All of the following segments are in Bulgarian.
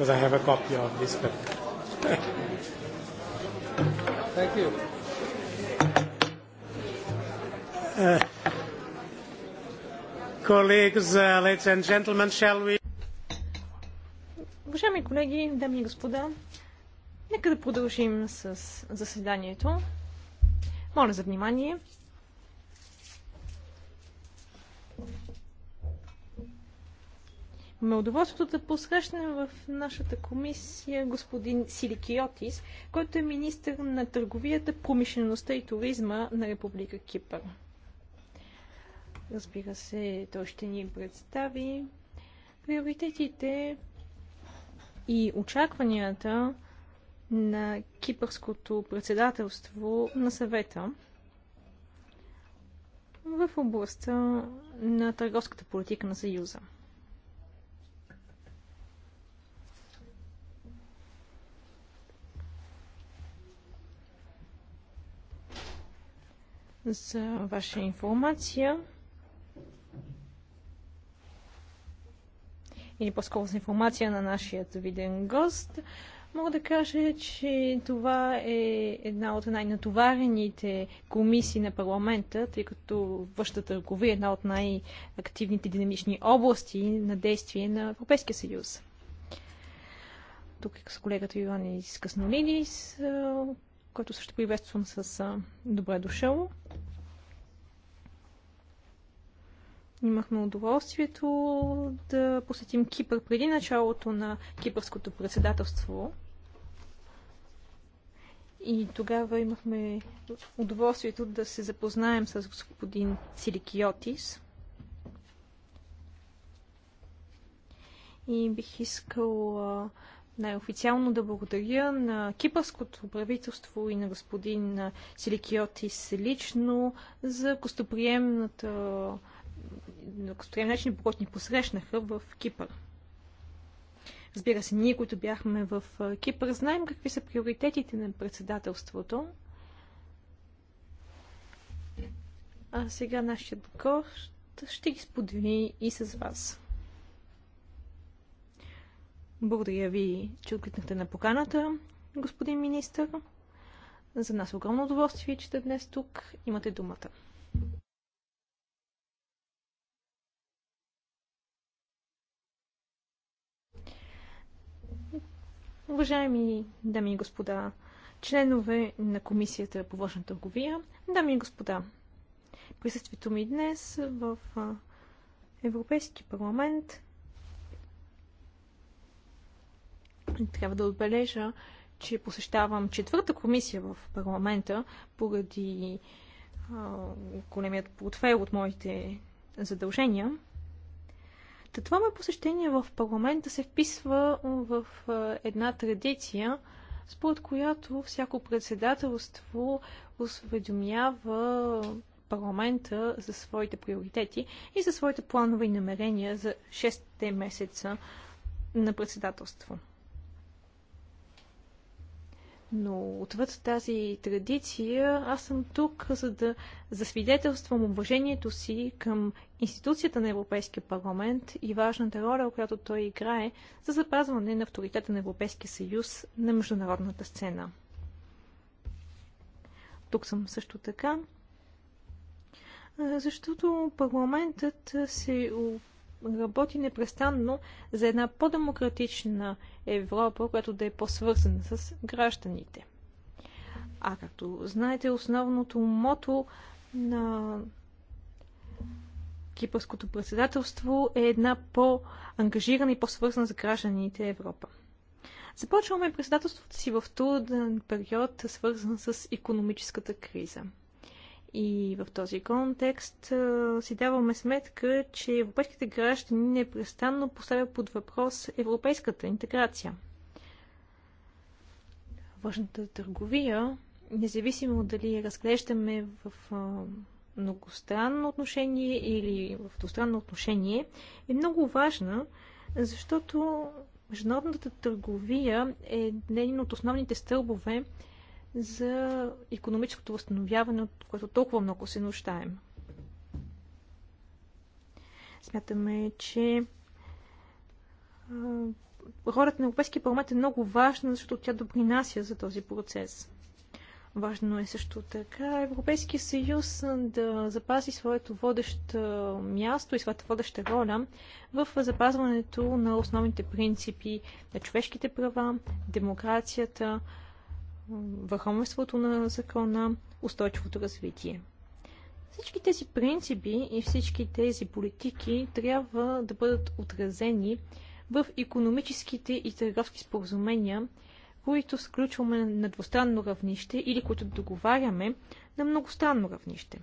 because I have a copy of this paper. Thank you. Uh, colleagues, uh, ladies and gentlemen, shall we... Уважаеми колеги, дами и господа, нека да продължим с заседанието. Моля за внимание. Ме удоволствието да посрещнем в нашата комисия господин Силикиотис, който е министр на търговията, промишлеността и туризма на Република Кипър. Разбира се, той ще ни представи приоритетите и очакванията на кипърското председателство на съвета в областта на търговската политика на Съюза. За ваша информация или по-скоро за информация на нашият виден гост, мога да кажа, че това е една от най-натоварените комисии на парламента, тъй като външната търговия е една от най-активните динамични области на действие на Европейския съюз. Тук е с колегата Йоанни Скъснолидис който също приветствам с а, добре дошъл. Имахме удоволствието да посетим Кипър преди началото на кипърското председателство. И тогава имахме удоволствието да се запознаем с господин Силикиотис. И бих искал най-официално да благодаря на кипърското правителство и на господин Силикиотис лично за гостоприемната гостоприемния начин, по който ни посрещнаха в Кипър. Разбира се, ние, които бяхме в Кипър, знаем какви са приоритетите на председателството. А сега нашият гост ще ги сподели и с вас. Благодаря ви, че откликнахте на поканата, господин министър. За нас е огромно удоволствие, че сте днес тук. Имате думата. Уважаеми дами и господа, членове на Комисията по външна търговия, дами и господа, присъствието ми днес в Европейски парламент Трябва да отбележа, че посещавам четвърта комисия в парламента поради големият портфел от моите задължения. Та това ме посещение в парламента се вписва в една традиция, според която всяко председателство осведомява парламента за своите приоритети и за своите планове и намерения за 6 месеца на председателство. Но отвъд тази традиция, аз съм тук, за да засвидетелствам уважението си към институцията на Европейския парламент и важната роля, която той играе за запазване на авторитета на Европейския съюз на международната сцена. Тук съм също така, защото парламентът се работи непрестанно за една по-демократична Европа, която да е по-свързана с гражданите. А както знаете, основното мото на кипърското председателство е една по-ангажирана и по-свързана с гражданите Европа. Започваме председателството си в труден период, свързан с економическата криза. И в този контекст си даваме сметка, че европейските граждани непрестанно поставят под въпрос европейската интеграция. Важната търговия, независимо дали разглеждаме в многостранно отношение или в двустранно отношение, е много важна, защото международната търговия е един от основните стълбове за економическото възстановяване, от което толкова много се нуждаем. Смятаме, че ролята на Европейския парламент е много важна, защото тя допринася за този процес. Важно е също така Европейския съюз да запази своето водещо място и своята водеща роля в запазването на основните принципи на човешките права, демокрацията, върховенството на закона, устойчивото развитие. Всички тези принципи и всички тези политики трябва да бъдат отразени в економическите и търговски споразумения, които сключваме на двустранно равнище или които договаряме на многостранно равнище.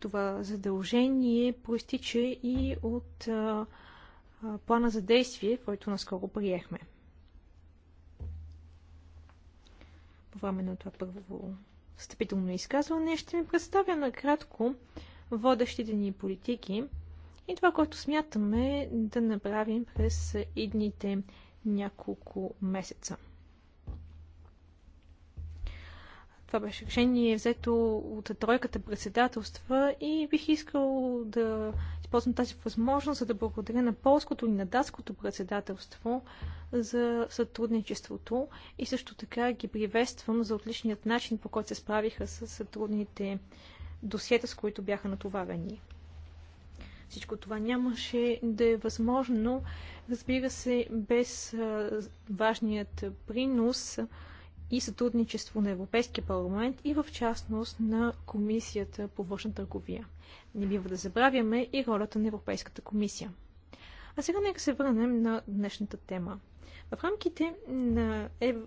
Това задължение проистича и от а, а, плана за действие, който наскоро приехме. по време на това първо встъпително изказване, ще ми представя накратко водещите ни политики и това, което смятаме да направим през идните няколко месеца. Това беше решение взето от тройката председателства и бих искал да използвам тази възможност, за да благодаря на полското и на датското председателство за сътрудничеството и също така ги приветствам за отличният начин, по който се справиха с сътрудните досиета, с които бяха натоварени. Всичко това нямаше да е възможно, разбира се, без важният принос и сътрудничество на Европейския парламент и в частност на Комисията по външна търговия. Не бива да забравяме и ролята на Европейската комисия. А сега нека се върнем на днешната тема. В рамките на Евро...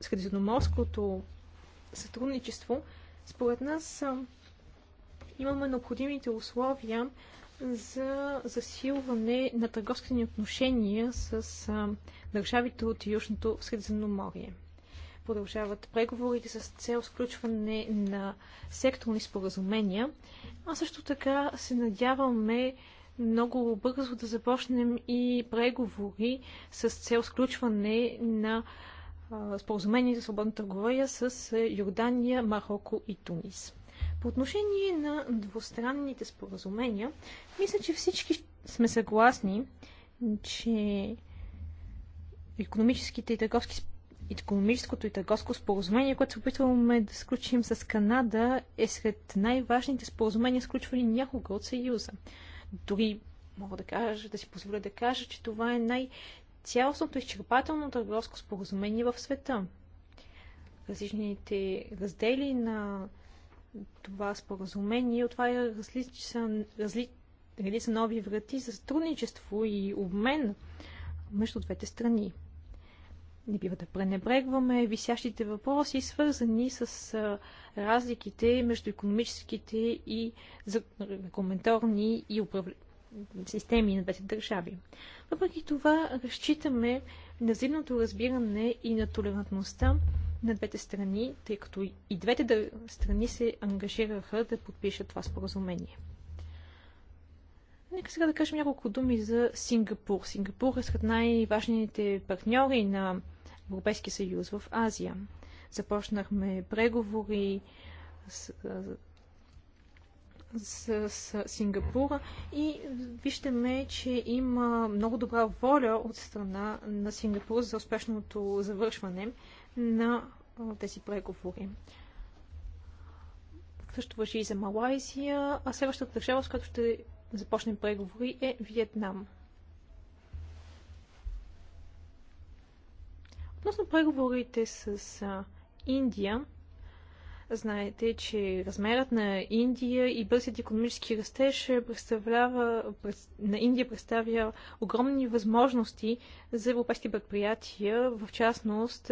средиземноморското сътрудничество, според нас имаме необходимите условия за засилване на търговските ни отношения с държавите от Южното Средиземноморие продължават преговорите с цел сключване на секторни споразумения, а също така се надяваме много бързо да започнем и преговори с цел сключване на споразумение за свободна търговия с Йордания, Марокко и Тунис. По отношение на двустранните споразумения, мисля, че всички сме съгласни, че економическите и търговски економическото и търговско споразумение, което се опитваме да сключим с Канада, е сред най-важните споразумения, сключвани някога от Съюза. Дори мога да кажа, да си позволя да кажа, че това е най-цялостното изчерпателно търговско споразумение в света. Различните раздели на това споразумение отваря различни, разли, нови врати за сътрудничество и обмен между двете страни. Не бива да пренебрегваме висящите въпроси, свързани с разликите между економическите и регуляторни и управления системи на двете държави. Въпреки това, разчитаме на взаимното разбиране и на толерантността на двете страни, тъй като и двете страни се ангажираха да подпишат това споразумение. Нека сега да кажем няколко думи за Сингапур. Сингапур е сред най-важните партньори на Европейския съюз в Азия. Започнахме преговори с, с, с Сингапура и виждаме, че има много добра воля от страна на Сингапур за успешното завършване на тези преговори. Също въжи и за Малайзия, а следващата държава, с която ще започнем преговори е Виетнам. Относно преговорите с а, Индия, знаете, че размерът на Индия и бързият економически растеж представлява, на Индия представя огромни възможности за европейски предприятия, в частност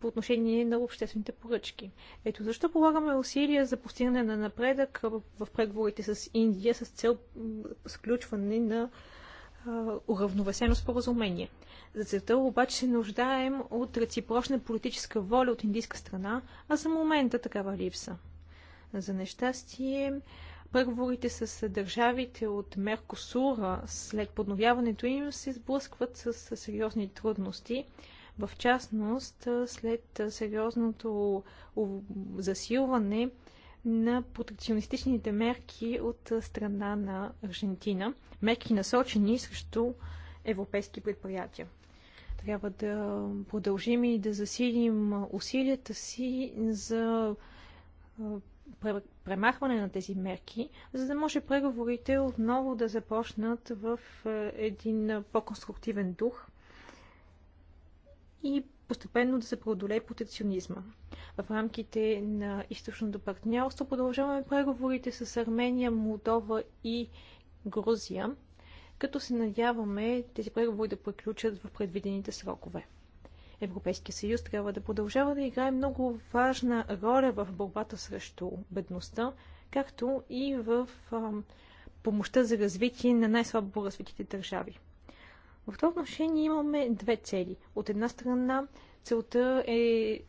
по отношение на обществените поръчки. Ето защо полагаме усилия за постигане на напредък в преговорите с Индия с цел сключване на уравновесено споразумение. За целта обаче се нуждаем от реципрочна политическа воля от индийска страна, а за момента такава липса. За нещастие, преговорите с държавите от Меркосура след подновяването им се сблъскват с сериозни трудности, в частност след сериозното засилване на протекционистичните мерки от страна на Аржентина. Мерки насочени срещу европейски предприятия. Трябва да продължим и да засилим усилията си за премахване на тези мерки, за да може преговорите отново да започнат в един по-конструктивен дух и постепенно да се преодолее протекционизма в рамките на източното партньорство. Продължаваме преговорите с Армения, Молдова и Грузия, като се надяваме тези преговори да приключат в предвидените срокове. Европейския съюз трябва да продължава да играе много важна роля в борбата срещу бедността, както и в помощта за развитие на най-слабо развитите държави. В това отношение имаме две цели. От една страна Целта е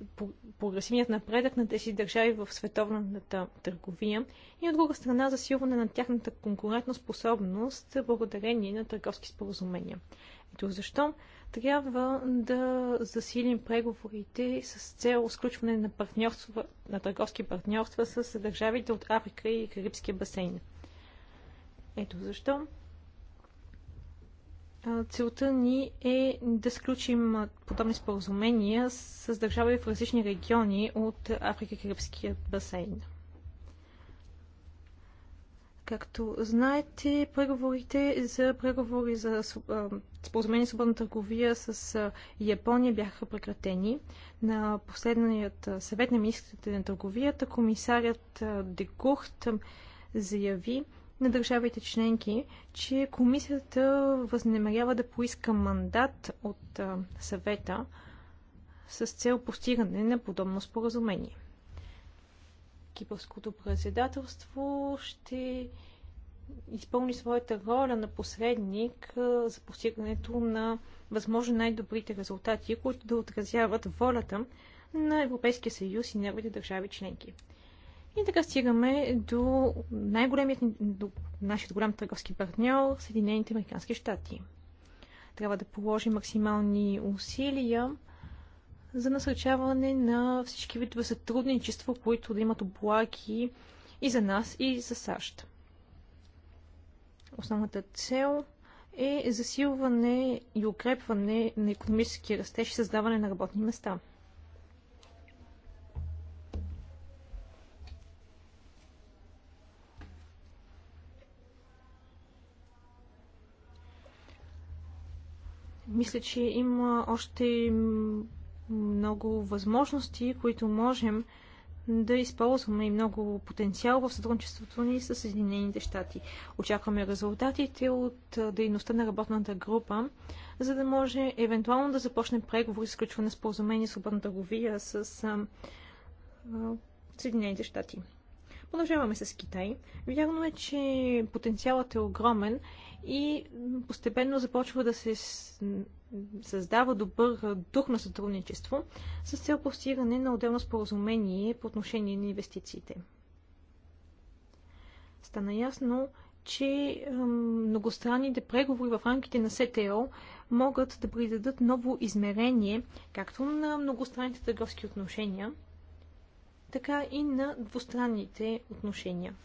прогресивният напредък на тези държави в световната търговия и от друга страна засилване на тяхната конкурентна способност благодарение на търговски споразумения. Ето защо трябва да засилим преговорите с цел сключване на, партньорства, на търговски партньорства с държавите от Африка и Карибския басейн. Ето защо Целта ни е да сключим подобни споразумения с държави в различни региони от Африка Карибския басейн. Както знаете, преговорите за преговори за споразумение свободна търговия с Япония бяха прекратени. На последният съвет на министрите на търговията комисарят Декухт заяви, на държавите членки, че комисията възнемерява да поиска мандат от съвета с цел постигане на подобно споразумение. Кипърското председателство ще изпълни своята роля на посредник за постигането на възможно най-добрите резултати, които да отразяват волята на Европейския съюз и неговите държави членки. И така стигаме до най-големият, до нашия голям търговски партньор, Съединените Американски щати. Трябва да положим максимални усилия за насърчаване на всички видове сътрудничество, които да имат облаки и за нас, и за САЩ. Основната цел е засилване и укрепване на економически растеж и създаване на работни места – Мисля, че има още много възможности, които можем да използваме и много потенциал в сътрудничеството ни с Съединените щати. Очакваме резултатите от дейността на работната група, за да може евентуално да започне преговори с включване на споразумение с свободна търговия с Съединените щати. Продължаваме с Китай. Вярно е, че потенциалът е огромен и постепенно започва да се създава добър дух на сътрудничество с цел постигане на отделно споразумение по отношение на инвестициите. Стана ясно, че многостранните преговори в рамките на СТО могат да придадат ново измерение както на многостранните търговски отношения, така и на двустранните отношения.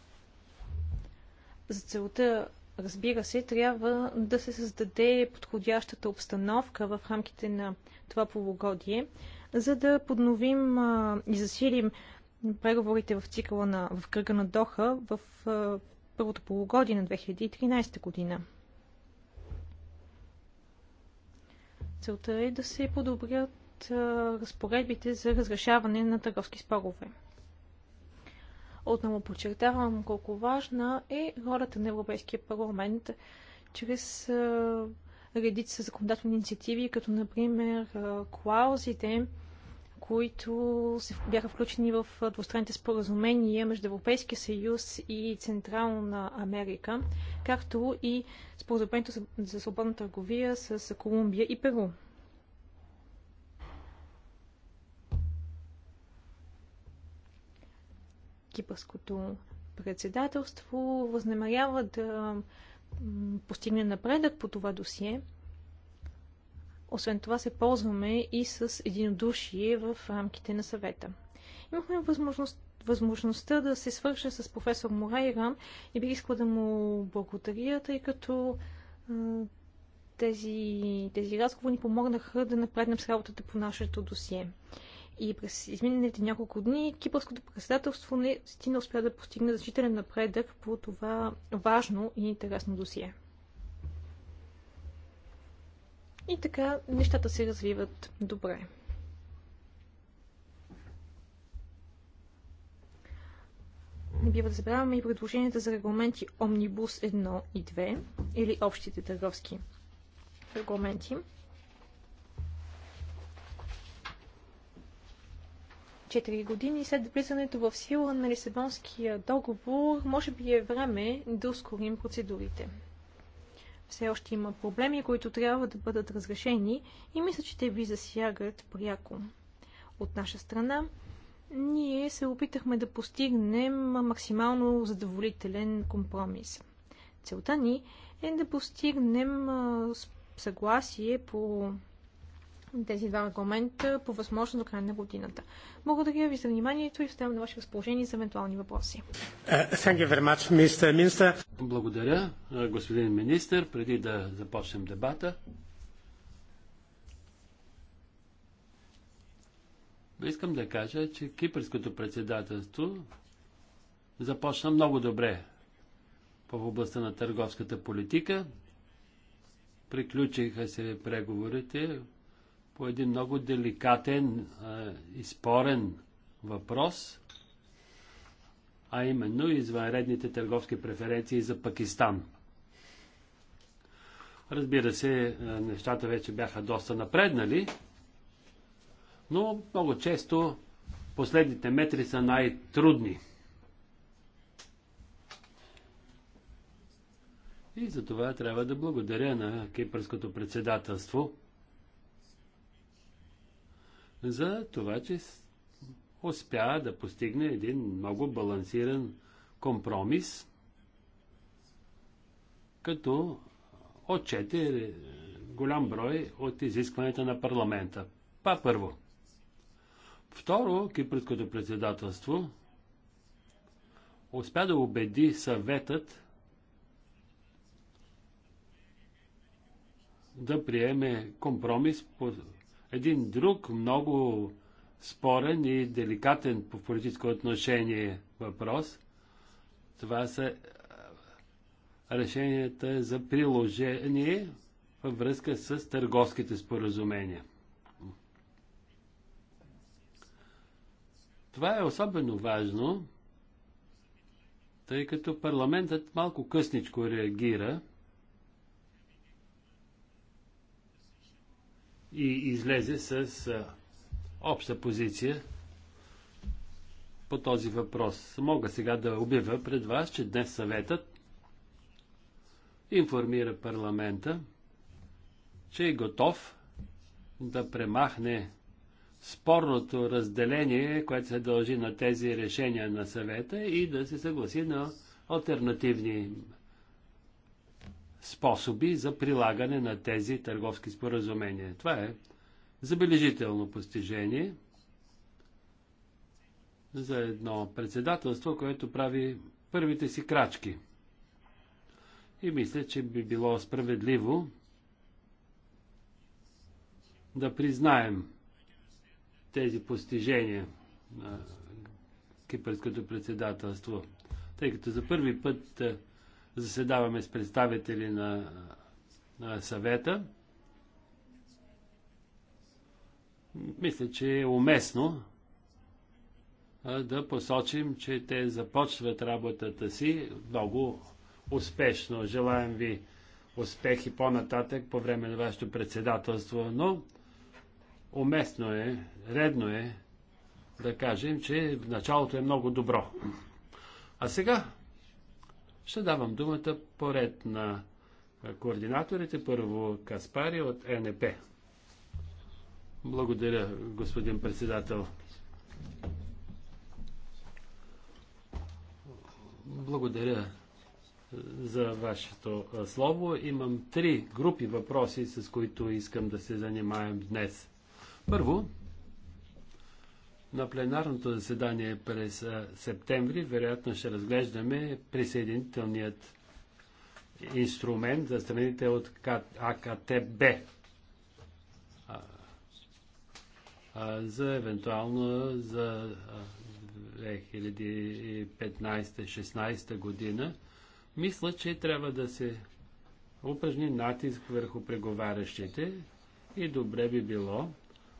За целта, разбира се, трябва да се създаде подходящата обстановка в рамките на това полугодие, за да подновим а, и засилим преговорите в цикъла на, в кръга на Доха в а, първото полугодие на 2013 година. Целта е да се подобрят от разпоредбите за разрешаване на търговски спорове. Отново подчертавам колко важна е ролята на Европейския парламент чрез редица законодателни инициативи, като например клаузите, които се бяха включени в двустранните споразумения между Европейския съюз и Централна Америка, както и споразумението за свободна търговия с Колумбия и Перу. кипърското председателство възнамерява да постигне напредък по това досие. Освен това се ползваме и с единодушие в рамките на съвета. Имахме възможност, възможността да се свържа с професор Морайра и бих искала да му благодаря, тъй като тези, тези разговори ни помогнаха да напреднем с работата по нашето досие. И през изминалите няколко дни кипърското председателство не стина успя да постигне значителен напредък по това важно и интересно досие. И така нещата се развиват добре. Не бива да забравяме и предложенията за регламенти Омнибус 1 и 2 или общите търговски регламенти. 4 години след влизането в сила на Лисабонския договор, може би е време да ускорим процедурите. Все още има проблеми, които трябва да бъдат разрешени и мисля, че те ви засягат пряко. От наша страна, ние се опитахме да постигнем максимално задоволителен компромис. Целта ни е да постигнем съгласие по тези два регламента по възможно до края на годината. Благодаря ви за вниманието и оставям на ваше разположение за евентуални въпроси. Е, much, Mr. Minister. Благодаря, е, господин министр. Преди да започнем дебата, искам да кажа, че кипърското председателство започна много добре в областта на търговската политика. Приключиха се преговорите по един много деликатен и спорен въпрос, а именно извънредните търговски преференции за Пакистан. Разбира се, нещата вече бяха доста напреднали, но много често последните метри са най-трудни. И за това трябва да благодаря на Кипърското председателство – за това, че успя да постигне един много балансиран компромис, като отчете голям брой от изискванията на парламента. Па първо. Второ, кипрското председателство успя да убеди съветът да приеме компромис по един друг много спорен и деликатен по политическо отношение въпрос, това са е, решенията за приложение във връзка с търговските споразумения. Това е особено важно, тъй като парламентът малко късничко реагира и излезе с обща позиция по този въпрос. Мога сега да обявя пред вас, че днес съветът информира парламента, че е готов да премахне спорното разделение, което се дължи на тези решения на съвета и да се съгласи на альтернативни способи за прилагане на тези търговски споразумения. Това е забележително постижение за едно председателство, което прави първите си крачки. И мисля, че би било справедливо да признаем тези постижения на кипърското председателство, тъй като за първи път заседаваме с представители на, на съвета. Мисля, че е уместно да посочим, че те започват работата си много успешно. Желаем ви успехи по-нататък по време на вашето председателство, но уместно е, редно е да кажем, че началото е много добро. А сега ще давам думата поред на координаторите. Първо Каспари от НП. Благодаря, господин председател. Благодаря за вашето слово. Имам три групи въпроси, с които искам да се занимаем днес. Първо, на пленарното заседание през септември вероятно ще разглеждаме присъединителният инструмент за страните от АКТБ за евентуално за 2015-16 година. Мисля, че трябва да се упражни натиск върху преговарящите и добре би било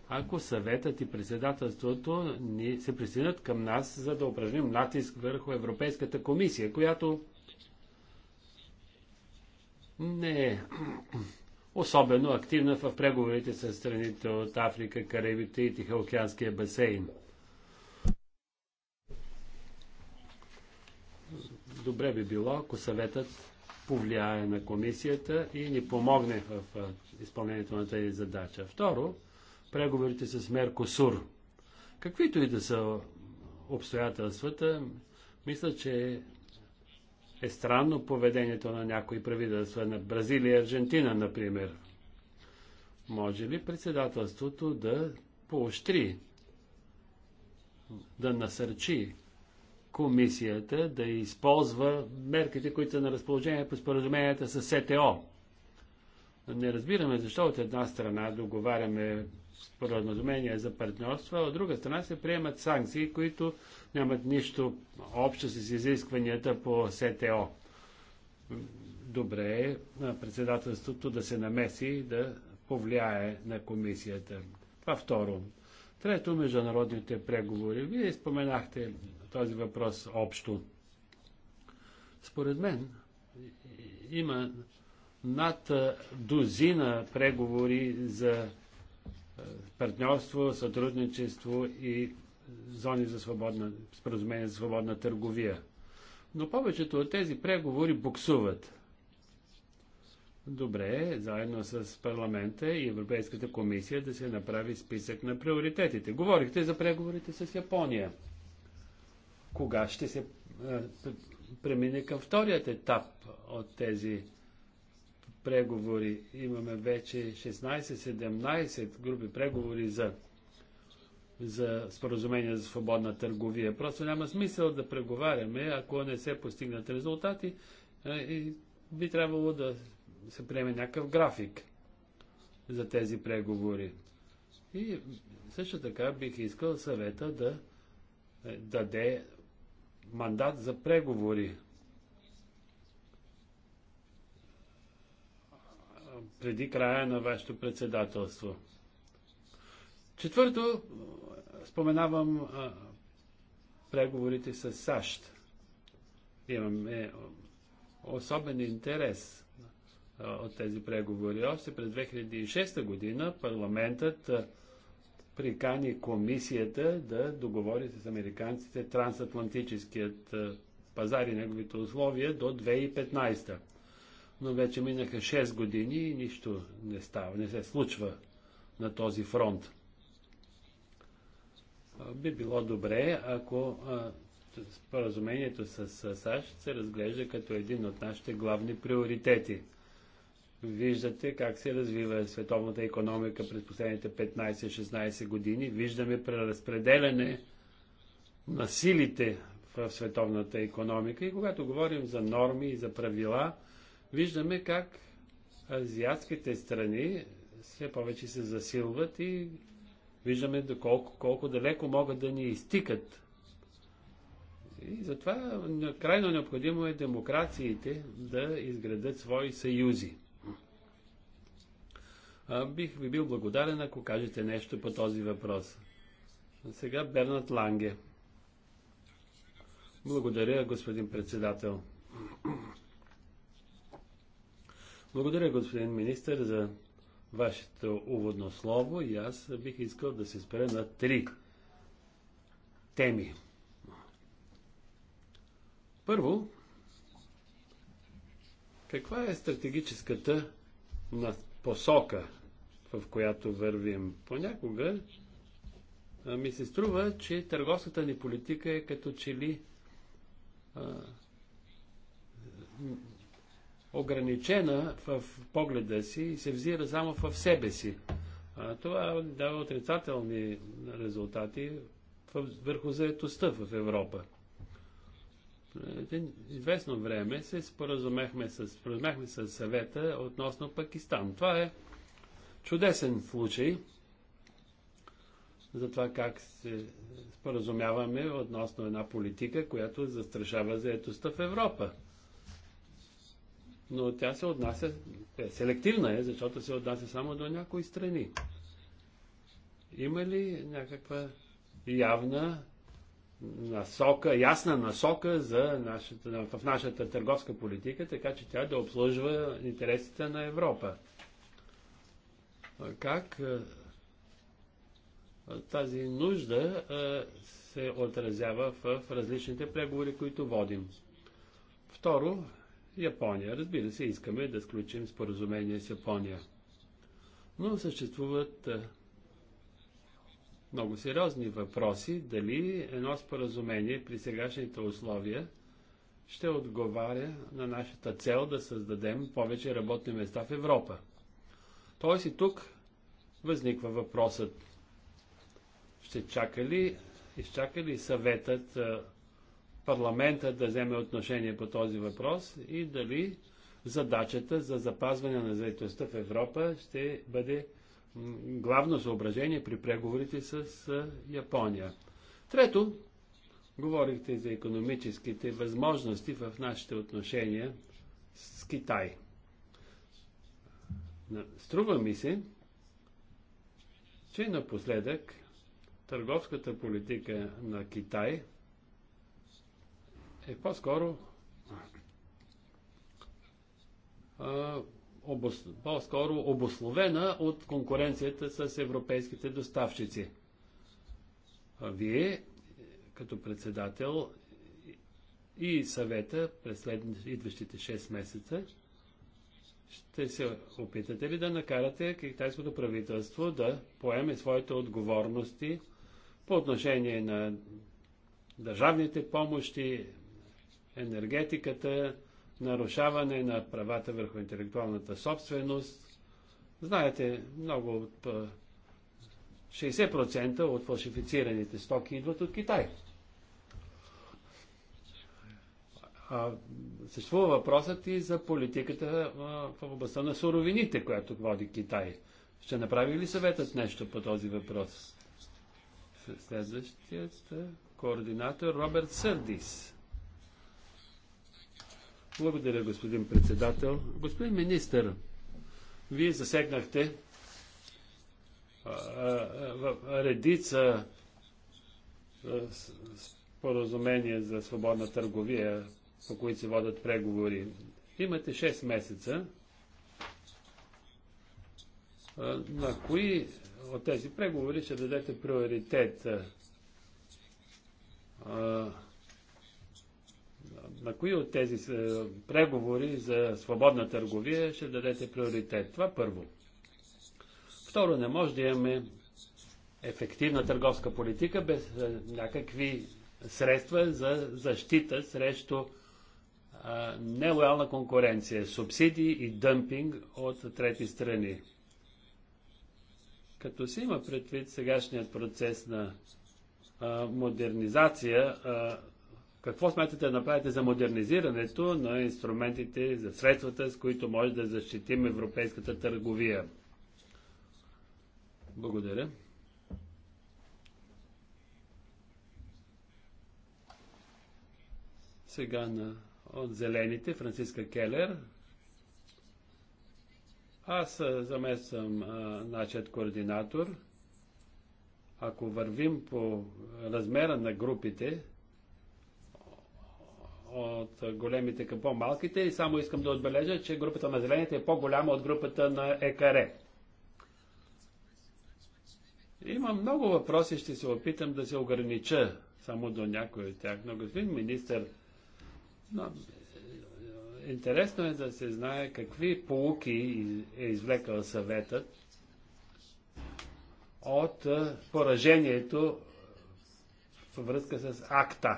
ако съветът и председателството ни се присъединят към нас, за да упражним натиск върху Европейската комисия, която не е особено активна в преговорите с страните от Африка, Карибите и Тихоокеанския басейн. Добре би било, ако съветът повлияе на комисията и ни помогне в изпълнението на тази задача. Второ, преговорите с Меркосур. Каквито и да са обстоятелствата, мисля, че е странно поведението на някои правителства, на Бразилия и Аржентина, например. Може ли председателството да поощри, да насърчи комисията да използва мерките, които са на разположение по споразуменията с СТО? Не разбираме защо от една страна договаряме споразумение за партньорство, а от друга страна се приемат санкции, които нямат нищо общо с изискванията по СТО. Добре е председателството да се намеси и да повлияе на комисията. Това второ. Трето, международните преговори. Вие споменахте този въпрос общо. Според мен има над дозина преговори за партньорство, сътрудничество и зони за свободна, споразумение за свободна търговия. Но повечето от тези преговори буксуват. Добре е, заедно с парламента и Европейската комисия да се направи списък на приоритетите. Говорихте за преговорите с Япония. Кога ще се премине към вторият етап от тези преговори. Имаме вече 16-17 групи преговори за, за споразумение за свободна търговия. Просто няма смисъл да преговаряме, ако не се постигнат резултати и би трябвало да се приеме някакъв график за тези преговори. И също така бих искал съвета да е, даде мандат за преговори преди края на вашето председателство. Четвърто, споменавам а, преговорите с САЩ. Имаме особен интерес а, от тези преговори. Още през 2006 година парламентът а, прикани комисията да договори с американците трансатлантическият пазар и неговите условия до 2015 но вече минаха 6 години и нищо не става, не се случва на този фронт. Би било добре, ако споразумението с САЩ се разглежда като един от нашите главни приоритети. Виждате как се развива световната економика през последните 15-16 години. Виждаме преразпределяне на силите в световната економика. И когато говорим за норми и за правила, виждаме как азиатските страни все повече се засилват и виждаме доколко, колко далеко могат да ни изтикат. И затова крайно необходимо е демокрациите да изградат свои съюзи. А, бих ви бил благодарен, ако кажете нещо по този въпрос. сега Бернат Ланге. Благодаря, господин председател. Благодаря, господин министр, за вашето уводно слово и аз бих искал да се спре на три теми. Първо, каква е стратегическата посока, в която вървим? Понякога ми се струва, че търговската ни политика е като че ли ограничена в погледа си и се взира само в себе си. А, това дава отрицателни резултати върху заетостта в Европа. Един известно време се споразумехме с, споразумехме с съвета относно Пакистан. Това е чудесен случай за това как се споразумяваме относно една политика, която застрашава заетостта в Европа но тя се отнася, е, селективна е, защото се отнася само до някои страни. Има ли някаква явна насока, ясна насока за нашата, в нашата търговска политика, така че тя да обслужва интересите на Европа? Как е, тази нужда е, се отразява в различните преговори, които водим? Второ, Япония. Разбира се, искаме да сключим споразумение с Япония. Но съществуват е, много сериозни въпроси дали едно споразумение при сегашните условия ще отговаря на нашата цел да създадем повече работни места в Европа. Тоест и тук възниква въпросът. Ще чака ли, изчака ли съветът е, парламента да вземе отношение по този въпрос и дали задачата за запазване на заедостта в Европа ще бъде главно съображение при преговорите с Япония. Трето, говорихте за економическите възможности в нашите отношения с Китай. Струва ми се, че напоследък търговската политика на Китай – е по-скоро по-скоро обословена от конкуренцията с европейските доставчици. А вие, като председател и съвета през следните идващите 6 месеца, ще се опитате ли да накарате китайското правителство да поеме своите отговорности по отношение на държавните помощи, енергетиката, нарушаване на правата върху интелектуалната собственост. Знаете, много от 60% от фалшифицираните стоки идват от Китай. А, съществува въпросът и за политиката а, в областта на суровините, която води Китай. Ще направи ли съветът нещо по този въпрос? Следващият координатор Роберт Сърдис. Благодаря, господин председател. Господин министър, вие засегнахте в редица споразумения за свободна търговия, по които се водят преговори. Имате 6 месеца. На кои от тези преговори ще дадете приоритет? на кои от тези е, преговори за свободна търговия ще дадете приоритет? Това първо. Второ, не може да имаме ефективна търговска политика без е, някакви средства за защита срещу е, нелоялна конкуренция, субсидии и дъмпинг от трети страни. Като се има предвид сегашният процес на модернизация какво смятате да направите за модернизирането на инструментите, за средствата, с които може да защитим европейската търговия? Благодаря. Сега на, от зелените Франциска Келер. Аз замествам нашият координатор. Ако вървим по размера на групите, от големите към по-малките и само искам да отбележа, че групата на зелените е по-голяма от групата на ЕКАРЕ. Има много въпроси, ще се опитам да се огранича само до някои от тях. Но господин министр, но, интересно е да се знае какви полуки е извлекал съветът от поражението във връзка с акта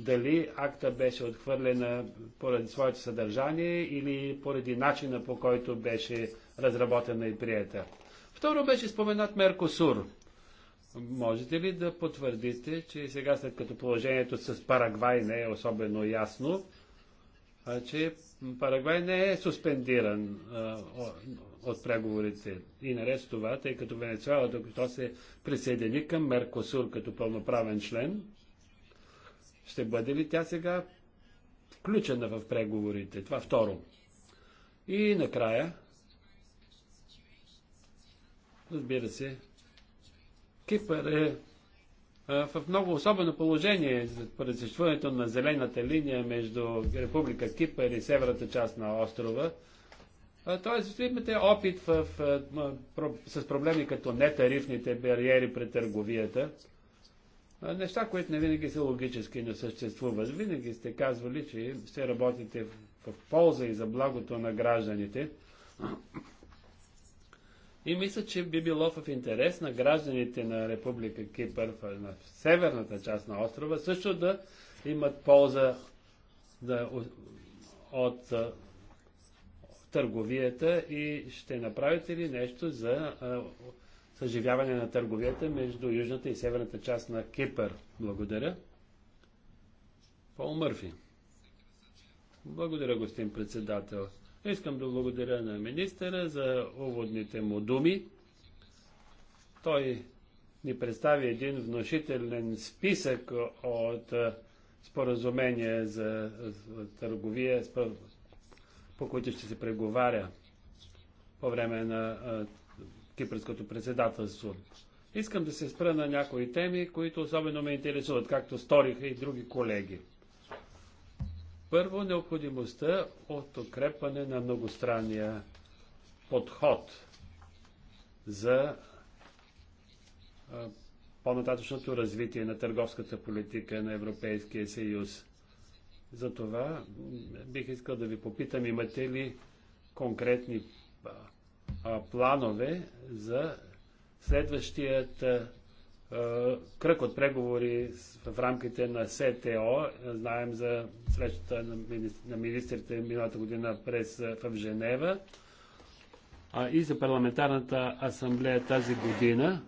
дали акта беше отхвърлена поради своето съдържание или поради начина по който беше разработена и приета. Второ беше споменат Меркосур. Можете ли да потвърдите, че сега след като положението с Парагвай не е особено ясно, че Парагвай не е суспендиран а, от преговорите. И наред с това, тъй като Венецуела докато се присъедини към Меркосур като пълноправен член, ще бъде ли тя сега включена в преговорите? Това второ. И накрая, разбира се, Кипър е в много особено положение за съществуването на зелената линия между Република Кипър и северната част на острова. Тоест, имате опит в, в, с проблеми като нетарифните бариери пред търговията. Неща, които не винаги са логически не съществуват. Винаги сте казвали, че ще работите в, полза и за благото на гражданите. И мисля, че би било в интерес на гражданите на Република Кипър, на северната част на острова, също да имат полза да, от, от търговията и ще направите ли нещо за а, съживяване на търговията между южната и северната част на Кипър. Благодаря. Пол Мърфи. Благодаря, господин председател. Искам да благодаря на министъра за уводните му думи. Той ни представи един внушителен списък от споразумения за търговия, по които ще се преговаря по време на кипърското председателство. Искам да се спра на някои теми, които особено ме интересуват, както сториха и други колеги. Първо, необходимостта от укрепване на многостранния подход за по-нататъчното развитие на търговската политика на Европейския съюз. За това бих искал да ви попитам, имате ли конкретни а, планове за следващият а, кръг от преговори в рамките на СТО. Знаем за срещата на, мини... на министрите миналата година през, в Женева а, и за парламентарната асамблея тази година.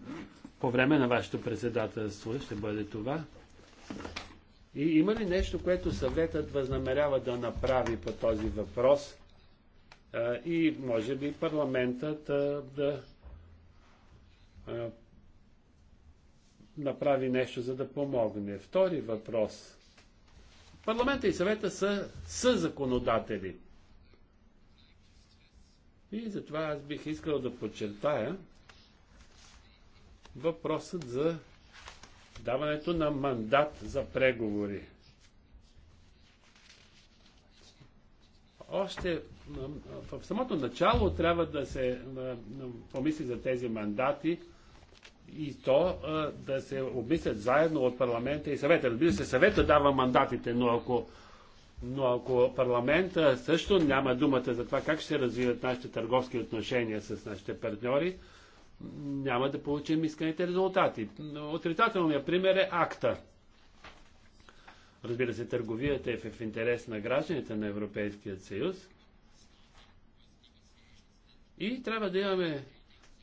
По време на вашето председателство ще бъде това. И има ли нещо, което съветът възнамерява да направи по този въпрос? и може би парламентът да направи нещо, за да помогне. Втори въпрос. Парламента и съвета са, са законодатели. И затова аз бих искал да подчертая въпросът за даването на мандат за преговори. Още в самото начало трябва да се помисли за тези мандати и то да се обмислят заедно от парламента и съвета. Разбира се, съвета дава мандатите, но ако, но ако парламента също няма думата за това как ще се развиват нашите търговски отношения с нашите партньори, няма да получим исканите резултати. Отрицателният пример е акта. Разбира се, търговията е в интерес на гражданите на Европейския съюз, и трябва да имаме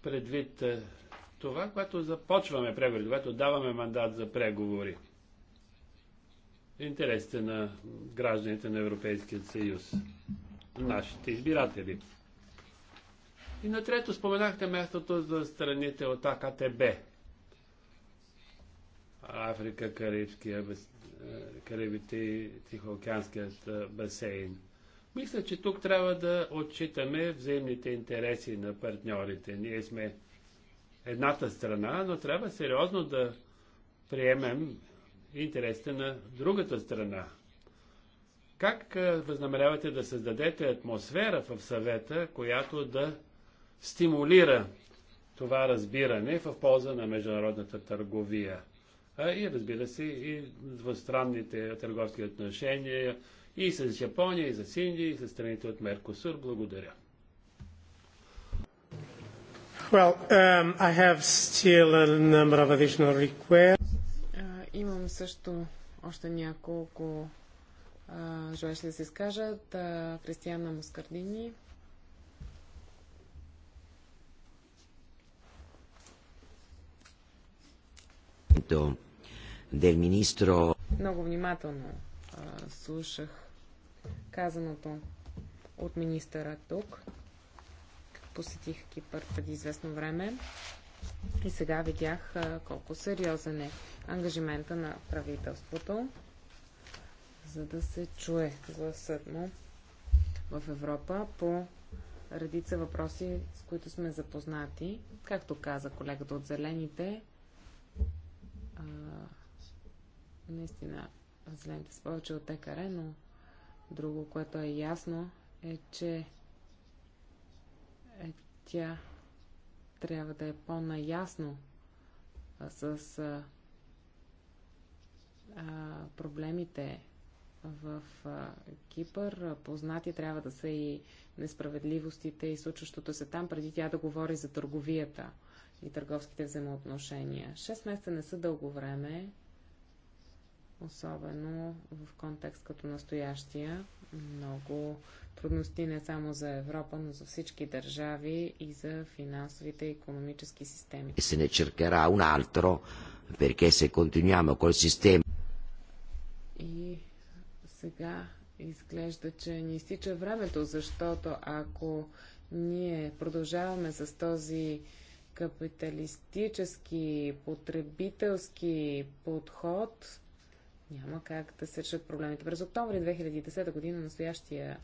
предвид е, това, когато започваме преговори, когато даваме мандат за преговори. Интересите на гражданите на Европейския съюз, нашите избиратели. И на трето споменахте мястото за страните от АКТБ. Африка, Карибския, е, Карибите и Тихоокеанският е, басейн. Мисля, че тук трябва да отчитаме взаимните интереси на партньорите. Ние сме едната страна, но трябва сериозно да приемем интересите на другата страна. Как възнамерявате да създадете атмосфера в съвета, която да стимулира това разбиране в полза на международната търговия? А и разбира се, и двустранните търговски отношения, и с Япония, и с Индия, и с страните от Меркосур. Благодаря. Well, um, I have still a number of additional requests. Uh, имам също още няколко uh, желащи да се изкажат. Uh, Кристияна Маскардини. Del ministro... Много внимателно uh, слушах казаното от министъра тук. Посетих Кипър преди известно време и сега видях колко сериозен е ангажимента на правителството, за да се чуе гласът му в Европа по редица въпроси, с които сме запознати. Както каза колегата от Зелените, а, наистина Зелените са повече от ЕКР, но Друго, което е ясно, е, че е, тя трябва да е по-наясно с а, а, проблемите в а, Кипър. Познати трябва да са и несправедливостите и случващото се там, преди тя да говори за търговията и търговските взаимоотношения. Шест месеца не са дълго време особено в контекст като настоящия. Много трудности не само за Европа, но за всички държави и за финансовите и економически системи. Се не черкера un altro, perché се continuiamo col sistema... И сега изглежда, че ни изтича времето, защото ако ние продължаваме с този капиталистически, потребителски подход, няма как да се решат проблемите. През октомври 2010 година настоящия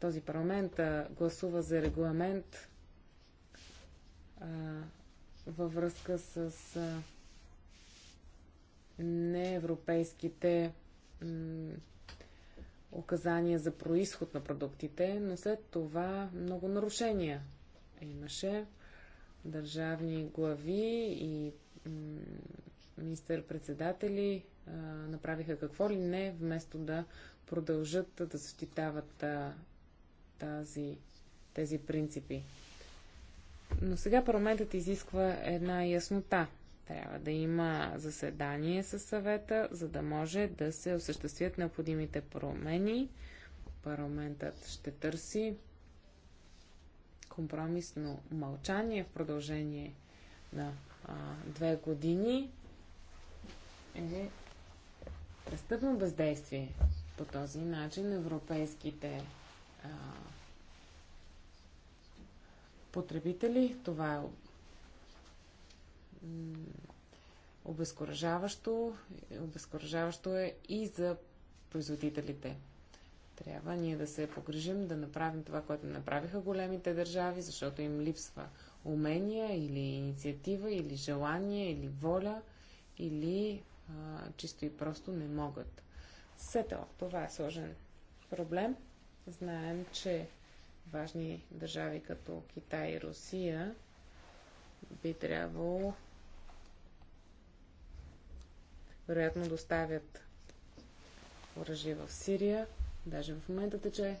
този парламент а, гласува за регламент а, във връзка с а, неевропейските указания за происход на продуктите, но след това много нарушения имаше. Държавни глави и министър-председатели направиха какво ли не, вместо да продължат да защитават а, тази, тези принципи. Но сега парламентът изисква една яснота. Трябва да има заседание със съвета, за да може да се осъществят необходимите промени. Парламентът ще търси компромисно мълчание в продължение на а, две години е престъпно бездействие. По този начин европейските а, потребители, това е обезкуражаващо, обезкуражаващо е и за производителите. Трябва ние да се погрежим да направим това, което направиха големите държави, защото им липсва умения или инициатива, или желание, или воля, или а, чисто и просто не могат. Сето, това е сложен проблем. Знаем, че важни държави като Китай и Русия би трябвало вероятно доставят оръжие в Сирия. Даже в момента тече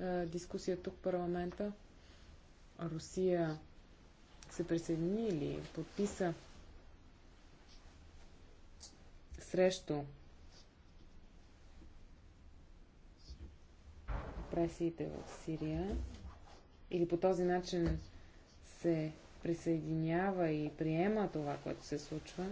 е, дискусия тук в парламента. Русия се присъедини или подписа срещу пресиите в Сирия или по този начин се присъединява и приема това, което се случва,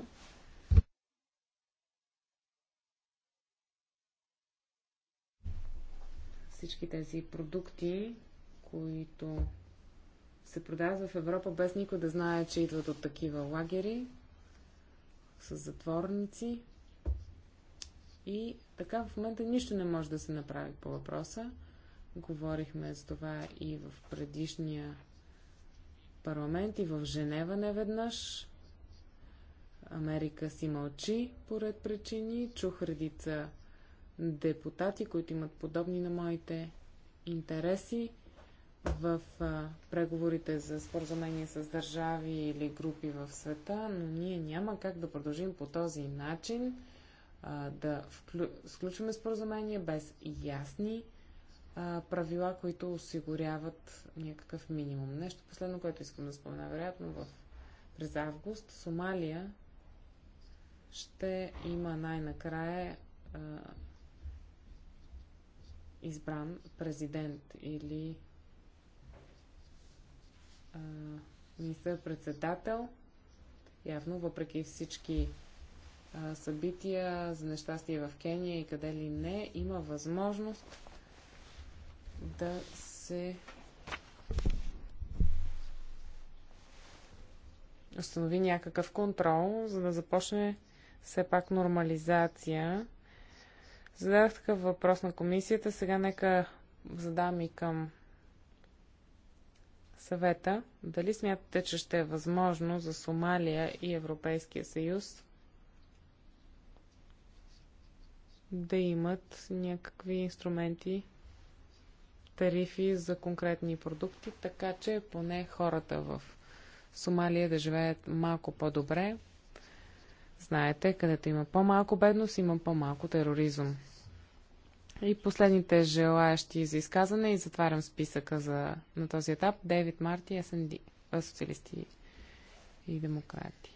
всички тези продукти, които се продават в Европа без никой да знае, че идват от такива лагери с затворници. И така в момента нищо не може да се направи по въпроса. Говорихме за това и в предишния парламент, и в Женева неведнъж. Америка си мълчи поред причини. Чух редица депутати, които имат подобни на моите интереси в а, преговорите за споразумение с държави или групи в света, но ние няма как да продължим по този начин а, да вклю... сключваме споразумение без ясни а, правила, които осигуряват някакъв минимум. Нещо последно, което искам да спомена, вероятно в през август Сомалия ще има най-накрая избран президент или министър-председател. Явно, въпреки всички събития, за нещастие в Кения и къде ли не, има възможност да се установи някакъв контрол, за да започне все пак нормализация. Задавах такъв въпрос на комисията, сега нека задам и към съвета. Дали смятате, че ще е възможно за Сомалия и Европейския съюз да имат някакви инструменти, тарифи за конкретни продукти, така че поне хората в Сомалия да живеят малко по-добре. Знаете, където има по-малко бедност, има по-малко тероризъм. И последните желаящи за изказване и затварям списъка за, на този етап. Дейвид Марти, СНД, социалисти и демократи.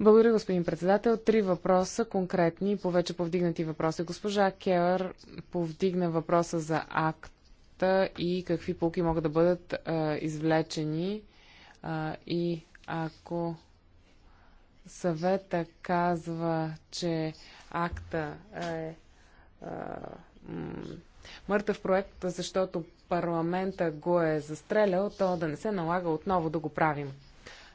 Благодаря, господин председател. Три въпроса, конкретни, повече повдигнати въпроси. Госпожа Келър повдигна въпроса за акта и какви полки могат да бъдат а, извлечени а, и ако съвета казва, че акта е а, мъртъв проект, защото парламента го е застрелял, то да не се налага отново да го правим.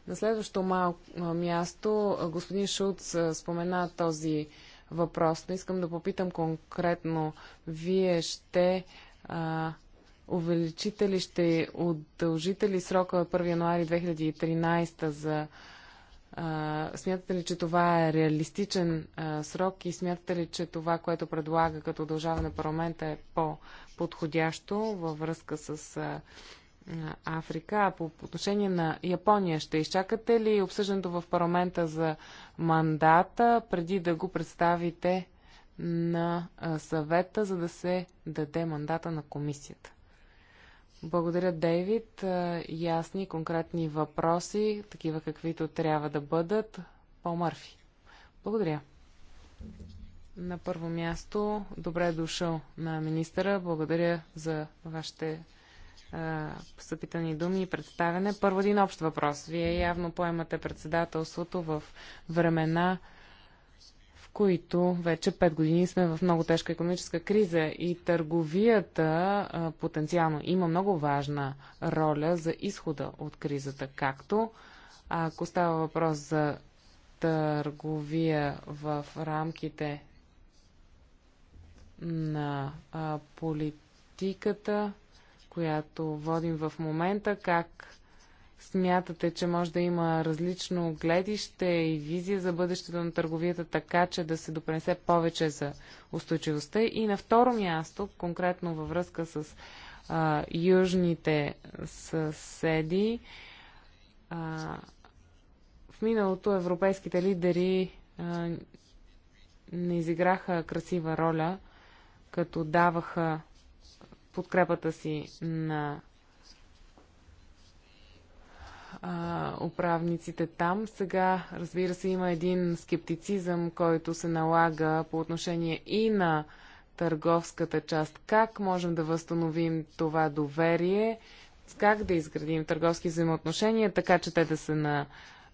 На следващо малко, място господин Шулц спомена този въпрос, но искам да попитам конкретно. Вие ще а, увеличите ли, ще удължите ли срока от 1 януари 2013 за а, смятате ли, че това е реалистичен а, срок и смятате ли, че това, което предлага като удължаване парламента е по-подходящо във връзка с а, Африка. А по отношение на Япония, ще изчакате ли обсъждането в парламента за мандата преди да го представите на съвета, за да се даде мандата на комисията? Благодаря, Дейвид. Ясни, конкретни въпроси, такива каквито трябва да бъдат. По-Мърфи. Благодаря. На първо място, добре е дошъл на министъра. Благодаря за вашите встъпителни думи и представяне. Първо един общ въпрос. Вие явно поемате председателството в времена, в които вече 5 години сме в много тежка економическа криза и търговията а, потенциално има много важна роля за изхода от кризата, както ако става въпрос за търговия в рамките на а, политиката, която водим в момента, как смятате, че може да има различно гледище и визия за бъдещето на търговията, така че да се допренесе повече за устойчивостта. И на второ място, конкретно във връзка с а, южните съседи, а, в миналото европейските лидери а, не изиграха красива роля, като даваха подкрепата си на а, управниците там. Сега, разбира се, има един скептицизъм, който се налага по отношение и на търговската част. Как можем да възстановим това доверие? Как да изградим търговски взаимоотношения, така че те да са на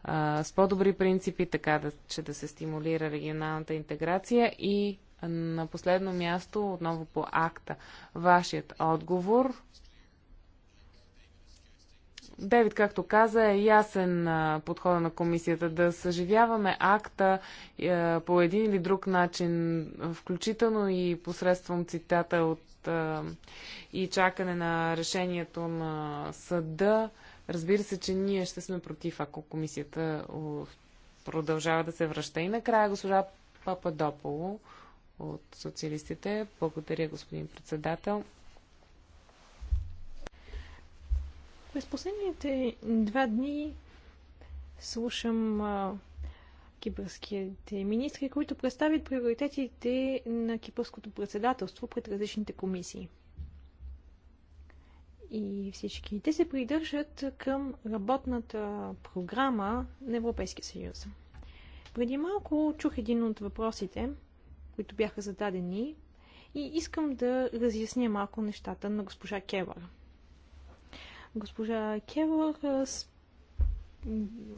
а, с по-добри принципи, така да, че да се стимулира регионалната интеграция и на последно място, отново по акта, вашият отговор. Девид, както каза, е ясен подхода на комисията да съживяваме акта е, по един или друг начин, включително и посредством цитата от и чакане на решението на съда. Разбира се, че ние ще сме против, ако комисията продължава да се връща. И накрая, госпожа Пападополо от социалистите. Благодаря, господин председател. През последните два дни слушам кипърските министри, които представят приоритетите на кипърското председателство пред различните комисии. И всички те се придържат към работната програма на Европейския съюз. Преди малко чух един от въпросите – които бяха зададени и искам да разясня малко нещата на госпожа Кевър. Госпожа Кевър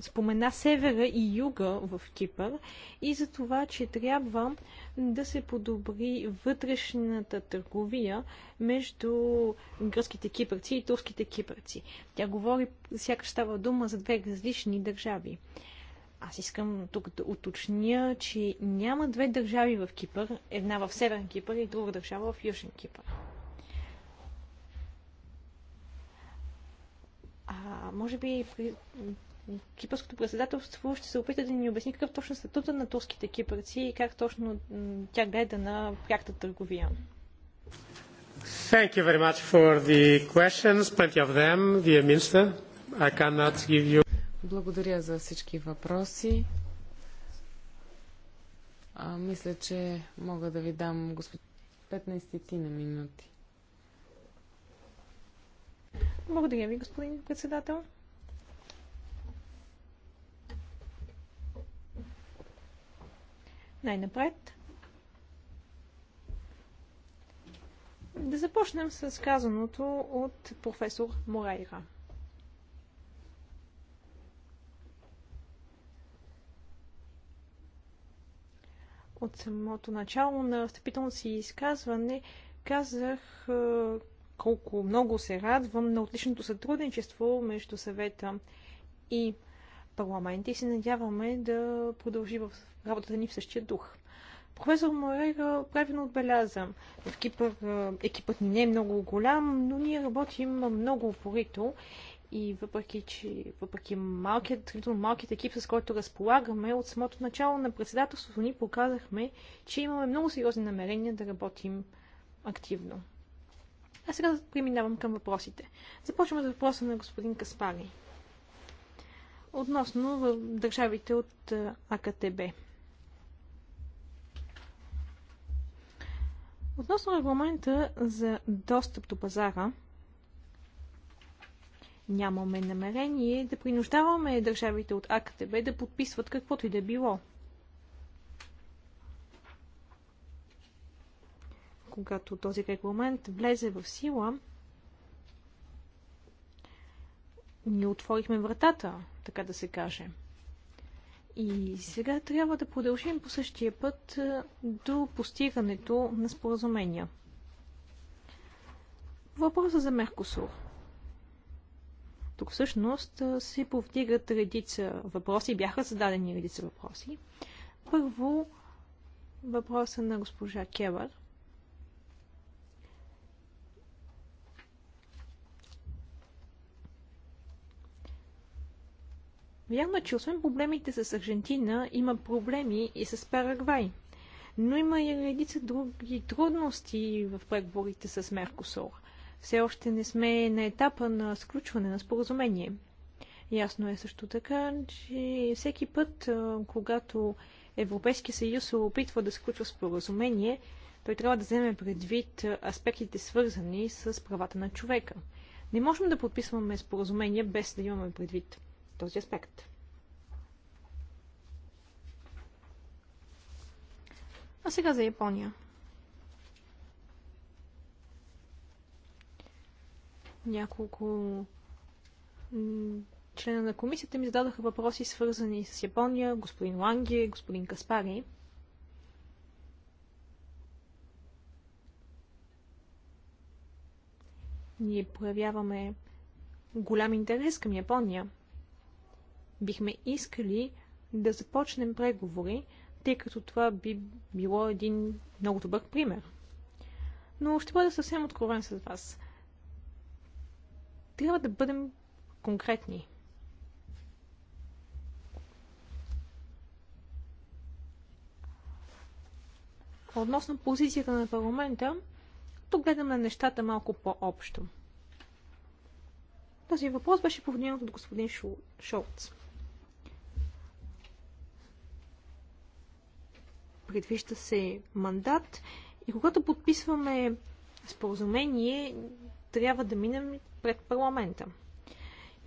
спомена севера и юга в Кипър и за това, че трябва да се подобри вътрешната търговия между гръцките кипърци и турските кипърци. Тя говори, сякаш става дума за две различни държави. Аз искам тук да уточня, че няма две държави в Кипър, една в Северен Кипър и друга държава в Южен Кипър. А, може би при... Кипърското председателство ще се опита да ни обясни какъв точно е статута на турските кипърци и как точно тя гледа на пряката търговия. Thank you very much for the questions, plenty of them, dear Minister. I cannot give you благодаря за всички въпроси. А, мисля, че мога да ви дам господ... 15 ти на минути. Благодаря ви, господин председател. Най-напред да започнем с казаното от професор Морайра. от самото начало на встъпителното си изказване казах е, колко много се радвам на отличното сътрудничество между съвета и парламента и се надяваме да продължи в работата ни в същия дух. Професор Морега правилно отбеляза. В Кипър е, екипът ни не е много голям, но ние работим много упорито и въпреки, че въпреки малкият, малкият екип, с който разполагаме, от самото начало на председателството ни показахме, че имаме много сериозни намерения да работим активно. А сега преминавам към въпросите. Започваме с въпроса на господин Каспари. Относно в държавите от АКТБ. Относно регламента за достъп до пазара, Нямаме намерение да принуждаваме държавите от АКТБ да подписват каквото и да било. Когато този регламент влезе в сила, ни отворихме вратата, така да се каже. И сега трябва да продължим по същия път е, до постигането на споразумения. Въпроса за Меркосур. Тук всъщност се повдигат редица въпроси, бяха зададени редица въпроси. Първо, въпроса на госпожа Кевър. Вярно е, че освен проблемите с Аржентина, има проблеми и с Парагвай. Но има и редица други трудности в преговорите с Меркосор все още не сме на етапа на сключване на споразумение. Ясно е също така, че всеки път, когато Европейския съюз се опитва да сключва споразумение, той трябва да вземе предвид аспектите свързани с правата на човека. Не можем да подписваме споразумение без да имаме предвид този аспект. А сега за Япония. няколко члена на комисията ми зададоха въпроси, свързани с Япония, господин Ланги, господин Каспари. Ние проявяваме голям интерес към Япония. Бихме искали да започнем преговори, тъй като това би било един много добър пример. Но ще бъда съвсем откровен с вас трябва да бъдем конкретни. Относно позицията на парламента, тук гледаме нещата малко по-общо. Този въпрос беше повдигнат от господин Шолц. Предвижда се мандат и когато подписваме споразумение, трябва да минем пред парламента.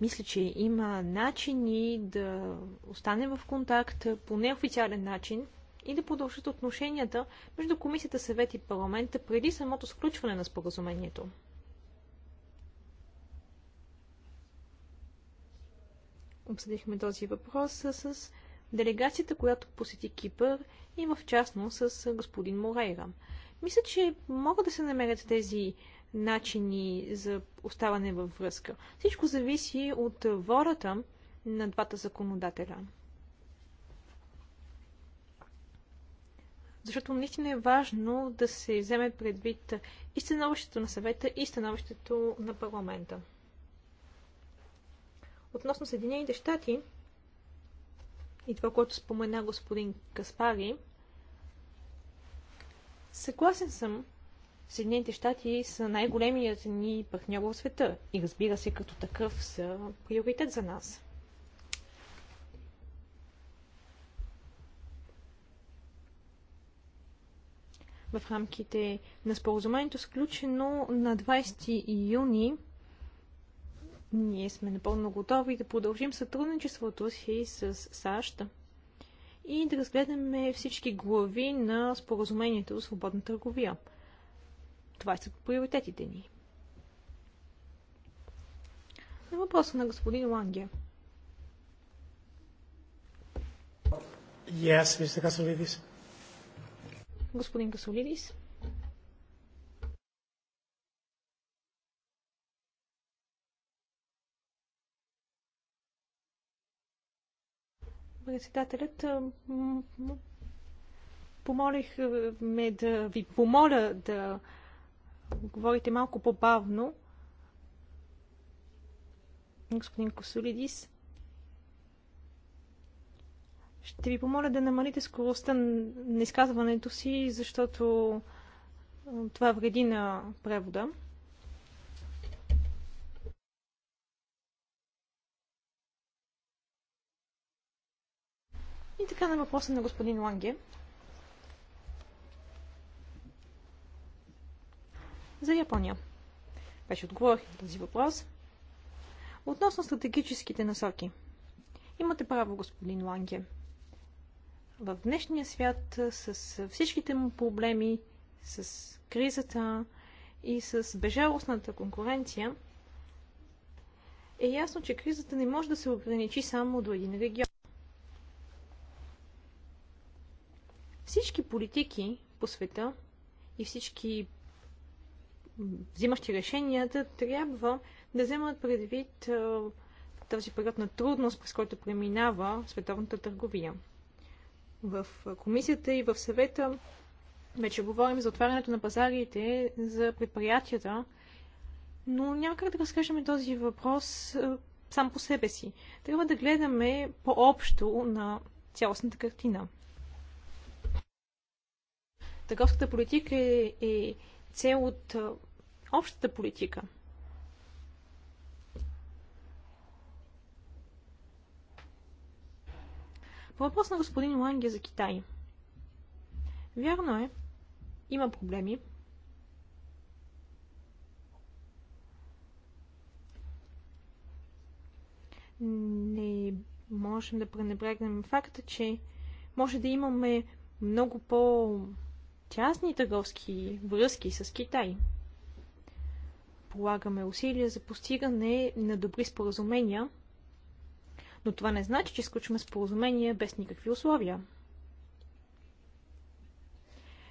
Мисля, че има начини да останем в контакт по неофициален начин и да продължат отношенията между Комисията, съвет и парламента преди самото сключване на споразумението. Обсъдихме този въпрос с делегацията, която посети Кипър и в частност с господин Морейра. Мисля, че могат да се намерят тези начини за оставане във връзка. Всичко зависи от волята на двата законодателя. Защото наистина е важно да се вземе предвид и становището на съвета, и становището на парламента. Относно Съединените щати и това, което спомена господин Каспари, съгласен съм, Съединените щати са най-големият ни партньор в света и разбира се, като такъв са приоритет за нас. В рамките на споразумението, сключено на 20 юни, ние сме напълно готови да продължим сътрудничеството си с САЩ и да разгледаме всички глави на споразумението за свободна търговия. Това са приоритетите ни. На въпроса на господин Ланге. Yes, Mr. Kasolidis. Господин Касолидис. Председателят помолих е, ме да ви помоля да говорите малко по-бавно. Господин Косолидис, ще ви помоля да намалите скоростта на изказването си, защото това вреди на превода. И така на въпроса на господин Ланге. за Япония. Вече отговорих на този въпрос. Относно стратегическите насоки. Имате право, господин Ланге. В днешния свят с всичките му проблеми, с кризата и с безжалостната конкуренция, е ясно, че кризата не може да се ограничи само до един регион. Всички политики по света и всички взимащи решенията, трябва да вземат предвид този период на трудност, през който преминава световната търговия. В комисията и в съвета вече говорим за отварянето на пазарите за предприятията, но няма как да разкажем този въпрос сам по себе си. Трябва да гледаме по-общо на цялостната картина. Търговската политика е, е цел от общата политика. По въпрос на господин Ланге за Китай. Вярно е, има проблеми. Не можем да пренебрегнем факта, че може да имаме много по-тясни търговски връзки с Китай полагаме усилия за постигане на добри споразумения, но това не значи, че изключваме споразумения без никакви условия.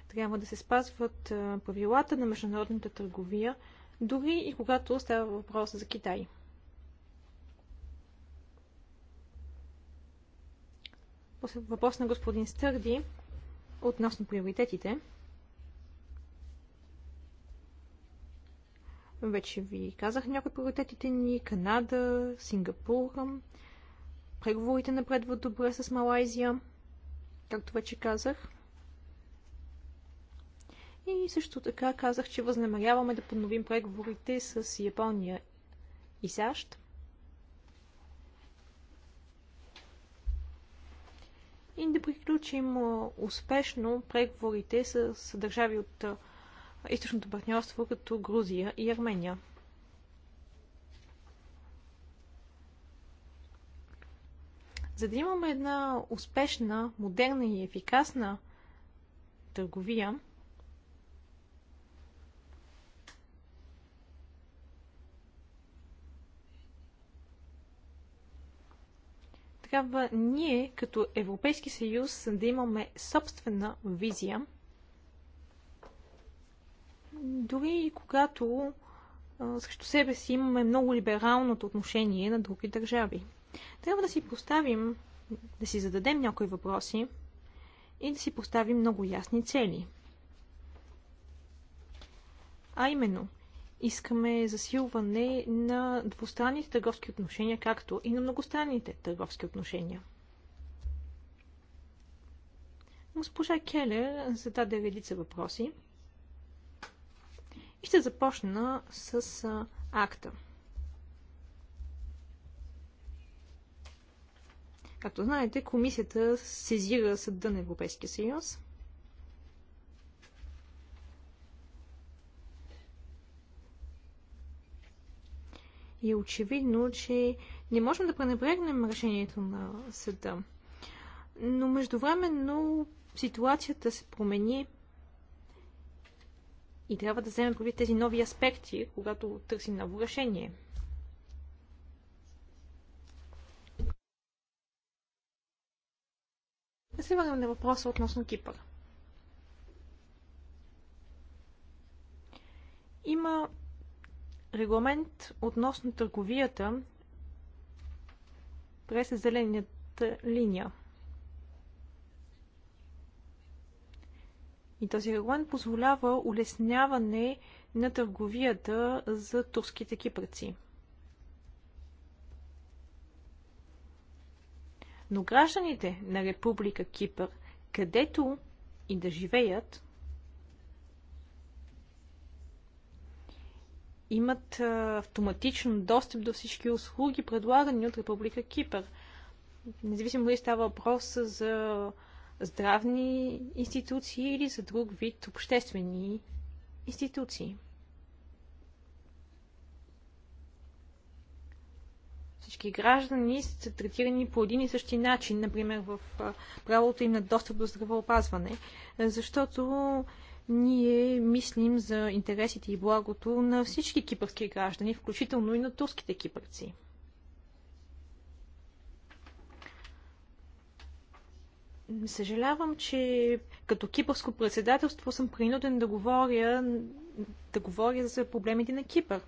Трябва да се спазват правилата на международната търговия, дори и когато става въпрос за Китай. Въпрос на господин Стърди относно приоритетите – Вече ви казах някои от приоритетите ни. Канада, Сингапур. Преговорите напредват добре с Малайзия, както вече казах. И също така казах, че възнамеряваме да подновим преговорите с Япония и САЩ. И да приключим успешно преговорите с държави от източното партньорство, като Грузия и Армения. За да имаме една успешна, модерна и ефикасна търговия, трябва ние, като Европейски съюз, да имаме собствена визия дори и когато а, срещу себе си имаме много либералното отношение на други държави. Трябва да си поставим, да си зададем някои въпроси и да си поставим много ясни цели. А именно, искаме засилване на двустранните търговски отношения, както и на многостранните търговски отношения. Госпожа Келер зададе редица въпроси. И ще започна с а, акта. Както знаете, комисията сезира съда на Европейския съюз. И е очевидно, че не можем да пренебрегнем решението на съда. Но междувременно ситуацията се промени. И трябва да вземем предвид тези нови аспекти, когато търсим ново решение. Да се върнем на въпроса относно Кипър. Има регламент относно търговията през зелената линия. И този регламент позволява улесняване на търговията за турските кипърци. Но гражданите на Република Кипър, където и да живеят, имат автоматично достъп до всички услуги, предлагани от Република Кипър. Независимо дали става въпрос за здравни институции или за друг вид обществени институции. Всички граждани са третирани по един и същи начин, например в правото им на достъп до здравеопазване, защото ние мислим за интересите и благото на всички кипърски граждани, включително и на турските кипърци. Съжалявам, че като кипърско председателство съм принуден да говоря, да говоря за проблемите на Кипър.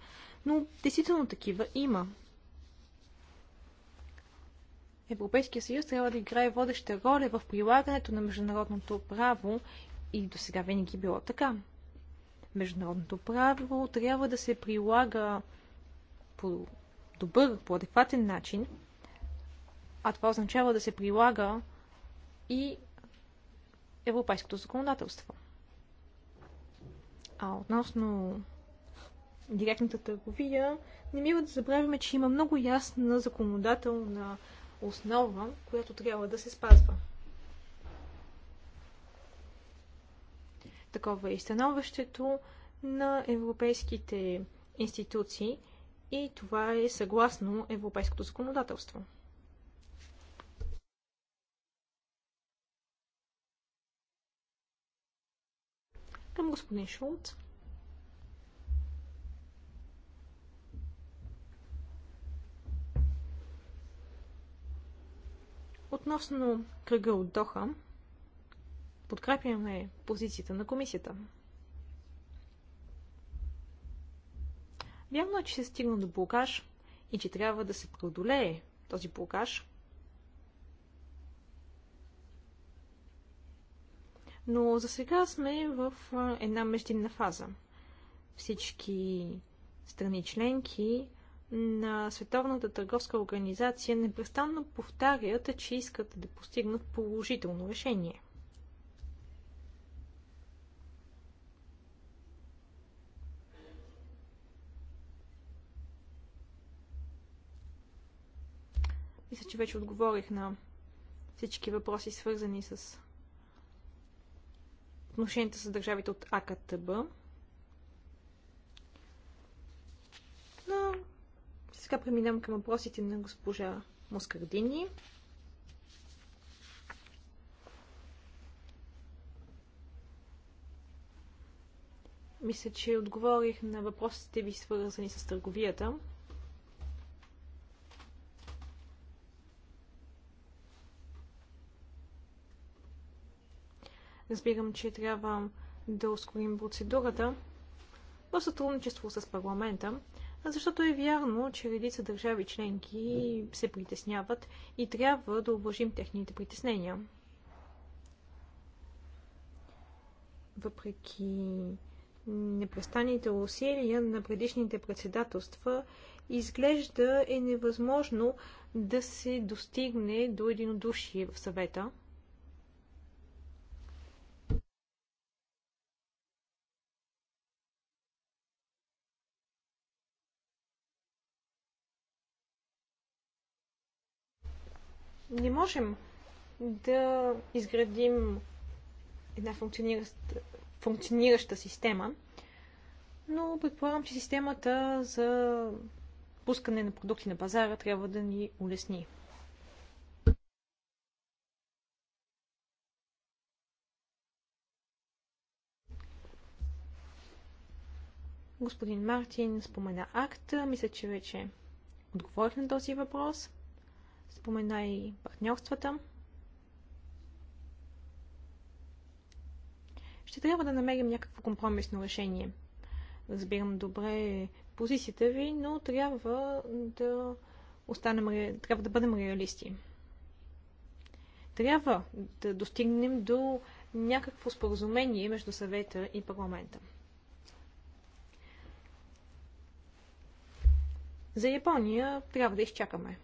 Но действително такива има. Европейския съюз трябва да играе водеща роля в прилагането на международното право и до сега винаги е било така. Международното право трябва да се прилага по добър, по адекватен начин, а това означава да се прилага и европейското законодателство. А относно директната търговия, не бива да забравяме, че има много ясна законодателна основа, която трябва да се спазва. Такова е и становището на европейските институции и това е съгласно европейското законодателство. към господин Шулц. Относно кръга от Доха, подкрепяме позицията на комисията. Вярно е, че се стигна до блокаж и че трябва да се преодолее този блокаж. но за сега сме в една междинна фаза. Всички страни членки на Световната търговска организация непрестанно повтарят, че искат да постигнат положително решение. Мисля, че вече отговорих на всички въпроси, свързани с отношенията с държавите от АКТБ. Но сега преминавам към въпросите на госпожа Москардини. Мисля, че отговорих на въпросите ви, свързани с търговията. Разбирам, че трябва да ускорим процедурата в сътрудничество с парламента, защото е вярно, че редица държави членки се притесняват и трябва да уважим техните притеснения. Въпреки непрестаните усилия на предишните председателства, изглежда е невъзможно да се достигне до единодушие в съвета – не можем да изградим една функционираща, функционираща система, но предполагам, че системата за пускане на продукти на пазара трябва да ни улесни. Господин Мартин спомена акта. Мисля, че вече отговорих на този въпрос спомена и партньорствата. Ще трябва да намерим някакво компромисно решение. Разбирам добре позицията ви, но трябва да останем, трябва да бъдем реалисти. Трябва да достигнем до някакво споразумение между съвета и парламента. За Япония трябва да изчакаме.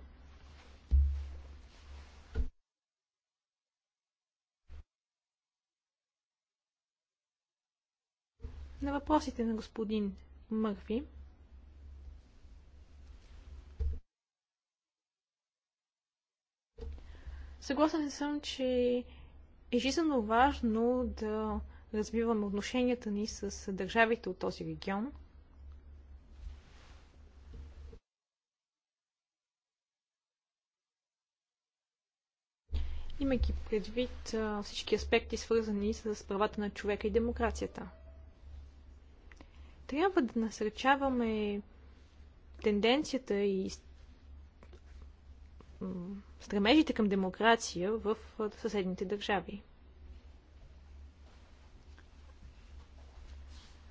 на въпросите на господин Мърви. Съгласен съм, че е жизненно важно да развиваме отношенията ни с държавите от този регион. Имайки предвид всички аспекти, свързани с правата на човека и демокрацията. Трябва да насречаваме тенденцията и стремежите към демокрация в съседните държави.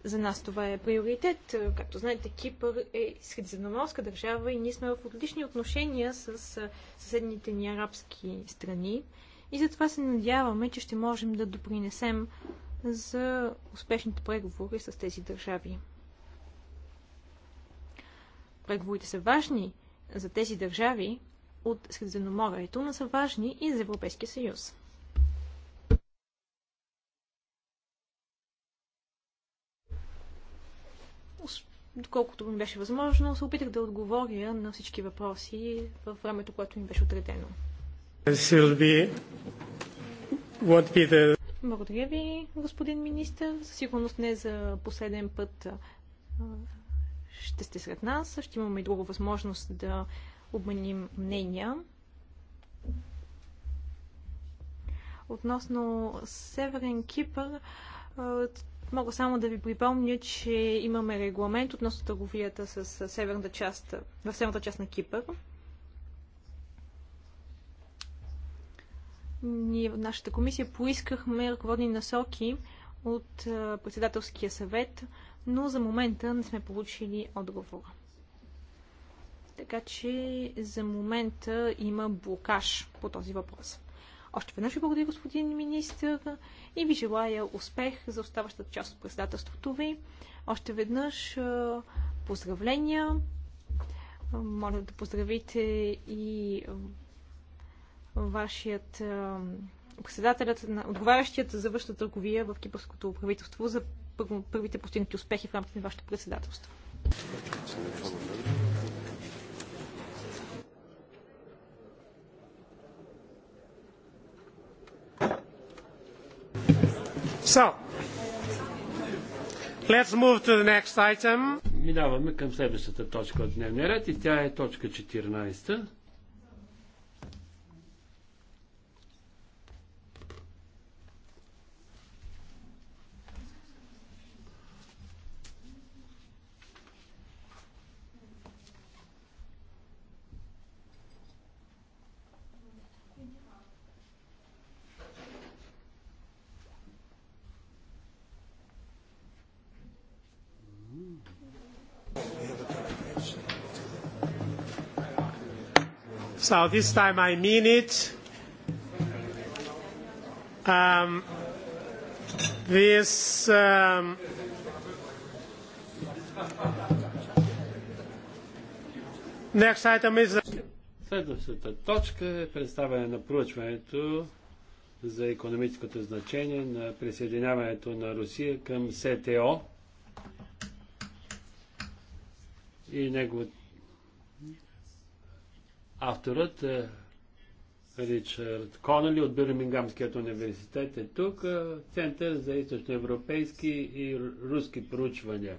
За нас това е приоритет. Както знаете, Кипър е средиземноморска държава и ние сме в отлични отношения с съседните ни арабски страни. И затова се надяваме, че ще можем да допринесем за успешните преговори с тези държави. Преговорите са важни за тези държави от Средиземноморието, но са важни и за Европейския съюз. доколкото ми беше възможно, се опитах да отговоря на всички въпроси в времето, което ми беше отредено. be the... Благодаря ви, господин министр. Със сигурност не за последен път ще сте сред нас. Ще имаме и друга възможност да обменим мнения. Относно Северен Кипър, мога само да ви припомня, че имаме регламент относно търговията с северната част, в северната част на Кипър. Ние в нашата комисия поискахме ръководни насоки от председателския съвет, но за момента не сме получили отговор. Така че за момента има блокаж по този въпрос. Още веднъж ви благодаря, господин министр, и ви желая успех за оставащата част от председателството ви. Още веднъж поздравления. Моля да поздравите и вашият председателят, отговарящият за вършата търговия в кипърското правителство за първите постигнати успехи в рамките на вашето председателство. So, let's move to the next item. Минаваме към следващата точка от дневния ред и тя е точка 14. So this time I mean it. Um, this um, next item is Следващата точка е представяне на проучването за економическото значение на присъединяването на Русия към СТО и неговото Авторът е, Ричард Конели от Бирмингамският университет е тук, е, Център за източноевропейски и руски проучвания.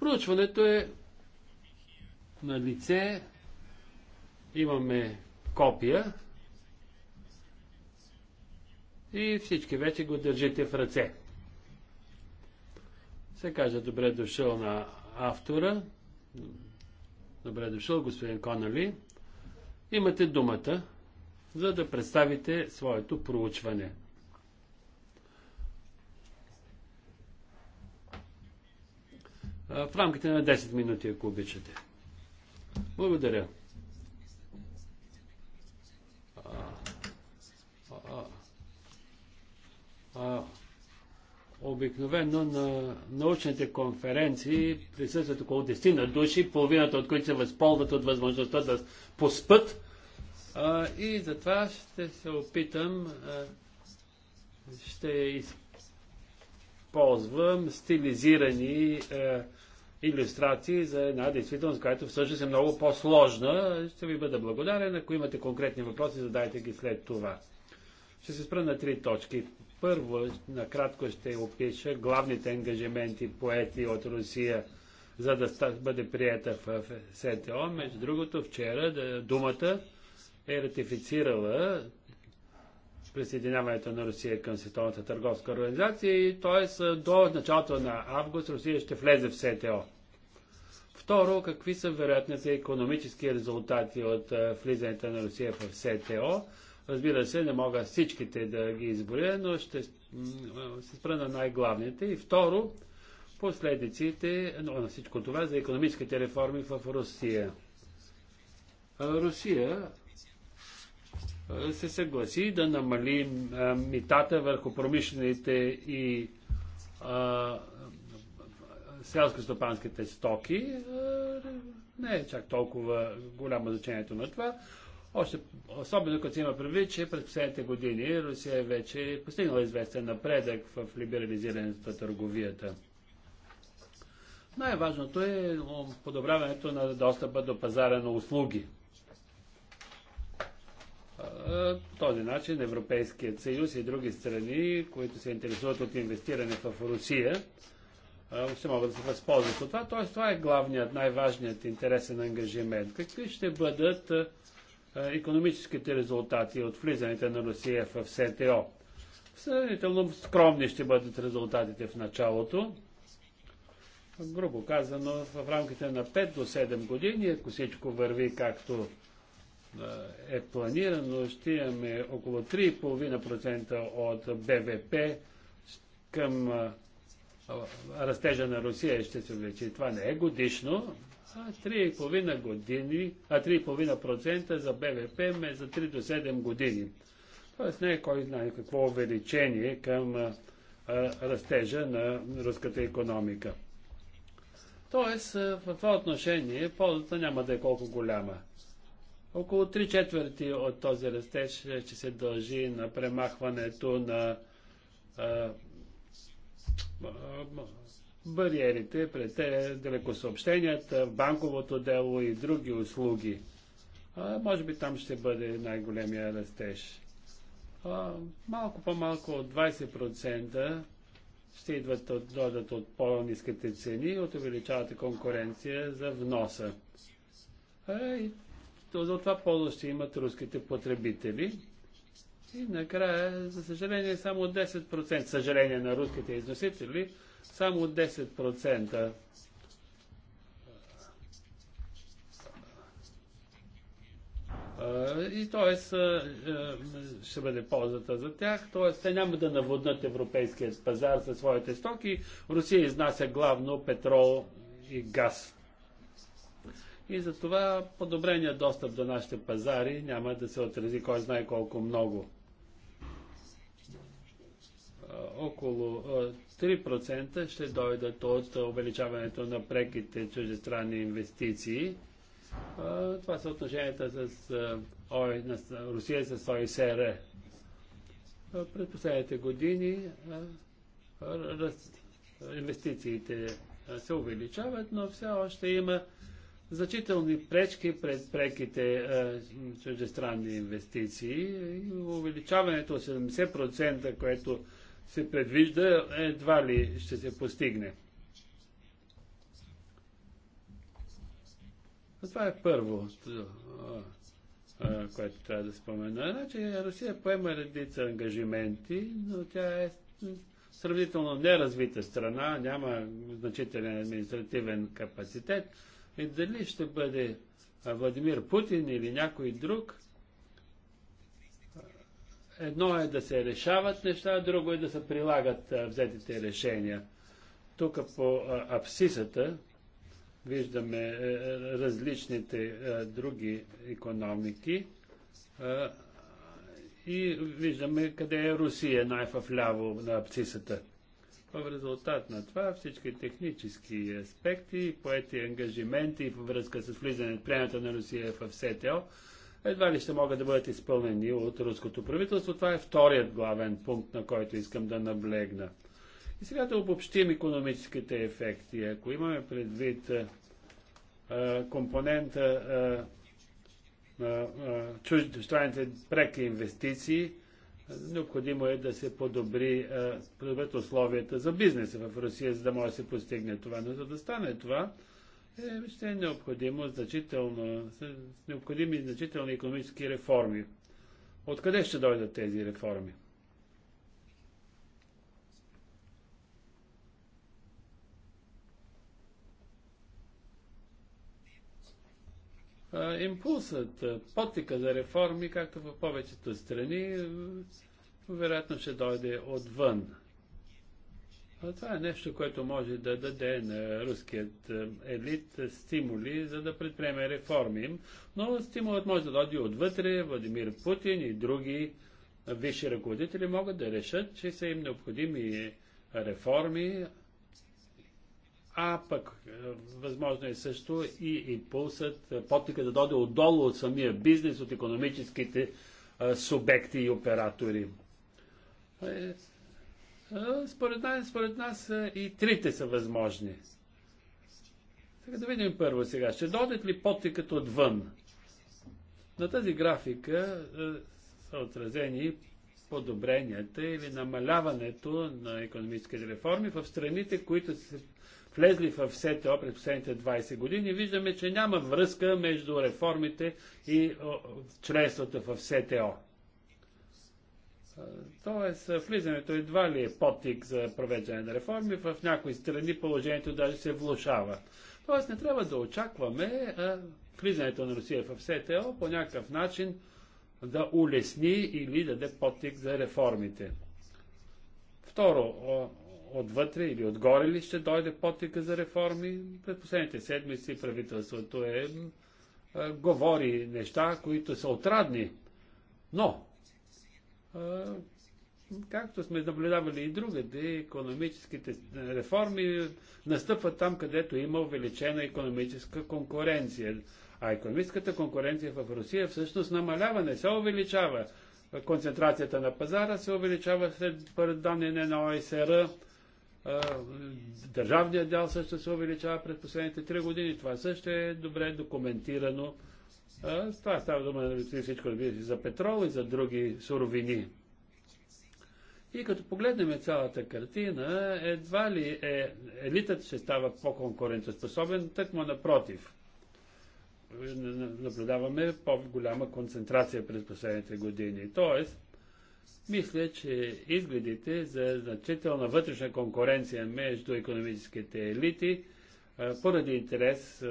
Проучването е на лице. Имаме копия. И всички вече го държите в ръце. Се каже добре дошъл на автора, Добре дошъл, господин Конали. Имате думата, за да представите своето проучване. В рамките на 10 минути, ако обичате. Благодаря. А, а, а, Обикновено на научните конференции присъстват около 10 на души, половината от които се възползват от възможността да поспът. А, и затова ще се опитам, а, ще използвам стилизирани а, иллюстрации за една действителност, която всъщност е много по-сложна. Ще ви бъда благодарен. Ако имате конкретни въпроси, задайте ги след това. Ще се спра на три точки. Първо, накратко ще опиша главните ангажименти поети от Русия, за да бъде приета в СТО. Между другото, вчера думата е ратифицирала присъединяването на Русия към Световната търговска организация и т.е. до началото на август Русия ще влезе в СТО. Второ, какви са вероятните економически резултати от влизането на Русия в СТО? Разбира се, не мога всичките да ги изборя, но ще се спра на най-главните. И второ, последиците на всичко това за економическите реформи в Русия. Русия се съгласи да намали митата върху промишлените и селско-стопанските стоки. Не е чак толкова голямо значението на това. Още, особено като има предвид, че през последните години Русия е вече е постигнала известен напредък в либерализирането на търговията. Най-важното е подобряването на достъпа до пазара на услуги. По Този начин Европейският съюз и други страни, които се интересуват от инвестиране в Русия, ще могат да се възползват от това. Тоест, това е главният, най-важният интересен ангажимент. Какви ще бъдат е, економическите резултати от влизането на Русия в СТО. Сравнително скромни ще бъдат резултатите в началото. Грубо казано, в рамките на 5 до 7 години, ако всичко върви както е, е планирано, ще имаме около 3,5% от БВП към растежа на Русия ще се увеличи. Това не е годишно, 3,5 години, а 3,5% за БВП ме е за 3 до 7 години. Тоест не е кой знае какво увеличение към а, растежа на руската економика. Тоест, в това отношение ползата няма да е колко голяма. Около 3 четвърти от този растеж ще се дължи на премахването на а, бариерите пред е, далекосъобщенията, банковото дело и други услуги. А, може би там ще бъде най-големия растеж. А, малко по-малко от 20% ще идват от, дойдат от по-низките цени от увеличавата конкуренция за вноса. А, и то, за това полза ще имат руските потребители. И накрая, за съжаление, само 10%, съжаление на руските износители, само 10% и т.е. ще бъде ползата за тях, т.е. те няма да наводнат европейския пазар със своите стоки. Русия изнася главно петрол и газ. И затова подобрения достъп до нашите пазари няма да се отрази кой знае колко много около 3% ще дойдат от увеличаването на преките чуждестранни инвестиции. Това са отношенията с Русия с ОИСР. През последните години инвестициите се увеличават, но все още има значителни пречки пред преките чуждестранни инвестиции. Увеличаването от 70%, което се предвижда, едва ли ще се постигне. Това е първо, което трябва да спомена. Значи Русия поема редица ангажименти, но тя е сравнително неразвита страна, няма значителен административен капацитет. И дали ще бъде Владимир Путин или някой друг, Едно е да се решават неща, друго е да се прилагат взетите решения. Тук по апсисата виждаме е, е, различните е, други економики и виждаме къде е Русия най-вляво на апсисата. В резултат на това всички технически аспекти, поети ангажименти във връзка с влизането, приемането на Русия в СТО едва ли ще могат да бъдат изпълнени от руското правителство. Това е вторият главен пункт, на който искам да наблегна. И сега да обобщим економическите ефекти. Ако имаме предвид а, компонента на чуждестранните преки инвестиции, необходимо е да се подобри, подобрят условията за бизнеса в Русия, за да може да се постигне това. Но за да стане това, е, ще е необходимо значително, са необходими значителни економически реформи. Откъде ще дойдат тези реформи? Импулсът, потика за реформи, както в повечето страни, вероятно ще дойде отвън. Това е нещо, което може да даде на руският е, елит стимули, за да предприеме реформи. Но стимулът може да дойде отвътре. Владимир Путин и други висши ръководители могат да решат, че са им необходими реформи, а пък е, възможно е също и импулсът, е, потика да дойде отдолу от самия бизнес, от економическите субекти и оператори. Според нас, според нас и трите са възможни. Така да видим първо сега. Ще дойдат ли подтикът отвън? На тази графика са отразени подобренията или намаляването на економическите реформи в страните, които са влезли в СТО през последните 20 години. Виждаме, че няма връзка между реформите и членството в СТО. Тоест, влизането едва ли е потик за провеждане на реформи. В някои страни положението даже се влушава. Тоест, не трябва да очакваме влизането на Русия в СТО по някакъв начин да улесни или да даде потик за реформите. Второ, отвътре или отгоре ли ще дойде потика за реформи? През последните седмици правителството е, говори неща, които са отрадни. Но Както сме наблюдавали и другаде, економическите реформи настъпват там, където има увеличена економическа конкуренция. А економическата конкуренция в Русия всъщност намалява, не се увеличава. Концентрацията на пазара се увеличава след поред данни на ОСР. Държавният дял също се увеличава през последните три години. Това също е добре документирано това става дума всичко, за петрол и за други суровини. И като погледнем цялата картина, едва ли е, елитът ще става по-конкурентоспособен, тъкмо напротив. Наблюдаваме по-голяма концентрация през последните години. Тоест, мисля, че изгледите за значителна вътрешна конкуренция между економическите елити поради интерес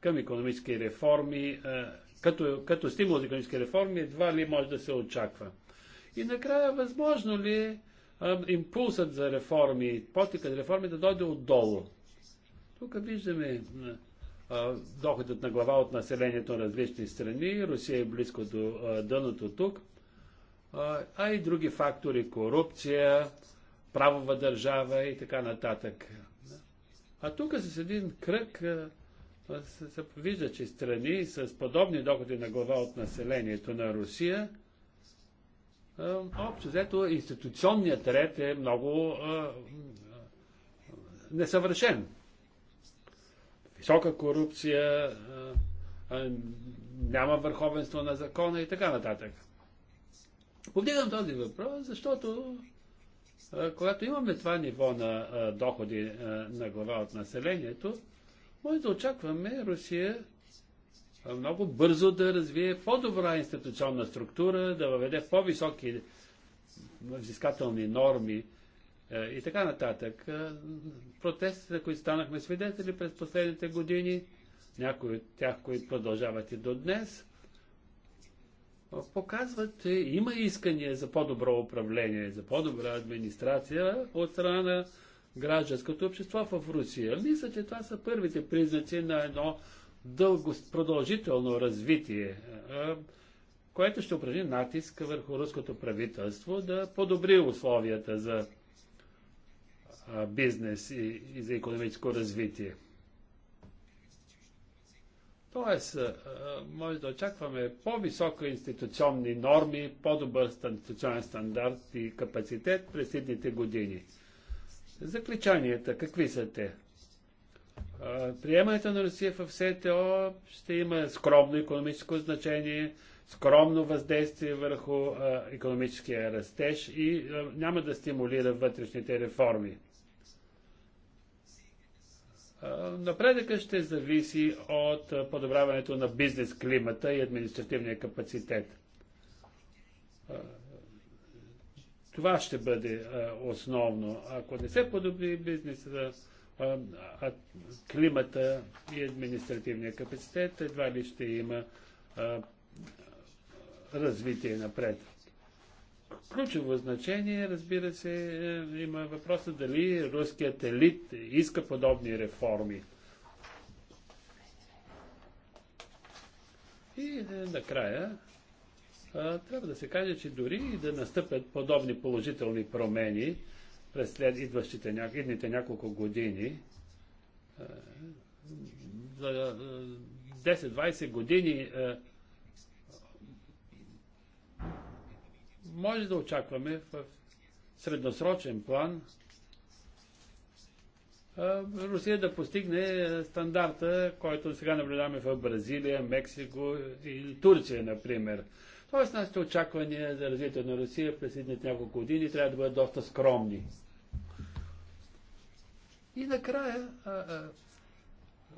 към економически реформи като, като стимул за економически реформи едва ли може да се очаква. И накрая, възможно ли а, импулсът за реформи, потикът за реформи да дойде отдолу? Тук виждаме а, доходът на глава от населението на различни страни. Русия е близко до а, дъното тук. А, а и други фактори корупция, правова държава и така нататък. А тук с един кръг се, се вижда, че страни с подобни доходи на глава от населението на Русия, общо взето институционният ред е много а, несъвършен. Висока корупция, а, а, няма върховенство на закона и така нататък. Повдигам този въпрос, защото когато имаме това ниво на доходи на глава от населението, може да очакваме Русия много бързо да развие по-добра институционна структура, да въведе по-високи взискателни норми е, и така нататък. Е, протестите, които станахме свидетели през последните години, някои от тях, които продължават и до днес, е, показват, че има искания за по-добро управление, за по-добра администрация от страна на гражданското общество в Русия. Мисля, че това са първите признаци на едно дълго, продължително развитие, е, което ще упражни натиск върху руското правителство да подобри условията за е, бизнес и, за економическо развитие. Тоест, е, може да очакваме по-високи институционни норми, по-добър институционен стандарт и капацитет през следните години. Закличанията, какви са те? Приемането на Русия в СТО ще има скромно економическо значение, скромно въздействие върху економическия растеж и няма да стимулира вътрешните реформи. Напредъка ще зависи от подобряването на бизнес климата и административния капацитет. Това ще бъде а, основно. Ако не се подобри бизнеса, а, а, климата и административния капацитет, едва ли ще има а, развитие напред. Ключово значение, разбира се, е, има въпроса дали руският елит иска подобни реформи. И е, накрая трябва да се каже, че дори и да настъпят подобни положителни промени през след идващите идните няколко години, за 10-20 години може да очакваме в средносрочен план Русия да постигне стандарта, който сега наблюдаваме в Бразилия, Мексико и Турция, например. Тоест, нашите очаквания за развитие на Русия през следните няколко години трябва да бъдат доста скромни. И накрая, а, а,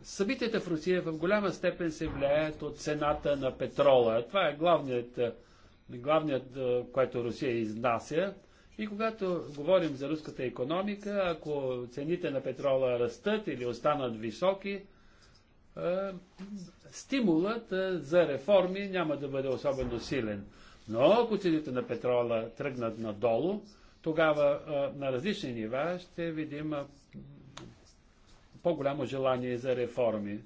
събитията в Русия в голяма степен се влияят от цената на петрола. Това е главният, главният който Русия изнася. И когато говорим за руската економика, ако цените на петрола растат или останат високи, стимулът е, за реформи няма да бъде особено силен. Но ако цените на петрола тръгнат надолу, тогава е, на различни нива ще видим е, по-голямо желание за реформи.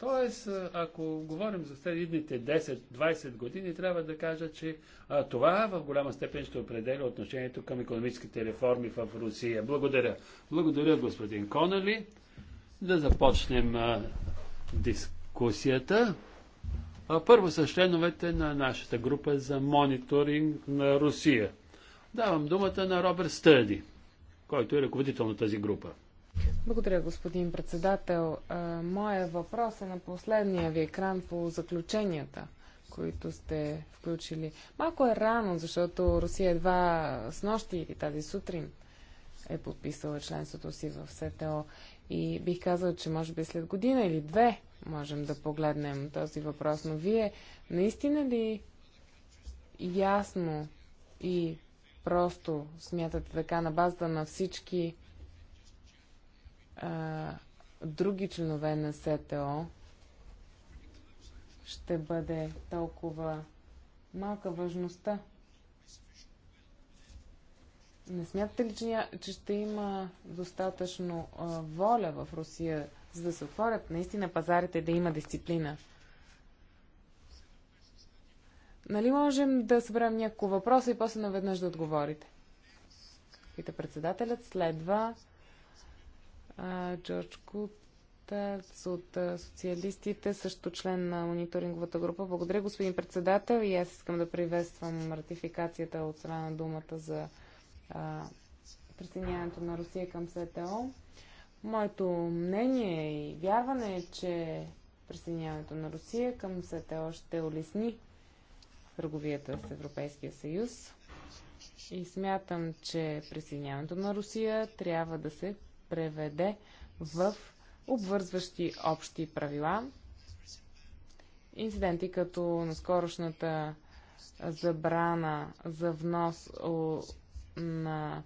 Тоест, ако говорим за следните 10-20 години, трябва да кажа, че това в голяма степен ще определя отношението към економическите реформи в Русия. Благодаря. Благодаря, господин Конали. Да започнем диск дискусията. А първо са членовете на нашата група за мониторинг на Русия. Давам думата на Робърт Стъди, който е ръководител на тази група. Благодаря, господин председател. Моя въпрос е на последния ви екран по заключенията, които сте включили. Малко е рано, защото Русия едва с нощи или тази сутрин е подписала членството си в СТО. И бих казал, че може би след година или две можем да погледнем този въпрос. Но вие наистина ли ясно и просто смятате така на базата на всички а, други членове на СТО, ще бъде толкова малка важността? Не смятате ли, че, ще има достатъчно а, воля в Русия? за да се отворят наистина пазарите, да има дисциплина. Нали можем да съберем няколко въпроса и после наведнъж да отговорите? Пита председателят. Следва а, Джордж Кутец от а, социалистите, също член на мониторинговата група. Благодаря, господин председател. И аз искам да приветствам ратификацията от страна на думата за а, присъединяването на Русия към СТО. Моето мнение и вярване е, че присъединяването на Русия към света още улесни търговията с Европейския съюз. И смятам, че присъединяването на Русия трябва да се преведе в обвързващи общи правила. Инциденти като наскорошната забрана за внос на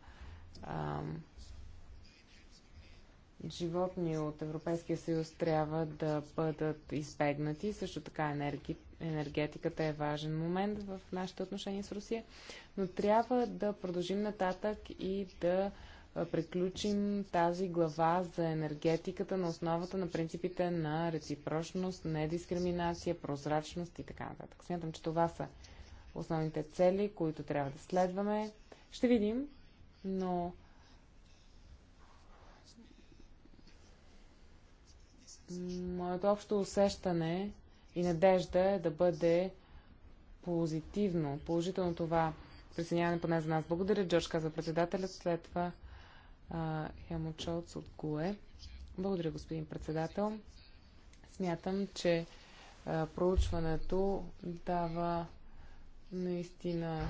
животни от Европейския съюз трябва да бъдат избегнати. Също така енерги... енергетиката е важен момент в нашите отношения с Русия, но трябва да продължим нататък и да приключим тази глава за енергетиката на основата на принципите на реципрочност, недискриминация, прозрачност и така нататък. Смятам, че това са основните цели, които трябва да следваме. Ще видим, но Моето общо усещане и надежда е да бъде позитивно, положително това присъединяване поне за нас. Благодаря, Джордж, каза председателят. След това Хемо Чолц от ГУЕ. Благодаря, господин председател. Смятам, че а, проучването дава наистина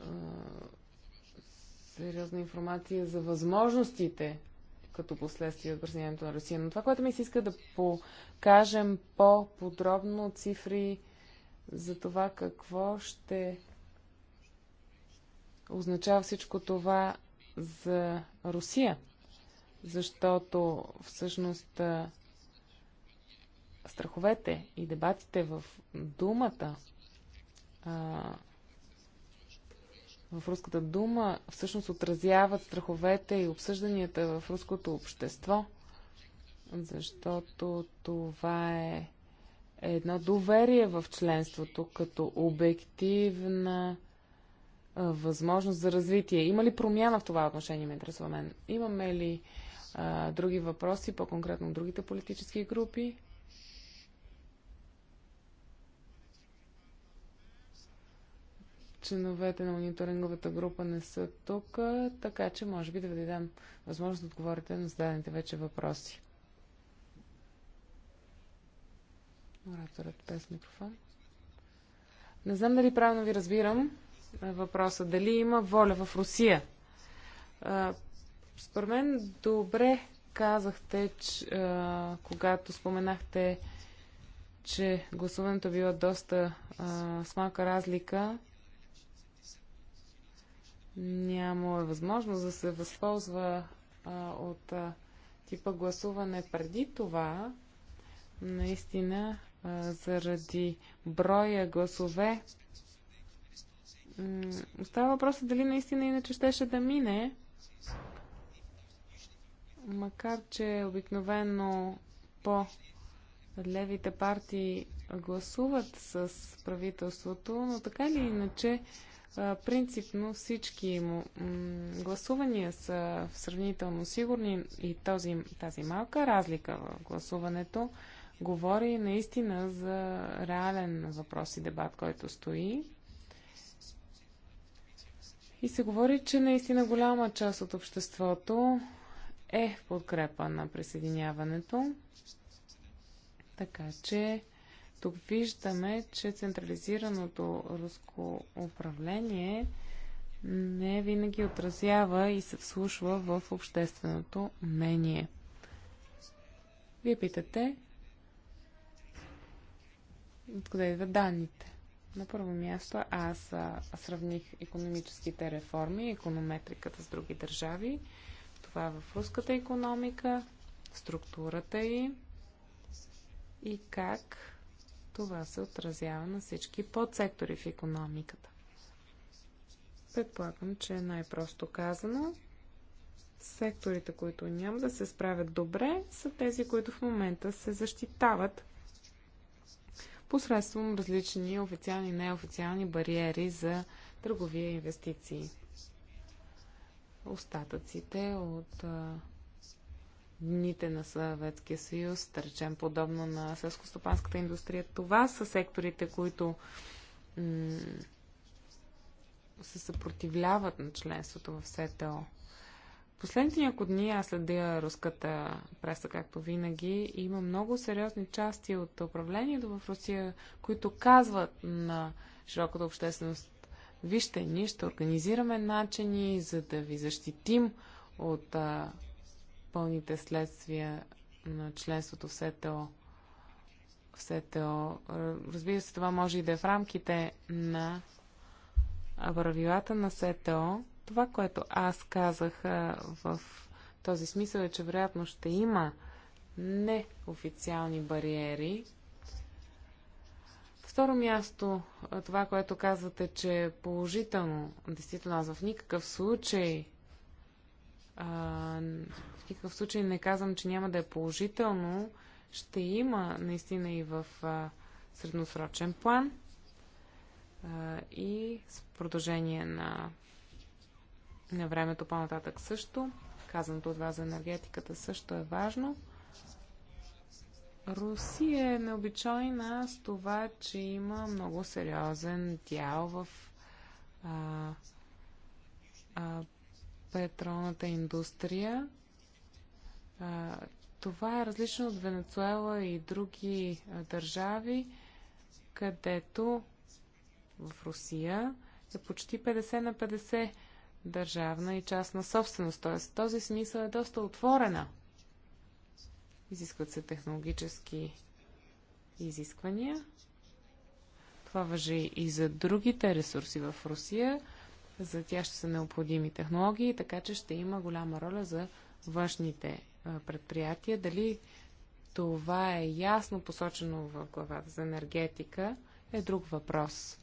а, сериозна информация за възможностите като последствие от присъединяването на Русия. Но това, което ми се иска е да покажем по-подробно цифри за това какво ще означава всичко това за Русия. Защото всъщност страховете и дебатите в думата а, в Руската дума всъщност отразяват страховете и обсъжданията в руското общество, защото това е едно доверие в членството като обективна възможност за развитие. Има ли промяна в това отношение, ме интересува мен? Имаме ли а, други въпроси, по-конкретно другите политически групи? членовете на мониторинговата група не са тук, така че може би да ви дам възможност да отговорите на зададените вече въпроси. Ораторът без микрофон. Не знам дали правилно ви разбирам въпроса. Дали има воля в Русия? Според мен добре казахте, че, когато споменахте, че гласуването било доста а, с малка разлика няма възможност да се възползва а, от а, типа гласуване преди това, наистина а, заради броя гласове, остава въпросът дали наистина иначе щеше да мине, макар че обикновено по левите партии гласуват с правителството, но така или иначе принципно всички гласувания са сравнително сигурни и този, тази малка разлика в гласуването говори наистина за реален въпрос и дебат, който стои. И се говори, че наистина голяма част от обществото е в подкрепа на присъединяването. Така че тук виждаме, че централизираното руско управление не винаги отразява и се вслушва в общественото мнение. Вие питате откъде идват данните. На първо място аз сравних економическите реформи, економетриката с други държави. Това е в руската економика, структурата и и как това се отразява на всички подсектори в економиката. Предполагам, че е най-просто казано, секторите, които няма да се справят добре, са тези, които в момента се защитават посредством различни официални и неофициални бариери за търговия и инвестиции. Остатъците от дните на Съветския съюз, да речем подобно на селскостопанската индустрия. Това са секторите, които се съпротивляват на членството в СТО. Последните няколко дни аз следя руската преса, както винаги. И има много сериозни части от управлението в Русия, които казват на широката общественост Вижте, ние ще организираме начини, за да ви защитим от а, пълните следствия на членството в СТО. В СТО. Разбира се, това може и да е в рамките на правилата на СТО. Това, което аз казах в този смисъл е, че вероятно ще има неофициални бариери. Второ място, това, което казвате, че е положително. Действително, аз в никакъв случай в никакъв случай не казвам, че няма да е положително. Ще има наистина и в средносрочен план и с продължение на, на времето по-нататък също. Казаното от вас за енергетиката също е важно. Русия е необичайна с това, че има много сериозен дял в а, а, петролната индустрия. това е различно от Венецуела и други държави, където в Русия е почти 50 на 50 държавна и частна собственост. Т.е. този смисъл е доста отворена. Изискват се технологически изисквания. Това въжи и за другите ресурси в Русия. За тях ще са необходими технологии, така че ще има голяма роля за външните е, предприятия. Дали това е ясно посочено в главата за енергетика е друг въпрос.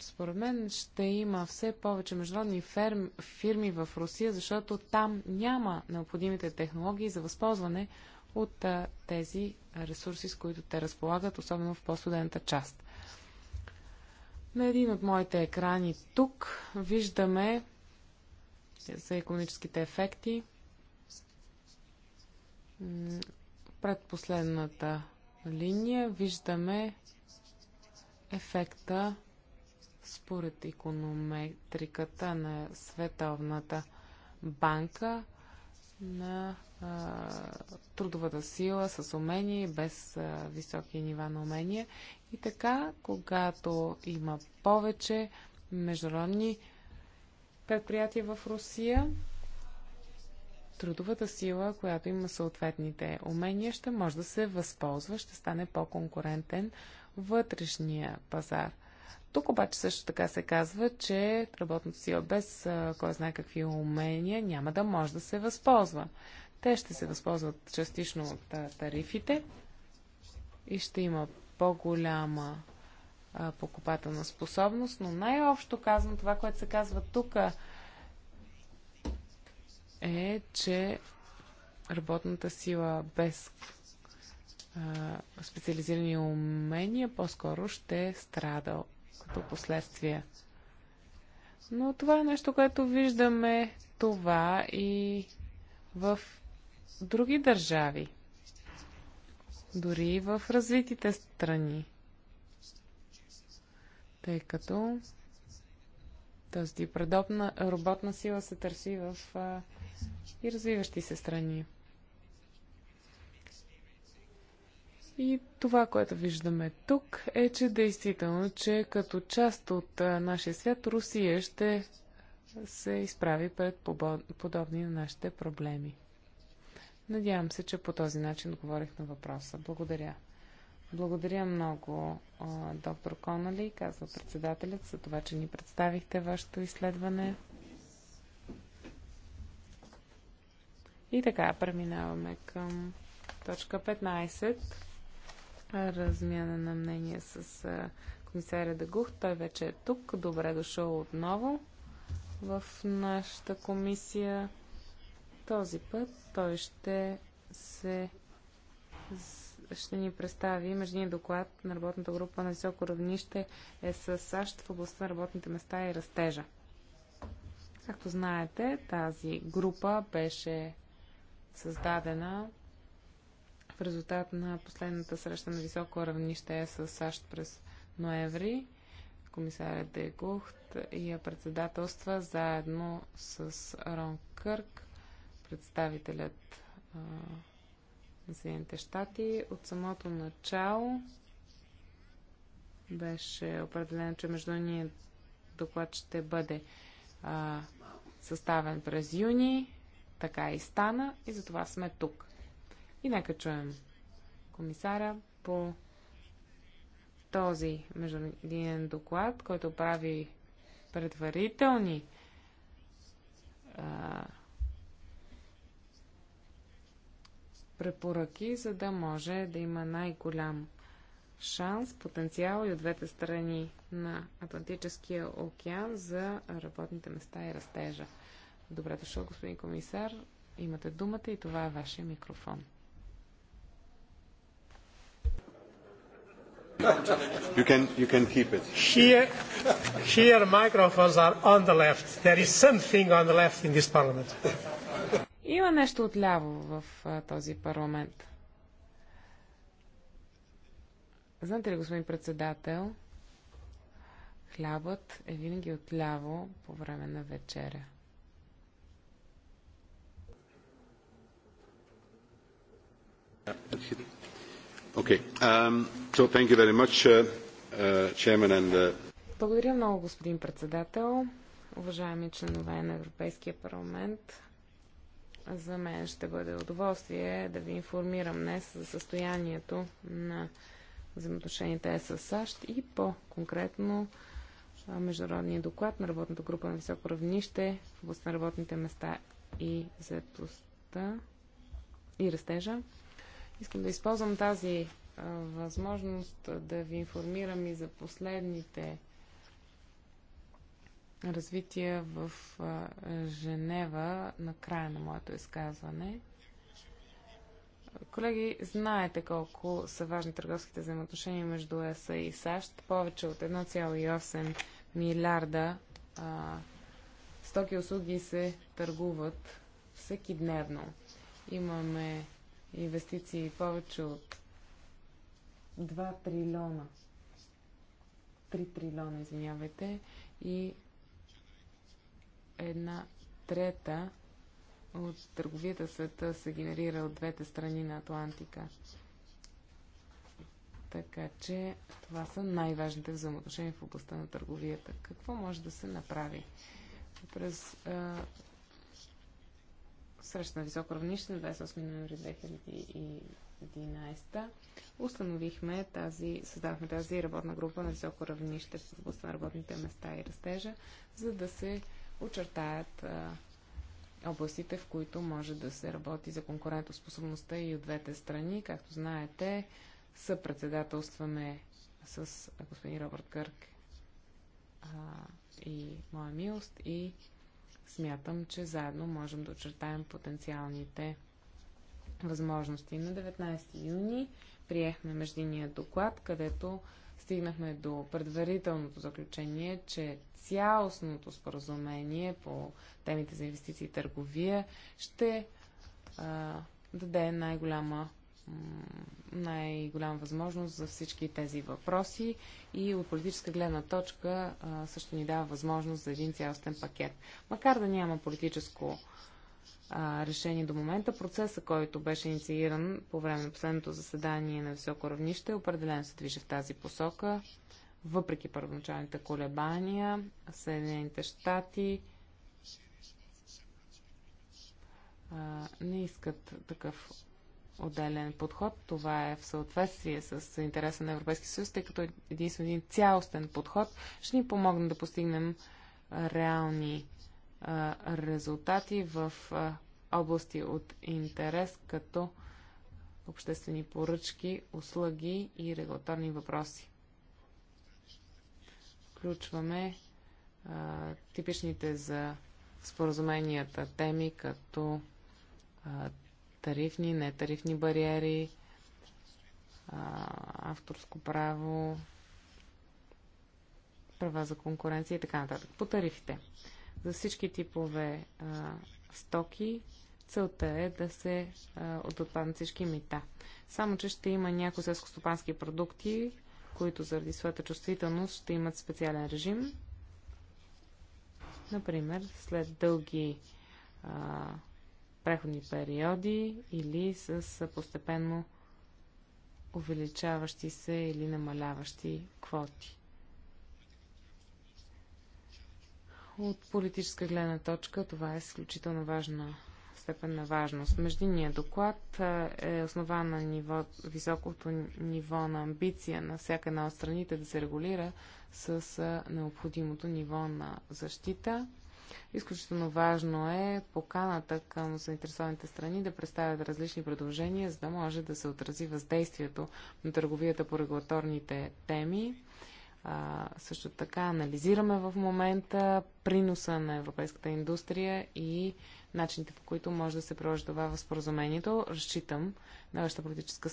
Според мен ще има все повече международни ферм, фирми в Русия, защото там няма необходимите технологии за възползване от а, е, тези ресурси, с които те разполагат, особено в по-студената част. На един от моите екрани тук виждаме за економическите ефекти предпоследната линия виждаме ефекта според економетриката на Световната банка на а, трудовата сила с умение без а, високи нива на умение. И така, когато има повече международни предприятия в Русия, трудовата сила, която има съответните умения, ще може да се възползва, ще стане по-конкурентен вътрешния пазар. Тук обаче също така се казва, че работната сила без кой знае какви умения няма да може да се възползва. Те ще се възползват частично от тарифите и ще има по-голяма покупателна способност, но най-общо казвам това, което се казва тук е, че работната сила без а, специализирани умения по-скоро ще страда като последствие. Но това е нещо, което виждаме това и в други държави дори и в развитите страни. Тъй като тази предобна работна сила се търси в а, и развиващи се страни. И това, което виждаме тук, е, че действително, че като част от а, нашия свят, Русия ще се изправи пред подобни на нашите проблеми. Надявам се, че по този начин отговорих на въпроса. Благодаря. Благодаря много, доктор Конали, казва председателят, за това, че ни представихте вашето изследване. И така, преминаваме към точка 15. Размяна на мнение с комисаря Дагух. Той вече е тук. Добре дошъл отново в нашата комисия. Този път той ще се ще ни представи междинния доклад на работната група на високо равнище е с САЩ в областта на работните места и растежа. Както знаете, тази група беше създадена в резултат на последната среща на високо равнище е с САЩ през ноември. Комисарят Дегухт я председателства заедно с Рон Кърк, представителят на Съединените щати. От самото начало беше определено, че между ние доклад ще бъде а, съставен през юни. Така и стана и затова сме тук. И нека чуем комисара по този международен доклад, който прави предварителни а, препоръки, за да може да има най-голям шанс, потенциал и от двете страни на Атлантическия океан за работните места и растежа. Добре дошъл, господин комисар. Имате думата и това е вашия микрофон. You can, you can keep it. Here, here microphones are on the left. There is something on the left in this parliament. Има нещо отляво в а, този парламент. Знаете ли, господин председател, хлябът е винаги отляво по време на вечеря. Okay. Um, so thank you very much, uh, uh, and, uh... Благодаря много, господин председател, уважаеми членове на Европейския парламент, за мен ще бъде удоволствие да ви информирам днес за състоянието на взаимоотношенията с САЩ и по-конкретно международния доклад на работната група на високо равнище в област на работните места и заедостта и растежа. Искам да използвам тази възможност да ви информирам и за последните развитие в Женева на края на моето изказване. Колеги, знаете колко са важни търговските взаимоотношения между ЕСА и САЩ. Повече от 1,8 милиарда а, стоки и услуги се търгуват всеки дневно. Имаме инвестиции повече от 2 трилиона. 3 трилиона, извинявайте, и една трета от търговията в света се генерира от двете страни на Атлантика. Така че това са най-важните взаимоотношения в областта на търговията. Какво може да се направи? През а, среща на високо равнище на 28 ноември 2011 установихме тази, създавахме тази работна група на високо равнище в областта на работните места и растежа, за да се очертаят а, областите, в които може да се работи за конкурентоспособността и от двете страни. Както знаете, съпредседателстваме с господин Робърт Кърк а, и моя милост и смятам, че заедно можем да очертаем потенциалните възможности. На 19 юни приехме междинния доклад, където стигнахме до предварителното заключение, че цялостното споразумение по темите за инвестиции и търговия ще а, даде най-голяма най-голяма възможност за всички тези въпроси и от политическа гледна точка а, също ни дава възможност за един цялостен пакет. Макар да няма политическо а, решение до момента. Процеса, който беше иницииран по време на последното заседание на високо равнище, определено се движи в тази посока. Въпреки първоначалните колебания, Съединените щати не искат такъв отделен подход. Това е в съответствие с интереса на Европейския съюз, тъй като е единствено един цялостен подход ще ни помогне да постигнем реални резултати в области от интерес, като обществени поръчки, услуги и регулаторни въпроси. Включваме типичните за споразуменията теми, като тарифни, нетарифни бариери, авторско право, права за конкуренция и така нататък. По тарифите за всички типове а, стоки. Целта е да се а, отпаднат всички мита. Само, че ще има някои селскостопански продукти, които заради своята чувствителност ще имат специален режим. Например, след дълги а, преходни периоди или с постепенно увеличаващи се или намаляващи квоти. От политическа гледна точка това е изключително важна степен на важност. Междинният доклад е основан на ниво, високото ниво на амбиция на всяка една от страните да се регулира с необходимото ниво на защита. Изключително важно е поканата към заинтересованите страни да представят различни предложения, за да може да се отрази въздействието на търговията по регулаторните теми а, също така анализираме в момента приноса на европейската индустрия и начините по които може да се приложи това в споразумението. Разчитам на вашата политическа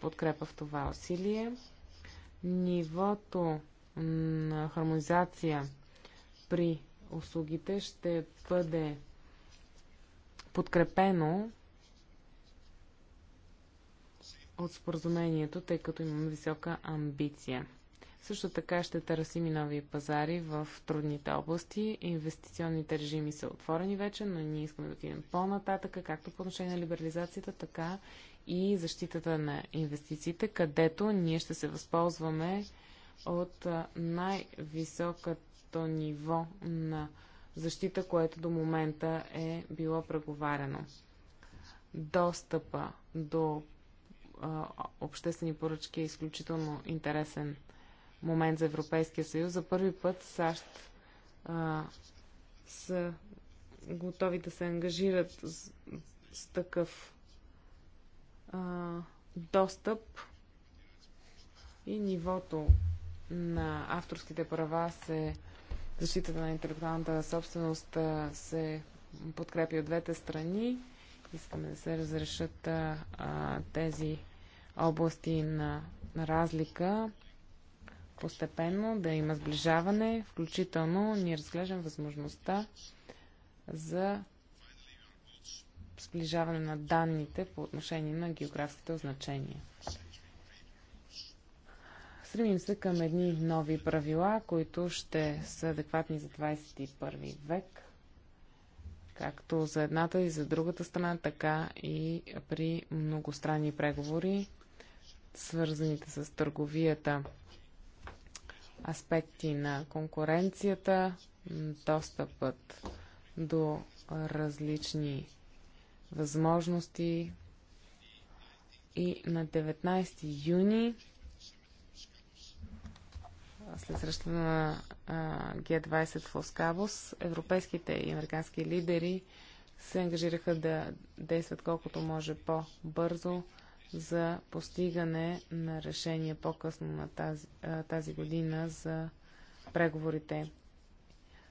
подкрепа в това усилие. Нивото на хармонизация при услугите ще бъде подкрепено от споразумението, тъй като имаме висока амбиция. Също така ще търсим и нови пазари в трудните области. Инвестиционните режими са отворени вече, но ние искаме да отидем по-нататъка, както по отношение на либерализацията, така и защитата на инвестициите, където ние ще се възползваме от най-високото ниво на защита, което до момента е било преговарено. Достъпа до а, обществени поръчки е изключително интересен момент за Европейския съюз. За първи път САЩ а, са готови да се ангажират с, с такъв а, достъп и нивото на авторските права се защитата на интелектуалната собственост се подкрепи от двете страни. Искаме да се разрешат а, тези области на, на разлика постепенно да има сближаване, включително ние разглеждам възможността за сближаване на данните по отношение на географските означения. Стремим се към едни нови правила, които ще са адекватни за 21 век, както за едната и за другата страна, така и при многостранни преговори, свързаните с търговията аспекти на конкуренцията, достъпът до различни възможности. И на 19 юни след среща на G20 в Лоскабос, европейските и американски лидери се ангажираха да действат колкото може по-бързо за постигане на решение по-късно на тази, тази година за преговорите.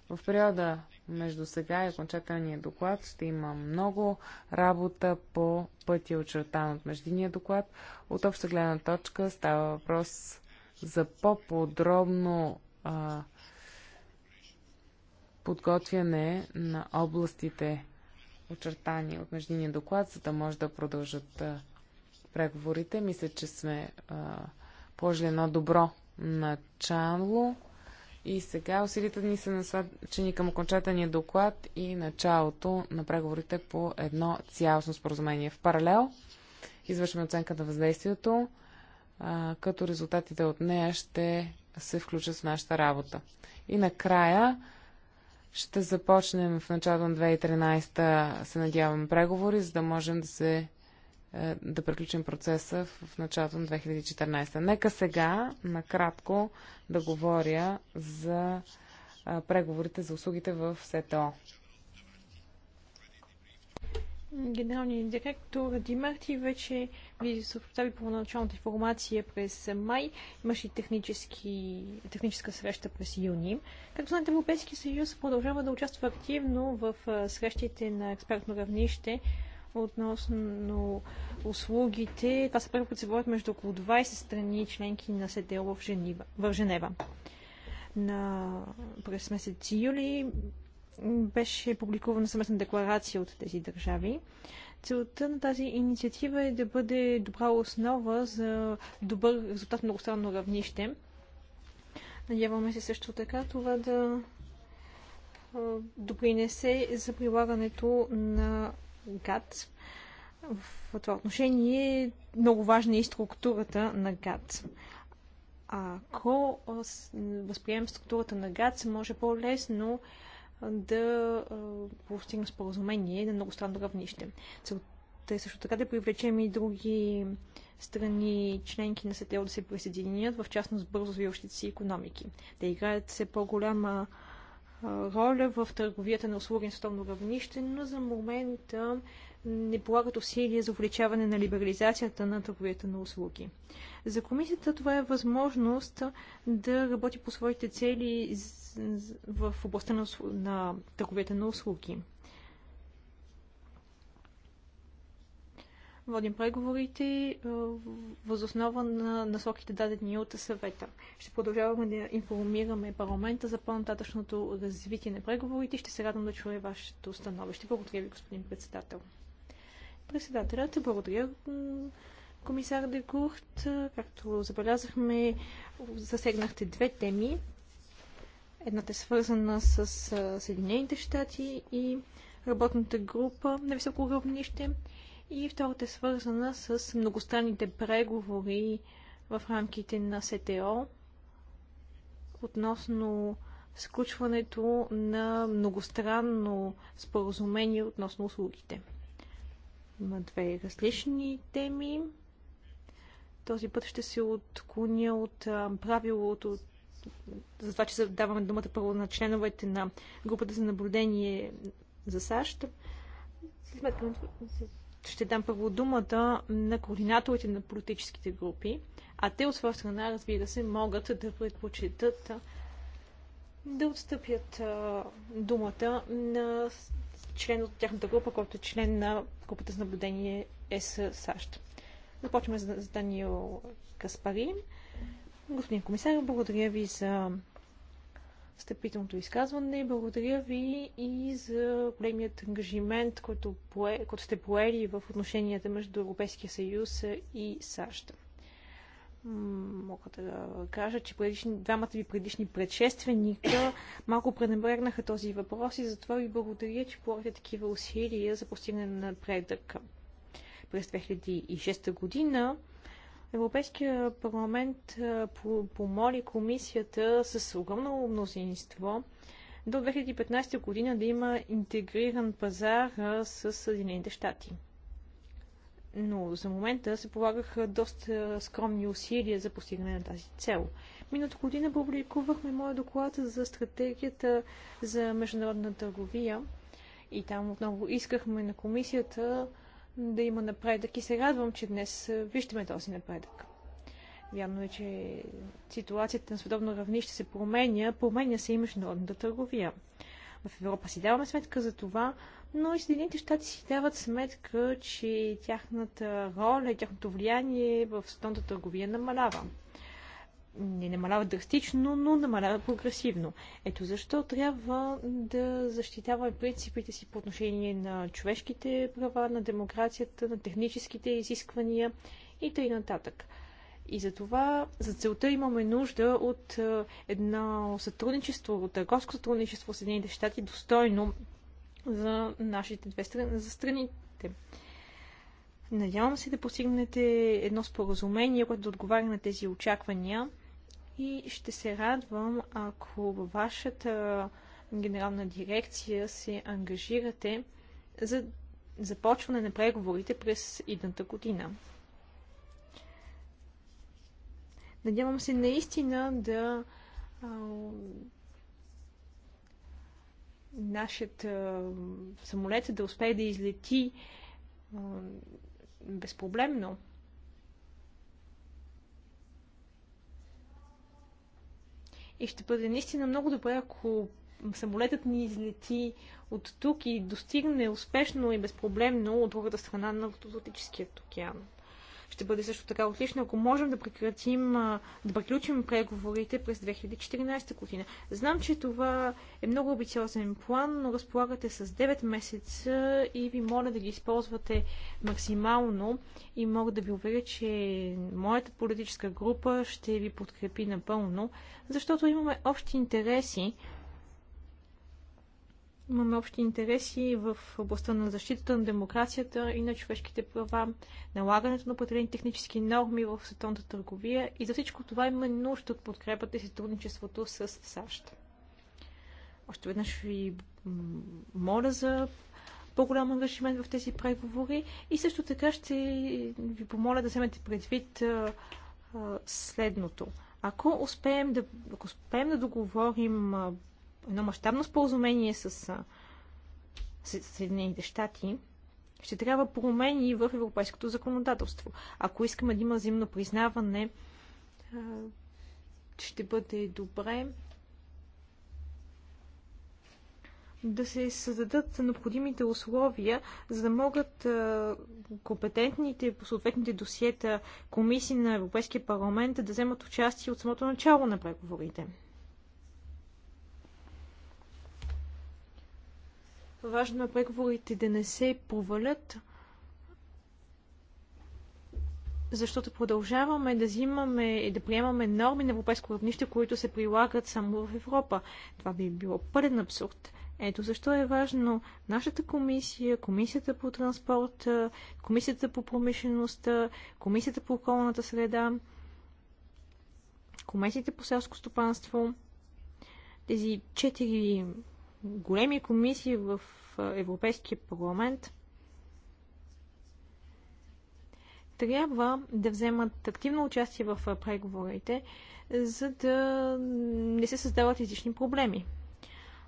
В периода между сега и окончателния доклад ще има много работа по пътя очертан от междиния доклад. От обща гледна точка става въпрос за по-подробно подготвяне на областите очертани от междинния доклад, за да може да продължат а, преговорите. Мисля, че сме а, положили едно добро начало. И сега усилите ни са насочени към окончателния доклад и началото на преговорите по едно цялостно споразумение. В паралел извършваме оценка на въздействието, а, като резултатите от нея ще се включат в нашата работа. И накрая ще започнем в началото на 2013, се надявам, преговори, за да можем да се е, да приключим процеса в началото на 2014. Нека сега накратко да говоря за е, преговорите за услугите в СТО. Генералният директор Димарти вече ви съобщави началната информация през май. Имаше и технически, техническа среща през юни. Както знаете, Европейския съюз продължава да участва активно в е, срещите на експертно равнище относно услугите. Това са преговори, които се водят между около 20 страни членки на СТО в, Женива, в Женева. На, през месец юли беше публикувана съместна декларация от тези държави. Целта на тази инициатива е да бъде добра основа за добър резултат на многостранно равнище. Надяваме се също така това да допринесе за прилагането на Гад В това отношение много важна е и структурата на ГАД. Ако възприемем структурата на Гад, се може по-лесно да постигнем споразумение на много странно равнище. Целта е също така да привлечем и други страни членки на СТО да се присъединят, в частност бързо развиващите си економики. Да играят все по-голяма роля в търговията на услуги на световно равнище, но за момента не полагат усилия за увеличаване на либерализацията на търговията на услуги. За комисията това е възможност да работи по своите цели в областта на, на търговията на услуги. водим преговорите е, възоснова на насоките дадени от съвета. Ще продължаваме да информираме парламента за по-нататъчното развитие на преговорите и ще се радвам да чуя вашето становище. Благодаря ви, господин председател. Председателят, благодаря комисар Дегурт. Както забелязахме, засегнахте две теми. Едната е свързана с Съединените щати и работната група на високо равнище. И втората е свързана с многостранните преговори в рамките на СТО относно сключването на многостранно споразумение относно услугите. Има две различни теми. Този път ще се отклоня от правилото за това, че даваме думата първо на членовете на групата за наблюдение за САЩ ще дам първо думата на координаторите на политическите групи, а те от своя страна, разбира се, могат да предпочитат да отстъпят думата на член от тяхната група, който е член на групата за наблюдение ЕС САЩ. Започваме с Даниел Каспарин. Господин комисар, благодаря ви за встъпителното изказване. Благодаря ви и за големият ангажимент, който, пое, който сте поели в отношенията между Европейския съюз и САЩ. Мога да кажа, че предишни, двамата ви предишни предшественика малко пренебрегнаха този въпрос и затова ви благодаря, че полагате такива усилия за постигане на напредък. През 2006 година Европейския парламент помоли комисията с огромно мнозинство до 2015 година да има интегриран пазар с Съединените щати. Но за момента се полагаха доста скромни усилия за постигане на тази цел. Миналата година публикувахме моя доклад за стратегията за международна търговия и там отново искахме на комисията да има напредък и се радвам, че днес виждаме този напредък. Вярно е, че ситуацията на световно равнище се променя, променя се и международната търговия. В Европа си даваме сметка за това, но и Съединените щати си дават сметка, че тяхната роля, тяхното влияние в световната търговия намалява не намалява драстично, но намалява прогресивно. Ето защо трябва да защитаваме принципите си по отношение на човешките права, на демокрацията, на техническите изисквания и т.н. И за това, за целта имаме нужда от е, едно сътрудничество, от търговско сътрудничество в Съединените щати, достойно за нашите две страни, за страните. Надявам се да постигнете едно споразумение, което да отговаря на тези очаквания и ще се радвам, ако във вашата генерална дирекция се ангажирате за започване на преговорите през идната година. Надявам се наистина да а, нашият а, самолет да успее да излети а, безпроблемно. и ще бъде наистина много добре, ако самолетът ни излети от тук и достигне успешно и безпроблемно от другата страна на Атлантическия океан. Ще бъде също така отлично, ако можем да прекратим, да приключим преговорите през 2014 година. Знам, че това е много амбициозен план, но разполагате с 9 месеца и ви моля да ги използвате максимално и мога да ви уверя, че моята политическа група ще ви подкрепи напълно, защото имаме общи интереси, имаме общи интереси в областта на защитата на демокрацията и на човешките права, налагането на определени технически норми в световната търговия и за всичко това има нужда от подкрепата и сътрудничеството с САЩ. Още веднъж ви моля за по-голям ангажимент в тези преговори и също така ще ви помоля да вземете предвид а, а, следното. Ако успеем да, ако успеем да договорим едно мащабно споразумение с Съединените щати, ще трябва промени в европейското законодателство. Ако искаме да има взаимно признаване, ще бъде добре да се създадат необходимите условия, за да могат компетентните по съответните досиета комисии на Европейския парламент да вземат участие от самото начало на преговорите. Важно е преговорите да не се провалят, защото продължаваме да взимаме и да приемаме норми на европейско равнище, които се прилагат само в Европа. Това би било пълен абсурд. Ето защо е важно нашата комисия, комисията по транспорт, комисията по промишлеността, комисията по околната среда, комисията по селско стопанство, тези четири големи комисии в Европейския парламент трябва да вземат активно участие в преговорите, за да не се създават излишни проблеми.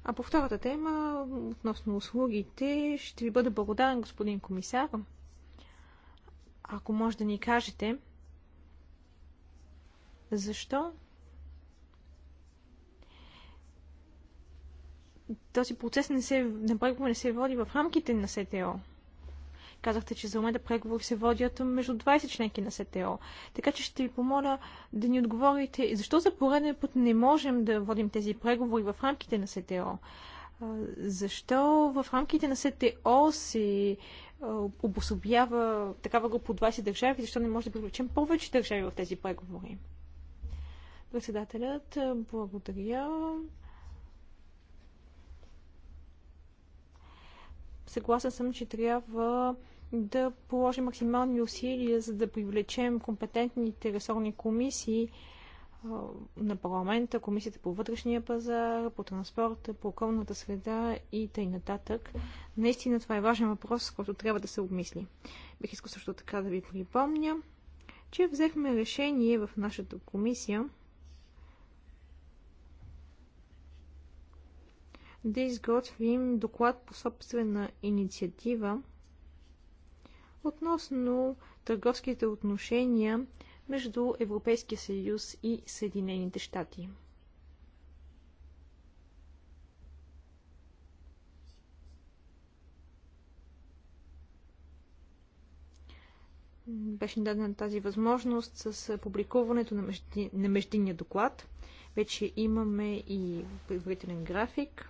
А по втората тема, относно услугите, ще ви бъда благодарен, господин комисар, ако може да ни кажете защо този процес не се, на преговори не се води в рамките на СТО. Казахте, че за момента преговори се водят между 20 членки на СТО. Така че ще ви помоля да ни отговорите защо за пореден път не можем да водим тези преговори в рамките на СТО. Защо в рамките на СТО се обособява такава група от 20 държави, защо не може да привлечем повече държави в тези преговори? Председателят, благодаря. Съгласен съм, че трябва да положим максимални усилия, за да привлечем компетентните ресорни комисии на парламента, комисията по вътрешния пазар, по транспорта, по околната среда и тъй нататък. Наистина това е важен въпрос, който трябва да се обмисли. Бих искал също така да ви припомня, че взехме решение в нашата комисия – да изготвим доклад по собствена инициатива относно търговските отношения между Европейския съюз и Съединените щати. Беше дадена тази възможност с публикуването на, на междинния доклад. Вече имаме и предварителен график.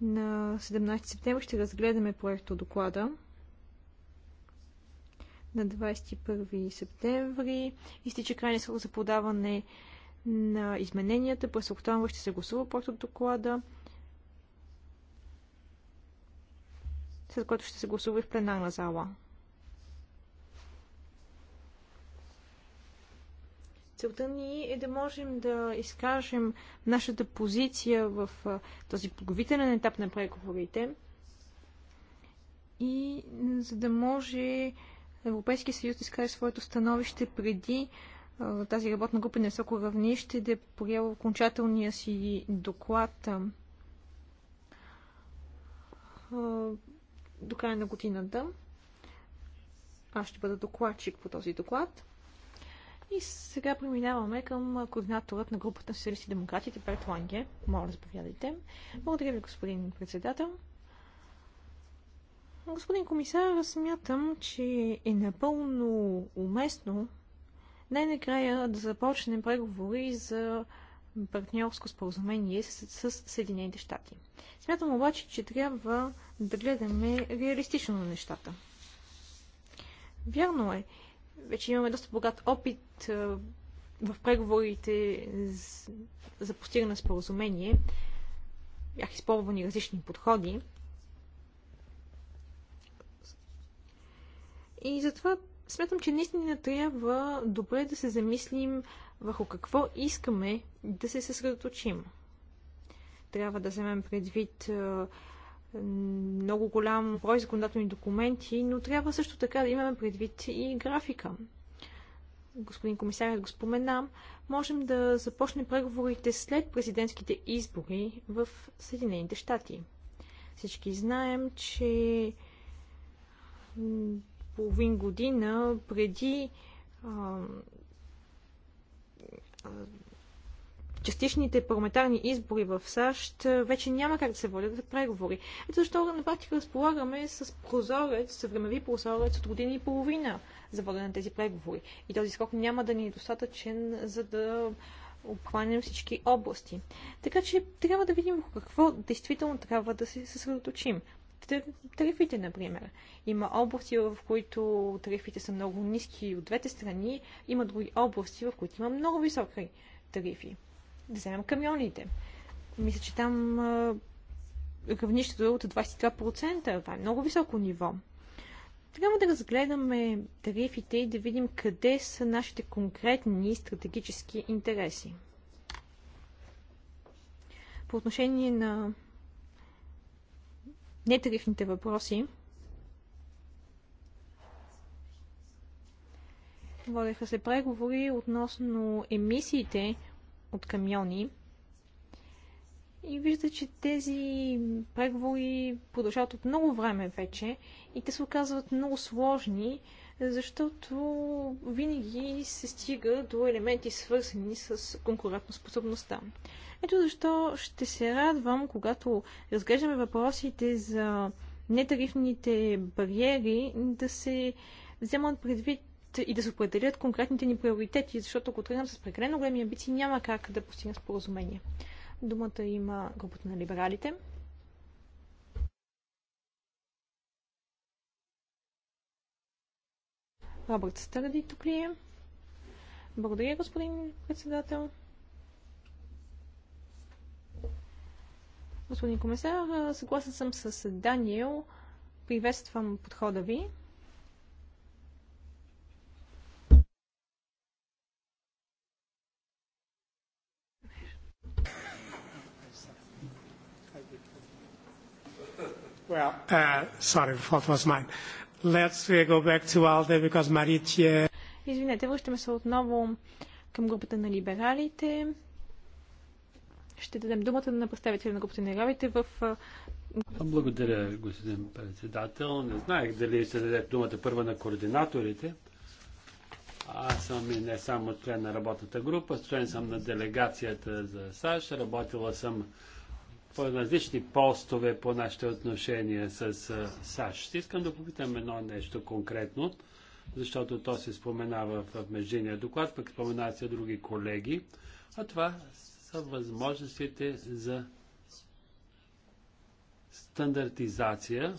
На 17 септември ще разгледаме проекто доклада. На 21 септември изтича крайния срок за подаване на измененията. През октомври ще се гласува проекто доклада. след което ще се гласува и в пленарна зала. Целта ни е да можем да изкажем нашата позиция в този подготвителен етап на преговорите и за да може Европейския съюз да изкаже своето становище преди тази работна група на високо равнище да е окончателния си доклад до края на годината. Аз ще бъда докладчик по този доклад. И сега преминаваме към координаторът на групата на социалисти демократите Берт Ланге. Моля, заповядайте. Благодаря ви, господин председател. Господин комисар, смятам, че е напълно уместно най-накрая да започнем преговори за партньорско споразумение с, с Съединените щати. Смятам обаче, че трябва да гледаме реалистично на нещата. Вярно е, вече имаме доста богат опит в преговорите за постигане на споразумение. Бях използвани различни подходи. И затова смятам, че наистина трябва добре да се замислим върху какво искаме да се съсредоточим. Трябва да вземем предвид много голям брой законодателни документи, но трябва също така да имаме предвид и графика. Господин комисарят го спомена, можем да започнем преговорите след президентските избори в Съединените щати. Всички знаем, че половин година преди частичните парламентарни избори в САЩ, вече няма как да се водят преговори. Ето защо на практика разполагаме с прозорец, времеви прозорец от години и половина за водене на тези преговори. И този срок няма да ни е достатъчен, за да обхванем всички области. Така че трябва да видим какво действително трябва да се съсредоточим тарифите, например. Има области, в които тарифите са много ниски от двете страни, има други области, в които има много високи тарифи. Да вземем камионите. Мисля, че там равнището е от 22%. Това е много високо ниво. Трябва да разгледаме тарифите и да видим къде са нашите конкретни стратегически интереси. По отношение на нетарифните въпроси, водеха се преговори относно емисиите от камиони. И вижда, че тези преговори продължават от много време вече и те се оказват много сложни, защото винаги се стига до елементи свързани с конкурентоспособността. Ето защо ще се радвам, когато разглеждаме въпросите за нетарифните бариери, да се вземат предвид и да се определят конкретните ни приоритети, защото ако тръгнем с прекалено големи амбиции, няма как да постигнем споразумение. Думата има групата на либералите. Робърт Стърди тук ли е? Благодаря, господин председател. Господин комисар, съгласен съм с Даниел. Приветствам подхода ви. Well, uh, fault was mine. Let's go back to ALDE because Maritje... Извинете, връщаме се отново към групата на либералите. Ще дадем думата на представители на групата на либералите в... Благодаря, господин председател. Не знаех дали ще даде думата първа на координаторите. Аз съм и не само член на работната група, член съм на делегацията за САЩ, работила съм по различни постове по нашите отношения с САЩ. Искам да попитам едно нещо конкретно, защото то се споменава в междинния доклад, пък споменават се други колеги, а това са възможностите за стандартизация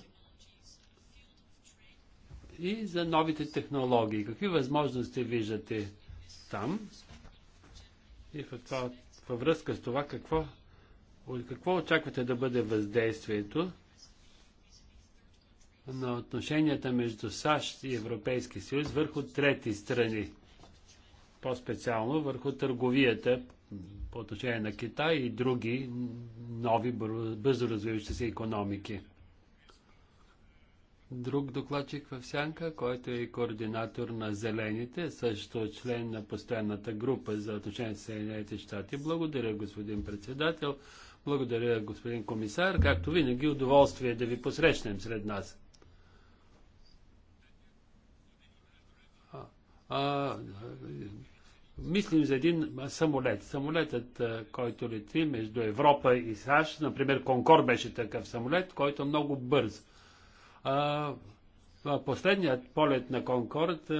и за новите технологии. Какви възможности виждате там? И в това, във връзка с това, какво от Какво очаквате да бъде въздействието на отношенията между САЩ и Европейски съюз върху трети страни? По-специално върху търговията по отношение на Китай и други нови бързо развиващи се економики. Друг докладчик в Сянка, който е координатор на Зелените, също член на постоянната група за отношение с Съединените щати. Благодаря, господин председател. Благодаря, господин комисар. Както винаги, удоволствие е да ви посрещнем сред нас. А, а, мислим за един самолет. Самолетът, който лети между Европа и САЩ, например, Конкор беше такъв самолет, който е много бърз. А, последният полет на Конкорд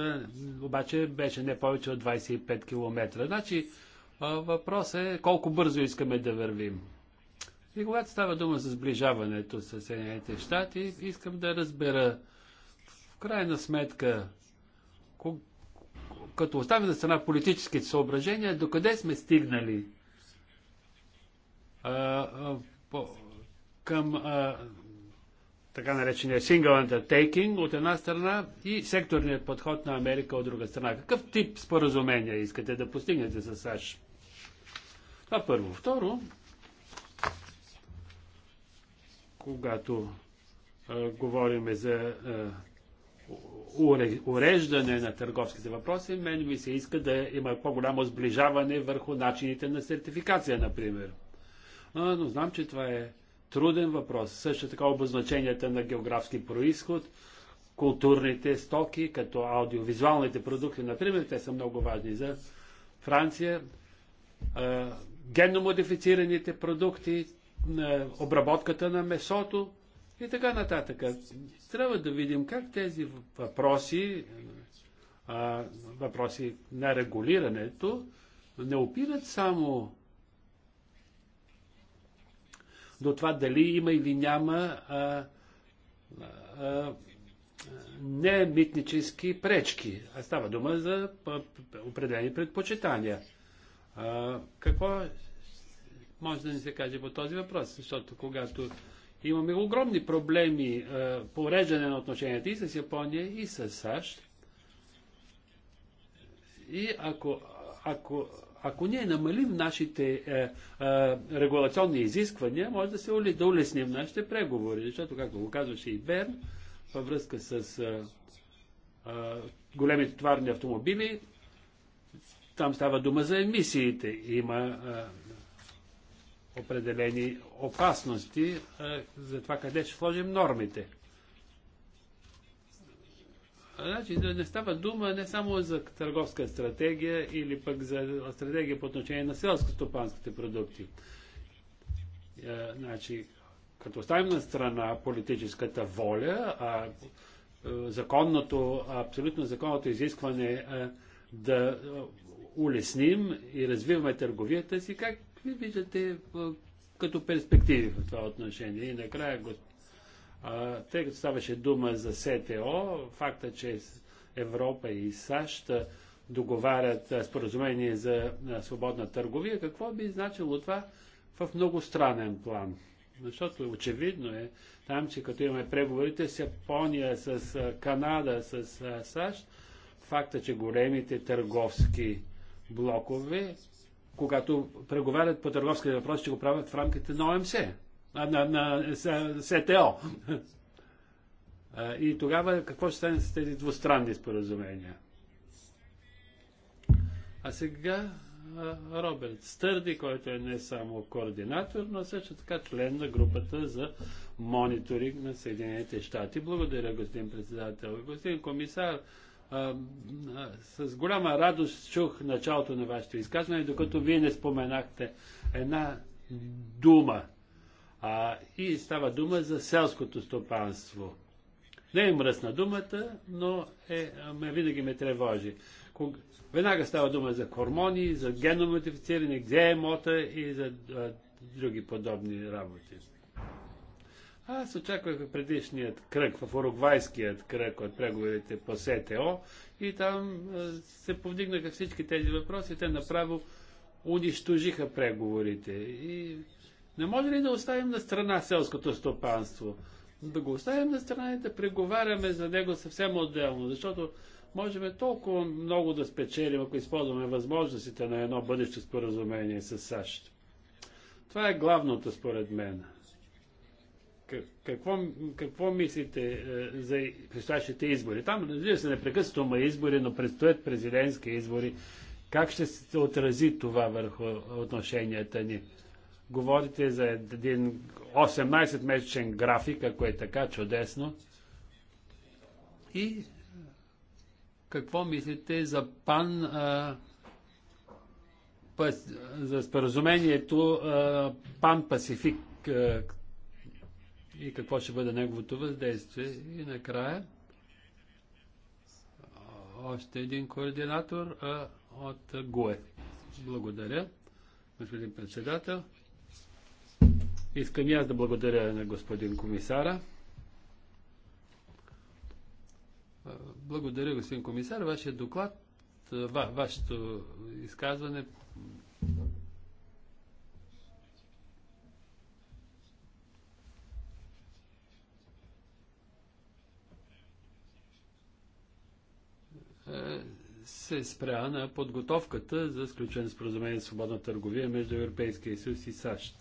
обаче беше не повече от 25 км. Значи, Въпросът е колко бързо искаме да вървим. И когато става дума за сближаването с Съединените щати, искам да разбера в крайна сметка, като оставим на страна политическите съображения, докъде сме стигнали а, а, по, към а, така наречения single undertaking от една страна и секторният подход на Америка от друга страна. Какъв тип споразумения искате да постигнете с САЩ? Това първо. Второ, когато а, говорим за а, уреждане на търговските въпроси, мен ми се иска да има по-голямо сближаване върху начините на сертификация, например. А, но знам, че това е труден въпрос. Също така обозначенията на географски происход, културните стоки, като аудиовизуалните продукти, например, те са много важни за Франция. Генно модифицираните продукти, обработката на месото и така нататък. Трябва да видим как тези въпроси, въпроси на регулирането, не опират само до това дали има или няма а, а, не митнически пречки, а става дума за определени предпочитания. А, какво може да ни се каже по този въпрос, защото когато имаме огромни проблеми а, е, по уреждане на отношенията и с Япония, и с САЩ, и ако, ако, ако ние намалим нашите е, е, регулационни изисквания, може да, се, да улесним нашите преговори. Защото, както го казваше и Берн, във връзка с е, е, големите товарни автомобили, там става дума за емисиите. Има е, определени опасности е, за това къде ще сложим нормите. Значи не става дума не само за търговска стратегия или пък за стратегия по отношение на селско-стопанските продукти. Е, значи, като оставим на страна политическата воля, а е, законното, абсолютно законното изискване да улесним и развиваме търговията си, как какви виждате като перспективи в това отношение? И накрая, тъй като ставаше дума за СТО, факта, че Европа и САЩ договарят споразумение за свободна търговия, какво би значило това в многостранен план? Защото очевидно е там, че като имаме преговорите с Япония, с Канада, с САЩ, факта, че големите търговски блокове когато преговарят по търговски въпроси, ще го правят в рамките на ОМС, на, на, на СТО. И тогава какво ще стане с тези двустранни споразумения? А сега Роберт Стърди, който е не само координатор, но също така член на групата за мониторинг на Съединените щати. Благодаря, господин председател. Господин комисар, с голяма радост чух началото на вашето изказване, докато вие не споменахте една дума. А, и става дума за селското стопанство. Не е мръсна думата, но е, ме, винаги ме тревожи. веднага става дума за хормони, за геномодифициране, гемота и за а, други подобни работи. Аз очаквах предишният кръг, в Уругвайският кръг от преговорите по СТО и там се повдигнаха всички тези въпроси. Те направо унищожиха преговорите. И не може ли да оставим на страна селското стопанство? Да го оставим на страна и да преговаряме за него съвсем отделно, защото можем толкова много да спечелим, ако използваме възможностите на едно бъдеще споразумение с САЩ. Това е главното според мен. Какво, какво мислите е, за предстоящите избори? Там, разбира се, непрекъснато има избори, но предстоят президентски избори. Как ще се отрази това върху отношенията ни? Говорите за един 18-месечен график, ако е така чудесно. И какво мислите за пан а, пас, за споразумението а, пан Пасифик а, и какво ще бъде неговото въздействие. И накрая още един координатор а, от ГУЕ. Благодаря, господин председател. Искам и аз да благодаря на господин комисара. Благодаря, господин комисар. Вашия доклад, ва, вашето изказване Е, се спря на подготовката за сключен споразумение за свободна търговия между Европейския съюз и САЩ.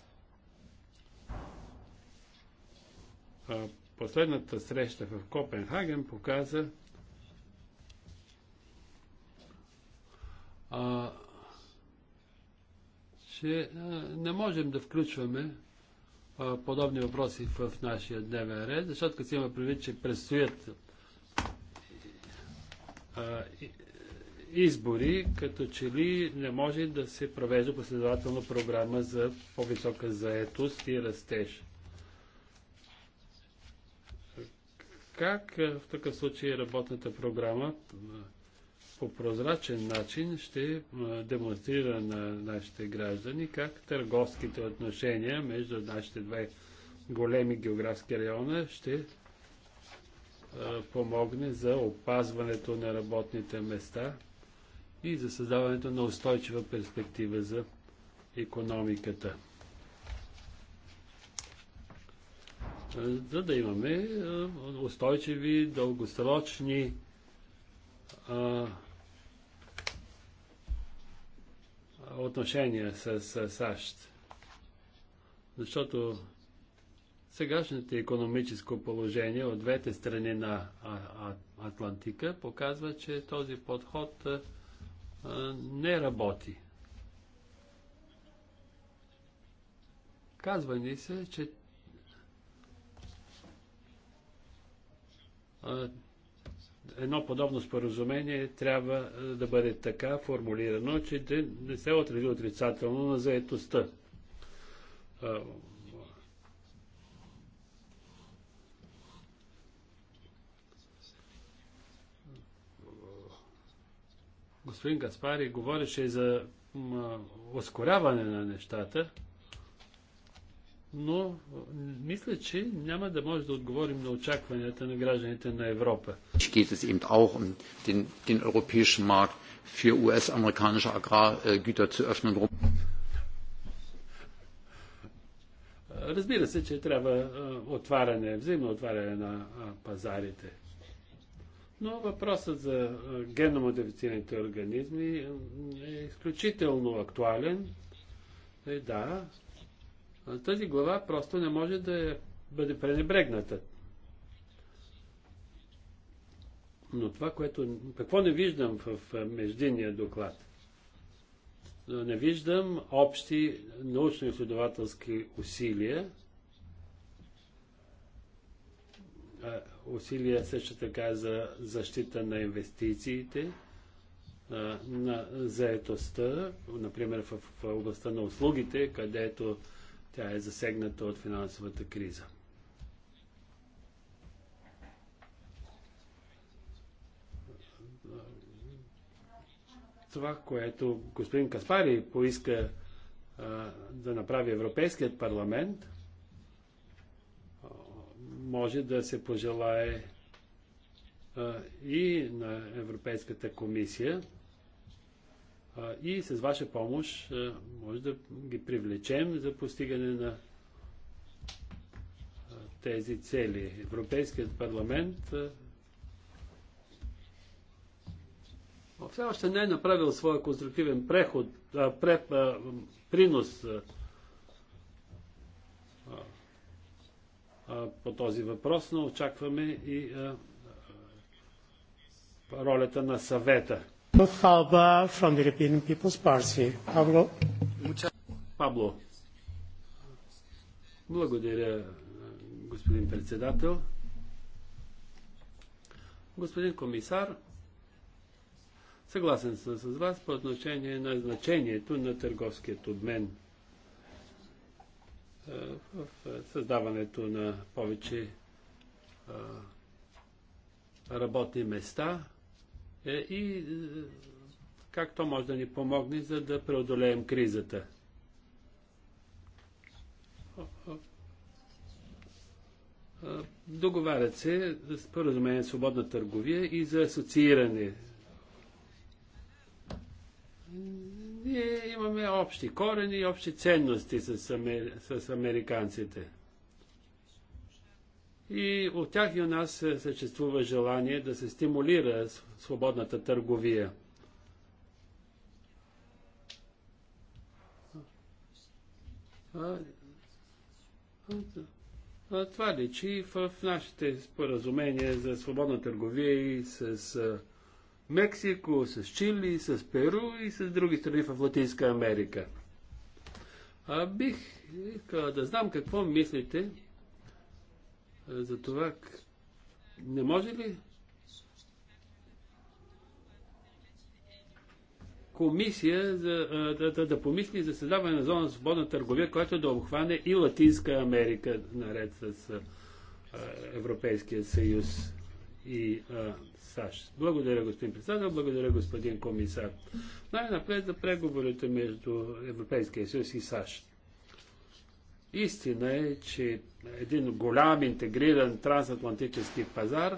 Последната среща в Копенхаген показа а, че а, не можем да включваме а, подобни въпроси в нашия дневен ред, защото като си има предвид, че предстоят избори, като че ли не може да се провежда последователно програма за по-висока заетост и растеж. Как в такъв случай работната програма по прозрачен начин ще демонстрира на нашите граждани как търговските отношения между нашите две големи географски района ще помогне за опазването на работните места и за създаването на устойчива перспектива за економиката. За да имаме устойчиви, дългосрочни отношения с САЩ. Защото Сегашното економическо положение от двете страни на Атлантика показва, че този подход не работи. Казва ни се, че едно подобно споразумение трябва да бъде така формулирано, че не се отрази отрицателно на заетостта господин Гаспари говореше за ускоряване на нещата, но мисля, че няма да може да отговорим на очакванията на гражданите на Европа. Geht es eben auch um den, den europäischen Markt für US-amerikanische Agrargüter zu öffnen. Разбира се, че трябва е, отваряне, взаимно отваряне на пазарите. Но въпросът за геномодифицираните организми е изключително актуален. И е, да, тази глава просто не може да е, бъде пренебрегната. Но това, което... Какво не виждам в междинния доклад? Не виждам общи научно-изследователски усилия, усилия също така за защита на инвестициите, на заетостта, например в областта на услугите, където тя е засегната от финансовата криза. Това, което господин Каспари поиска да направи Европейският парламент – може да се пожелае и на Европейската комисия и с ваша помощ може да ги привлечем за постигане на тези цели. Европейският парламент все още не е направил своя конструктивен преход, а, преп, а, принос а, по този въпрос, но очакваме и ролята на съвета. Пабло. Пабло. Благодаря, господин председател. Господин комисар, съгласен съм с вас по отношение на значението на търговският обмен е, в създаването на повече работни места е, и е, как то може да ни помогне, за да преодолеем кризата. Договарят се споразумение свободна търговия и за асоцииране ние имаме общи корени и общи ценности с, амер... с американците. И от тях и у нас съществува желание да се стимулира свободната търговия. това личи в нашите споразумения за свободна търговия и с Мексико, с Чили, с Перу и с други страни в Латинска Америка. А бих искал да знам какво мислите за това. Не може ли комисия за, да, да, да помисли за създаване на зона на свободна търговия, която да обхване и Латинска Америка наред с Европейския съюз? и а, САЩ. Благодаря, господин председател, благодаря, господин комисар. Най-напред за преговорите между Европейския съюз и САЩ. Истина е, че един голям интегриран трансатлантически пазар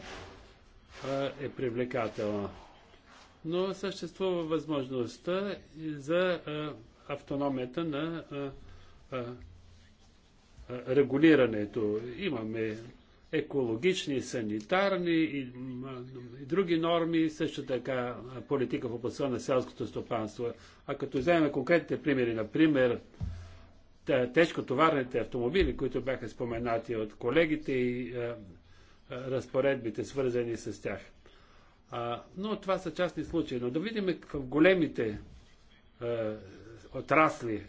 а, е привлекателен. Но съществува възможността за а, автономията на а, регулирането. Имаме екологични, санитарни и, и други норми, също така политика в областта на селското стопанство. А като вземем конкретните примери, например, тежкотоварните автомобили, които бяха споменати от колегите и а, е, е, разпоредбите, свързани с тях. А, но това са частни случаи. Но да видим в големите а, е, отрасли.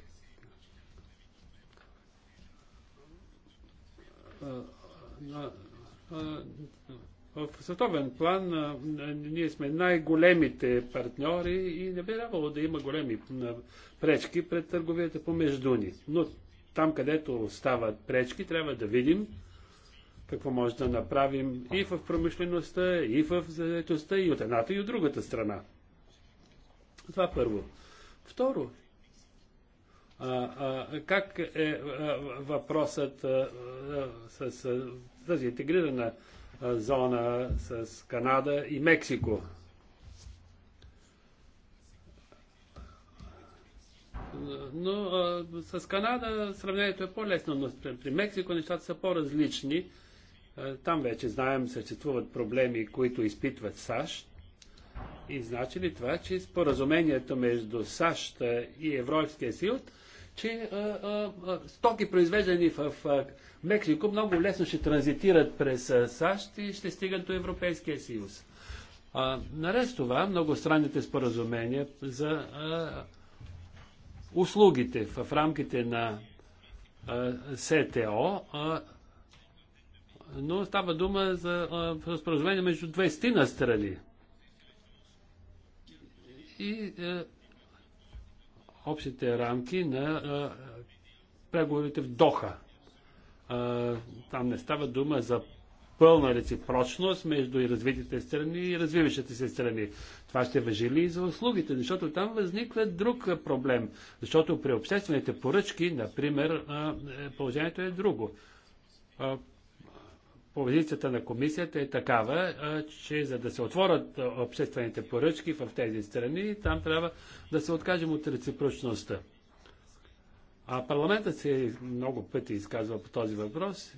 А, в световен план ние сме най-големите партньори и не би трябвало да има големи пречки пред търговията помежду ни. Но там, където стават пречки, трябва да видим какво може да направим и в промишлеността, и в заедостта, и от едната, и от другата страна. Това първо. Второ, как е въпросът с тази интегрирана зона с Канада и Мексико? но а, с Канада сравнението е по-лесно, но при, при Мексико нещата са по-различни. там вече знаем, съществуват проблеми, които изпитват САЩ. И значи ли това, че споразумението между САЩ и Европейския съюз че а, а, стоки, произвеждани в Мексико, много лесно ще транзитират през а, САЩ и ще стигат до Европейския съюз. А, наред с това, много странните споразумения за а, услугите в рамките на СТО, но става дума за споразумение между 20 страни. И а, общите рамки на преговорите в Доха. Там не става дума за пълна реципрочност между и развитите страни и развиващите се страни. Това ще въжи ли и за услугите, защото там възниква друг проблем. Защото при обществените поръчки, например, е, положението е друго позицията на комисията е такава, че за да се отворят обществените поръчки в тези страни, там трябва да се откажем от реципрочността. А парламентът се много пъти изказва по този въпрос.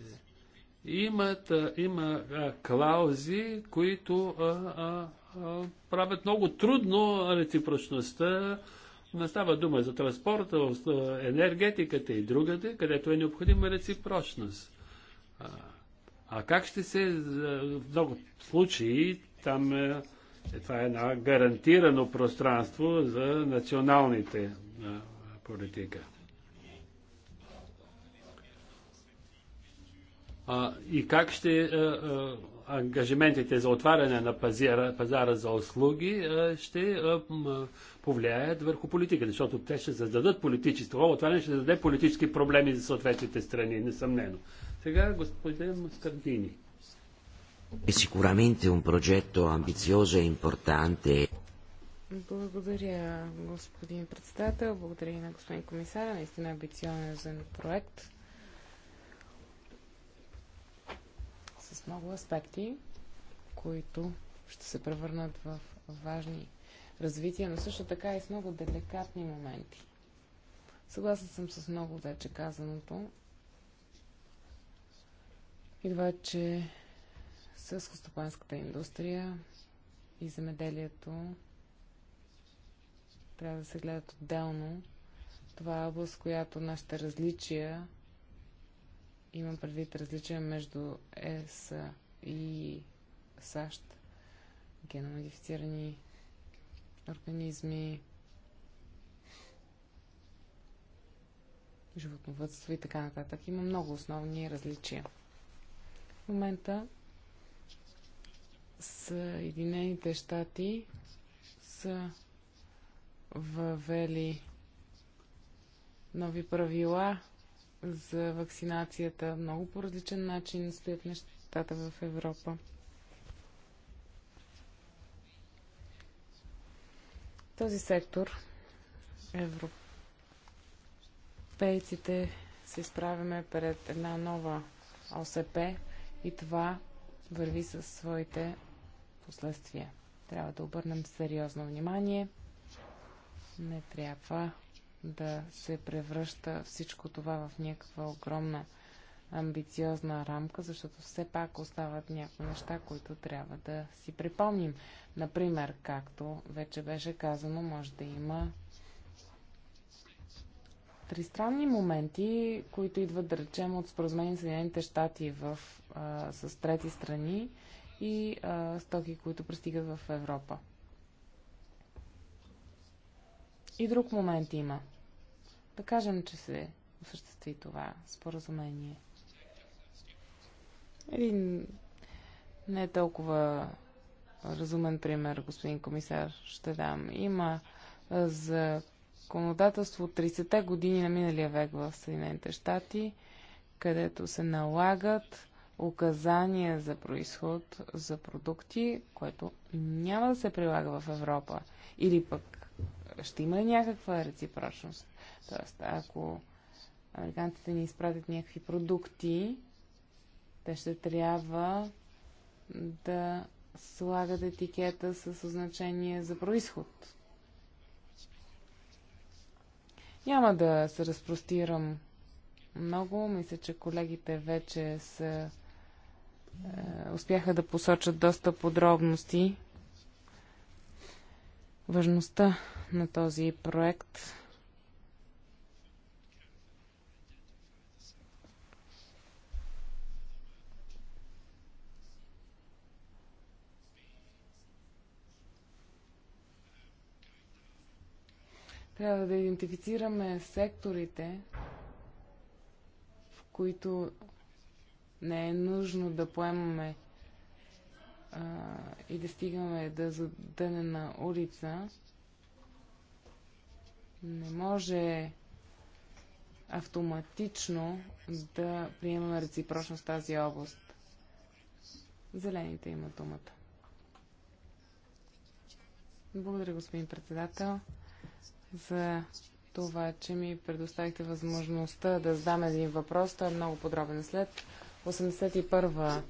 Имат, има клаузи, които а, а, а, правят много трудно реципрочността. Не става дума за транспорта, е, енергетиката и другаде, където е необходима реципрочност. А как ще се, в много случаи, там е, е това е едно гарантирано пространство за националните е, политика. А, и как ще е, е, ангажиментите за отваряне на пазара, пазара за услуги е, ще е, повлияят върху политиката, защото те ще зададат политически, това отваряне ще зададе политически проблеми за съответните страни, несъмнено. Сега господин Маскардини. Е сигураменте un progetto ambizioso e importante. Благодаря, господин председател. Благодаря и на господин комисаря. Наистина е амбициозен проект с много аспекти, които ще се превърнат в важни развития, но също така и с много деликатни моменти. Съгласен съм с много вече казаното идва, е, че сълскостопанската индустрия и земеделието трябва да се гледат отделно. Това е област, която нашите различия, имам предвид различия между ЕС и САЩ, геномодифицирани организми, животновътство и така нататък. Има много основни различия момента Съединените щати са въвели нови правила за вакцинацията. Много по различен начин стоят нещата в Европа. Този сектор европейците се изправяме пред една нова ОСП, и това върви със своите последствия. Трябва да обърнем сериозно внимание. Не трябва да се превръща всичко това в някаква огромна амбициозна рамка, защото все пак остават някои неща, които трябва да си припомним. Например, както вече беше казано, може да има тристранни моменти, които идват, да речем, от споразумение с Съединените щати в, а, с трети страни и а, стоки, които пристигат в Европа. И друг момент има. Да кажем, че се осъществи това споразумение. Един не е толкова разумен пример, господин комисар, ще дам. Има за законодателство от 30-те години на миналия век в Съединените щати, където се налагат указания за происход за продукти, което няма да се прилага в Европа. Или пък ще има някаква реципрочност? Тоест, ако американците ни изпратят някакви продукти, те ще трябва да слагат етикета с означение за происход. Няма да се разпростирам много. Мисля, че колегите вече са, е, успяха да посочат доста подробности. Важността на този проект Трябва да идентифицираме секторите, в които не е нужно да поемаме а, и да стигаме да задънена улица. Не може автоматично да приемаме реципрочност в тази област. Зелените имат думата. Благодаря, господин председател за това, че ми предоставихте възможността да задам един въпрос. Той е много подробен. След 81-а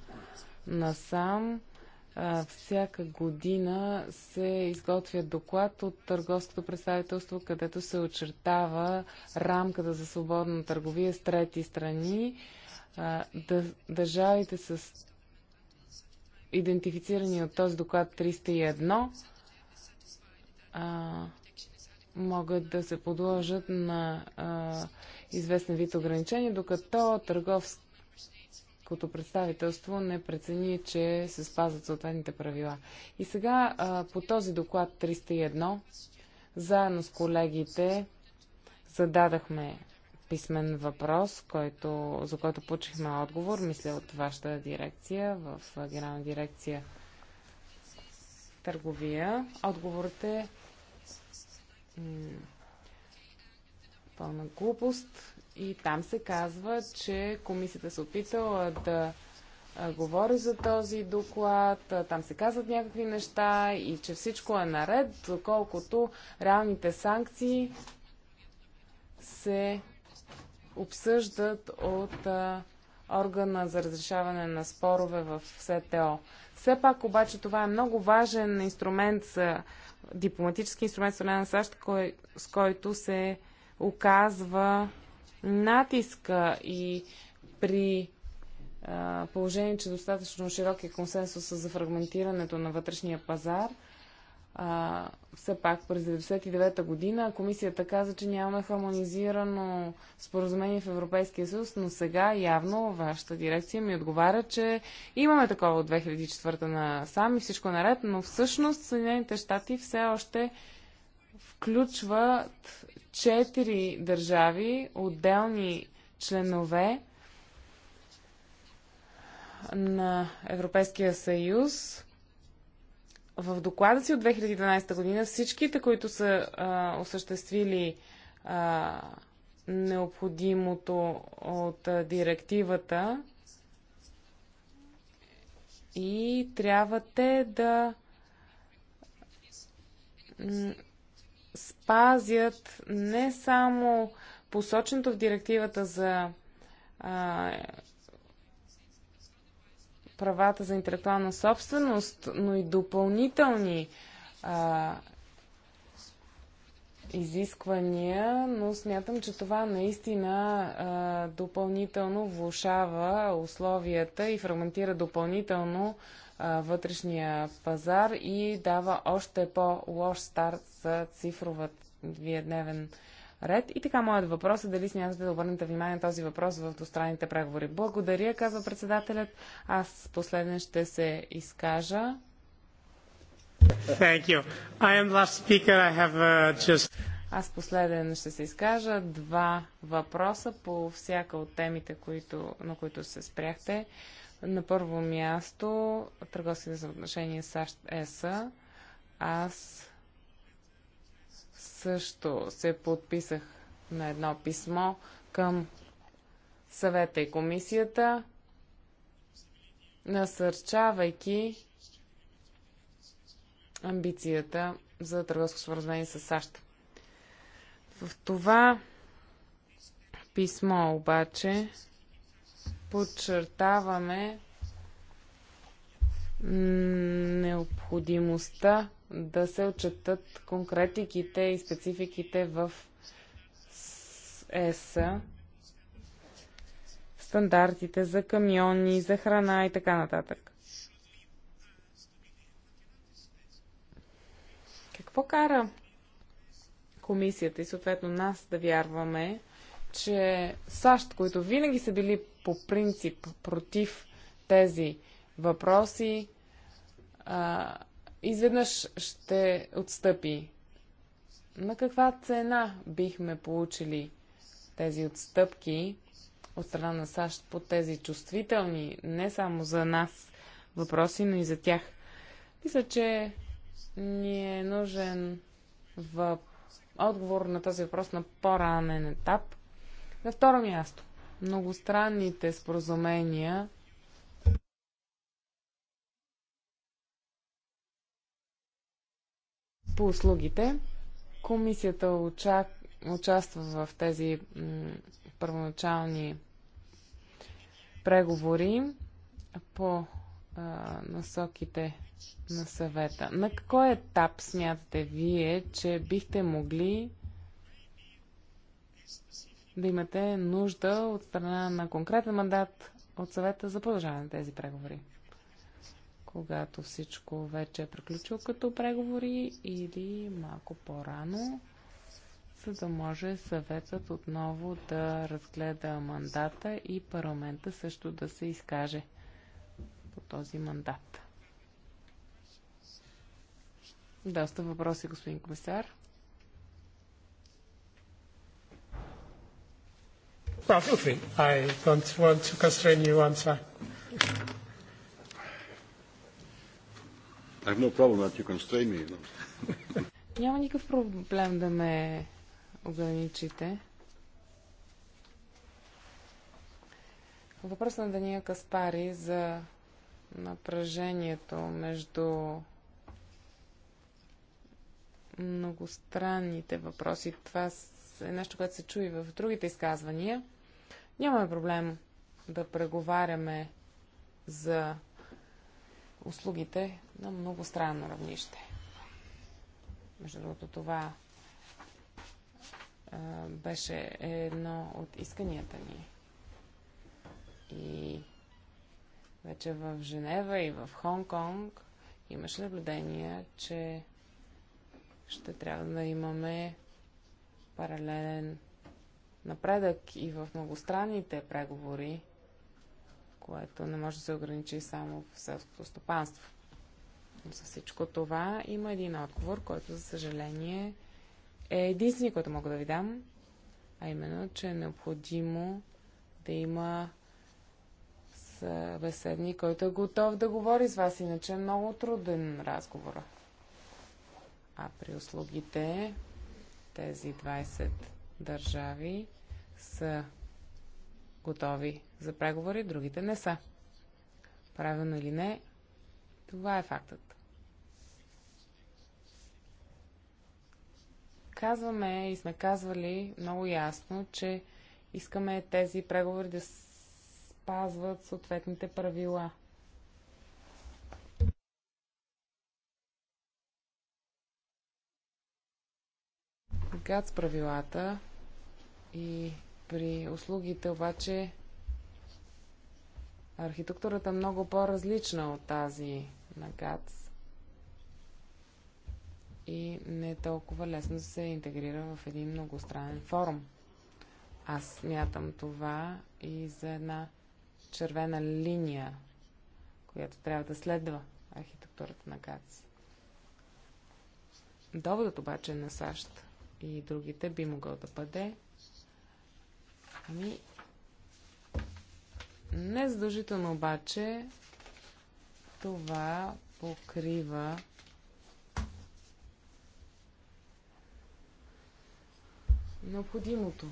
насам, всяка година се изготвя доклад от търговското представителство, където се очертава рамката за свободна търговия с трети страни. Държавите с идентифицирани от този доклад 301 могат да се подложат на а, известен вид ограничения, докато търговското представителство не прецени, че се спазват съответните правила. И сега а, по този доклад 301, заедно с колегите, зададахме писмен въпрос, който, за който получихме отговор, мисля от вашата дирекция, в генерална дирекция търговия. Отговорът е пълна глупост. И там се казва, че комисията се опитала да говори за този доклад, там се казват някакви неща и че всичко е наред, доколкото реалните санкции се обсъждат от а, органа за разрешаване на спорове в СТО. Все пак обаче това е много важен инструмент за дипломатически инструмент страна на САЩ, кой, с който се оказва натиска и при а, положение, че достатъчно широк е консенсус за фрагментирането на вътрешния пазар – а, все пак през 1999 година комисията каза, че нямаме хармонизирано споразумение в Европейския съюз, но сега явно вашата дирекция ми отговаря, че имаме такова от 2004 на сам и всичко наред, но всъщност Съединените щати все още включват четири държави, отделни членове на Европейския съюз, в доклада си от 2012 година всичките, които са а, осъществили а, необходимото от а, директивата и трябва те да спазят не само посоченото в директивата за а, правата за интелектуална собственост, но и допълнителни а, изисквания, но смятам, че това наистина а, допълнително влушава условията и фрагментира допълнително а, вътрешния пазар и дава още по-лош старт за цифровия дневен ред. И така, моят въпрос е дали смятате да обърнете внимание на този въпрос в двустранните преговори. Благодаря, казва председателят. Аз последен ще се изкажа. Thank you. I am last speaker. I have uh, just... Аз последен ще се изкажа. Два въпроса по всяка от темите, които, на които се спряхте. На първо място, търговските съотношения САЩ-ЕСА. Аз също се подписах на едно писмо към съвета и комисията, насърчавайки амбицията за търговско споразумение с САЩ. В това писмо обаче подчертаваме необходимостта да се отчетат конкретиките и спецификите в ЕС, е стандартите за камиони, за храна и така нататък. Какво кара комисията и съответно нас да вярваме, че САЩ, които винаги са били по принцип против тези въпроси, а, изведнъж ще отстъпи. На каква цена бихме получили тези отстъпки от страна на САЩ по тези чувствителни, не само за нас въпроси, но и за тях? Мисля, че ни е нужен в отговор на този въпрос на по-ранен етап. На второ място, многостранните споразумения по услугите. Комисията уча... участва в тези първоначални преговори по а, насоките на съвета. На кой етап смятате вие, че бихте могли да имате нужда от страна на конкретен мандат от съвета за продължаване на тези преговори? когато всичко вече е приключило като преговори или малко по-рано, за да може съветът отново да разгледа мандата и парламента също да се изкаже по този мандат. Доста въпроси, господин комисар. Well, feel free. I don't want to constrain you on time. I have no problem that you constrain me. Няма никакъв проблем да ме ограничите. Въпрос на Дания Каспари за напрежението между многостранните въпроси. Това е нещо, което се чуи в другите изказвания. Нямаме проблем да преговаряме за услугите на много странно равнище. Между другото, това а, беше едно от исканията ни. И вече в Женева и в Хонг-Конг имаше наблюдения, че ще трябва да имаме паралелен напредък и в многостранните преговори което не може да се ограничи само в селското стопанство. За всичко това има един отговор, който, за съжаление, е единствения, който мога да ви дам, а именно, че е необходимо да има събеседник, който е готов да говори с вас, иначе е много труден разговор. А при услугите тези 20 държави са готови за преговори, другите не са. Правилно или не, това е фактът. Казваме и сме казвали много ясно, че искаме тези преговори да спазват съответните правила. Гад с правилата и при услугите обаче Архитектурата е много по-различна от тази на ГАЦ и не е толкова лесно да се интегрира в един многостранен форум. Аз смятам това и за една червена линия, която трябва да следва архитектурата на ГАЦ. Доводът обаче на САЩ и другите би могъл да бъде ами не задължително обаче това покрива необходимото.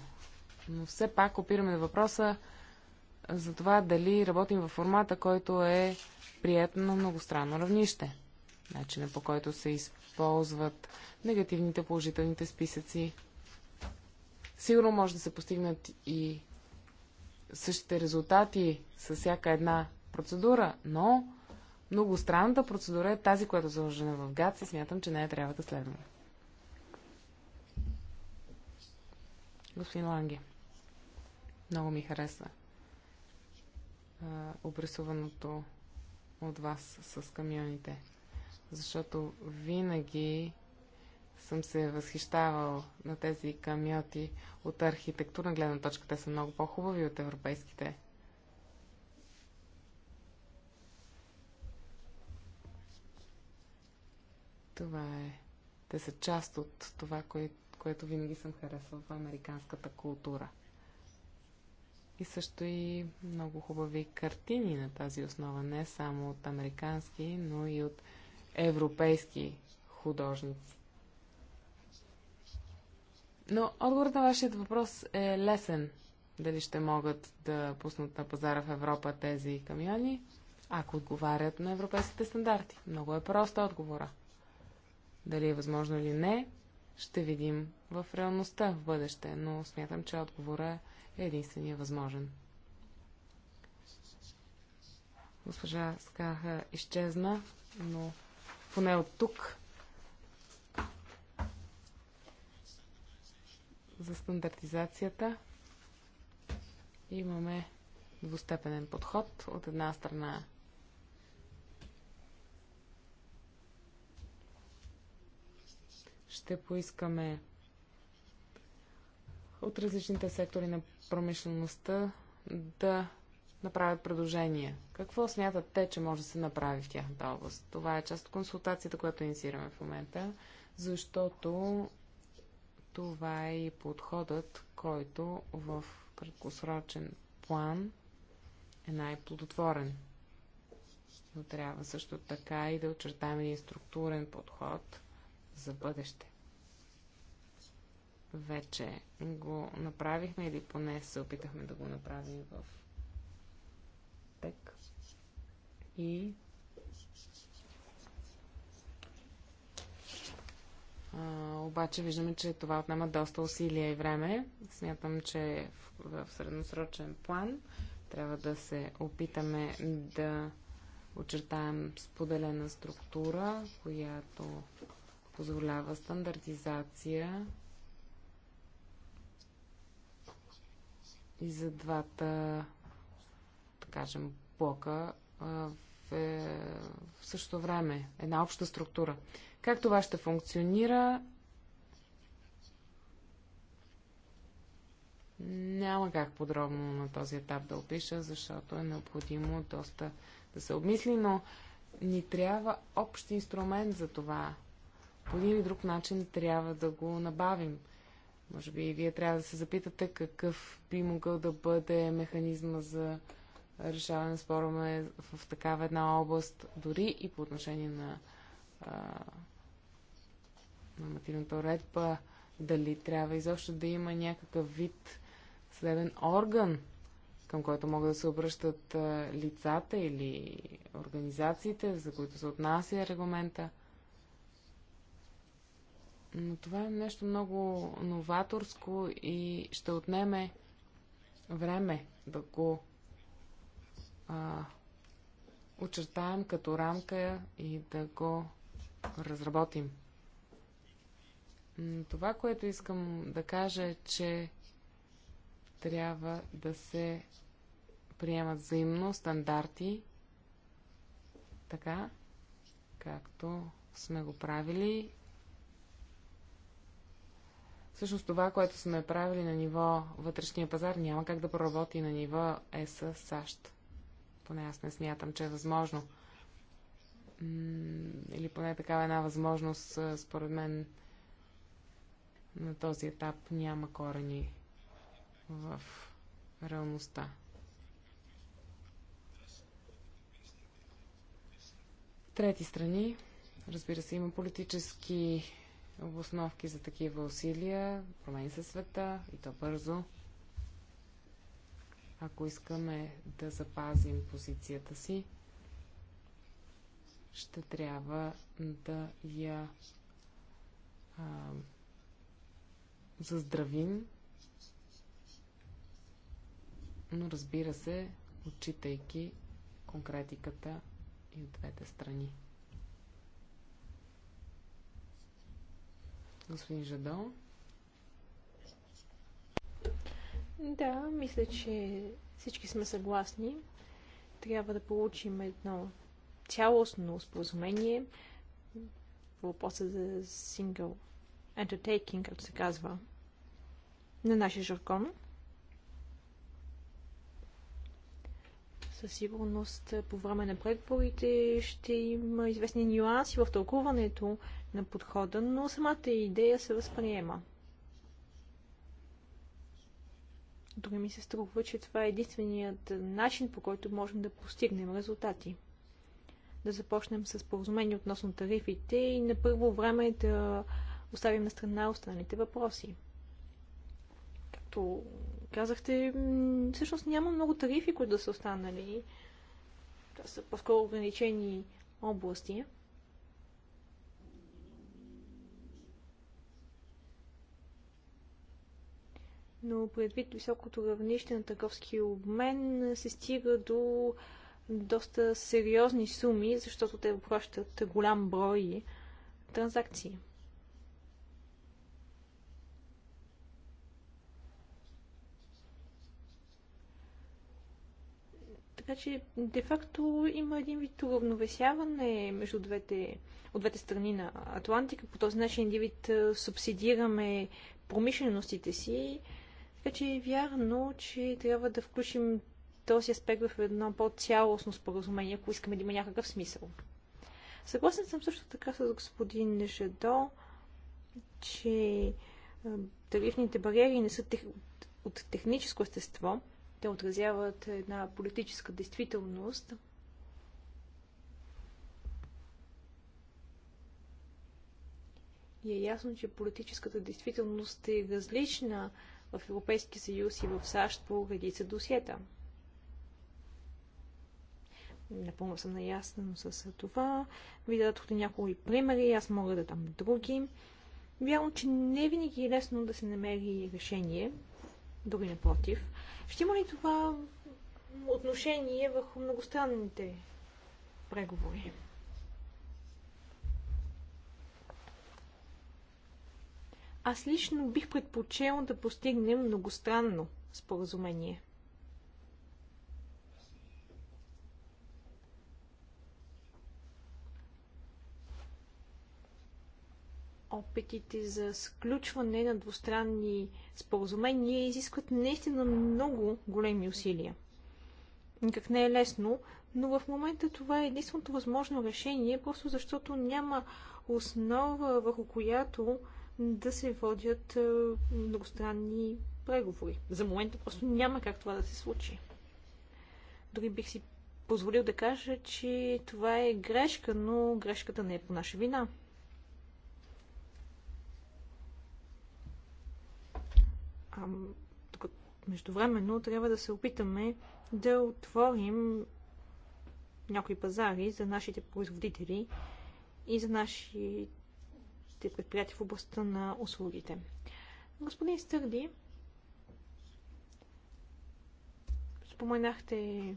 Но все пак опираме на въпроса за това дали работим във формата, който е прият на многостранно равнище. Начина по който се използват негативните, положителните списъци. Сигурно може да се постигнат и същите резултати с всяка една процедура, но много странната процедура е тази, която е заложена в ГАЦ и смятам, че нея трябва да следваме. Господин Ланге, много ми хареса обрисуваното от вас с камионите. Защото винаги съм се възхищавал на тези камиоти от архитектурна гледна точка. Те са много по-хубави от европейските. Това е. Те са част от това, кое, което винаги съм харесвал в американската култура. И също и много хубави картини на тази основа, не само от американски, но и от европейски художници. Но отговорът на вашият въпрос е лесен. Дали ще могат да пуснат на пазара в Европа тези камиони, ако отговарят на европейските стандарти. Много е проста отговора. Дали е възможно или не, ще видим в реалността в бъдеще, но смятам, че отговора е единствения възможен. Госпожа Скаха изчезна, но поне от тук за стандартизацията имаме двустепенен подход. От една страна ще поискаме от различните сектори на промишлеността да направят предложения. Какво смятат те, че може да се направи в тяхната област? Това е част от консултацията, която инициираме в момента, защото това е и подходът, който в краткосрочен план е най-плодотворен. Но трябва също така и да очертаем един структурен подход за бъдеще. Вече го направихме или поне се опитахме да го направим в ТЕК. И А, обаче виждаме, че това отнема доста усилия и време. Смятам, че в, в средносрочен план трябва да се опитаме да очертаем споделена структура, която позволява стандартизация и за двата, да кажем, блока в, е, в същото време. Една обща структура. Как това ще функционира? Няма как подробно на този етап да опиша, защото е необходимо доста да се обмисли, но ни трябва общ инструмент за това. По един или друг начин трябва да го набавим. Може би и вие трябва да се запитате какъв би могъл да бъде механизма за решаване на спорове в такава една област, дори и по отношение на нормативната уредба, дали трябва изобщо да има някакъв вид следен орган, към който могат да се обръщат лицата или организациите, за които се отнася регламента. Но това е нещо много новаторско и ще отнеме време да го а, очертаем като рамка и да го разработим. Това, което искам да кажа е, че трябва да се приемат взаимно стандарти, така както сме го правили. Всъщност това, което сме правили на ниво вътрешния пазар, няма как да проработи на ниво ЕС САЩ. Поне аз не смятам, че е възможно или поне такава една възможност, според мен, на този етап няма корени в реалността. Трети страни, разбира се, има политически обосновки за такива усилия, промени се света и то бързо. Ако искаме да запазим позицията си, ще трябва да я а, заздравим. Но разбира се, отчитайки конкретиката и от двете страни. Господин Жадо. Да, мисля, че всички сме съгласни. Трябва да получим едно цялостно споразумение по въпроса за single undertaking, както се казва на нашия жаргон. Със сигурност по време на преговорите ще има известни нюанси в тълкуването на подхода, но самата идея се възприема. Дори ми се струва, че това е единственият начин, по който можем да постигнем резултати да започнем с поразумение относно тарифите и на първо време да оставим на страна останалите въпроси. Както казахте, всъщност няма много тарифи, които да са останали. Това са по-скоро ограничени области. Но предвид високото равнище на търговски обмен се стига до доста сериозни суми, защото те обхващат голям брой транзакции. Така че, де-факто, има един вид уравновесяване между двете, от двете страни на Атлантика. По този начин един вид субсидираме промишленостите си. Така че е вярно, че трябва да включим този аспект в едно по-цялостно споразумение, ако искаме да има някакъв смисъл. Съгласен съм също така с господин Нежедо, че тарифните бариери не са тех... от техническо естество, те отразяват една политическа действителност. И е ясно, че политическата действителност е различна в Европейския съюз и в САЩ по редица досиета. Напълно съм наясна с това. Ви дадохте някои примери, аз мога да дам други. Вярно, че не винаги е лесно да се намери решение, дори напротив. Ще има ли това отношение върху многостранните преговори? Аз лично бих предпочел да постигнем многостранно споразумение – опитите за сключване на двустранни споразумения изискват наистина много големи усилия. Никак не е лесно, но в момента това е единственото възможно решение, просто защото няма основа върху която да се водят е, многостранни преговори. За момента просто няма как това да се случи. Дори бих си позволил да кажа, че това е грешка, но грешката не е по наша вина. А, междувременно трябва да се опитаме да отворим някои пазари за нашите производители и за нашите предприятия в областта на услугите. Господин Стърди, споменахте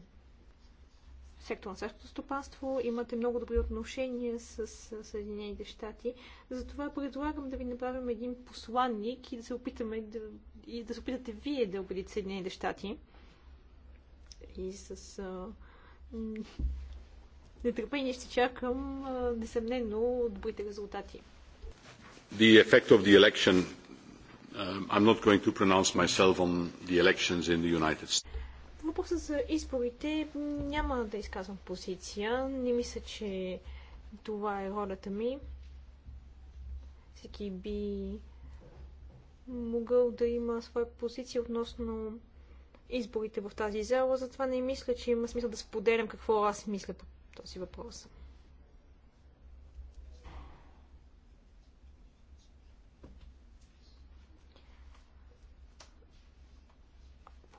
сектор на селското стопанство, имате много добри отношения с Съединените щати. Затова предлагам да ви направим един посланник и да се опитаме да и да се опитате вие да убедите Съединените щати. И с а, нетърпение ще чакам а, несъмнено добрите резултати. The effect of the election, uh, I'm not going to pronounce myself on the elections in the United States. Въпросът за изборите няма да изказвам позиция. Не мисля, че това е ролята ми. Всеки би могъл да има своя позиция относно изборите в тази зала, затова не мисля, че има смисъл да споделям какво аз мисля по този въпрос.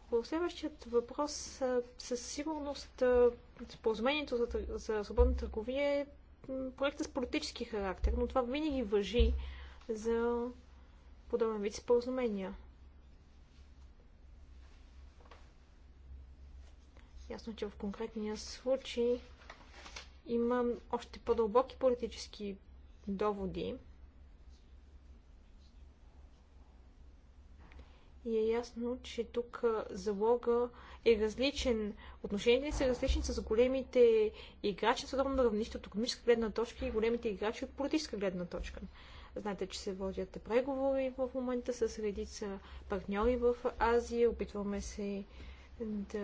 По следващият въпрос, със сигурност споразумението за, за свободна търговия е проекта с политически характер, но това винаги въжи за подобен вид споразумения. Ясно, че в конкретния случай има още по-дълбоки политически доводи. И е ясно, че тук залога е различен. Отношенията са различни с големите играчи, с на равнище от економическа гледна точка и големите играчи от политическа гледна точка. Знаете, че се водят преговори в момента с редица партньори в Азия. Опитваме се да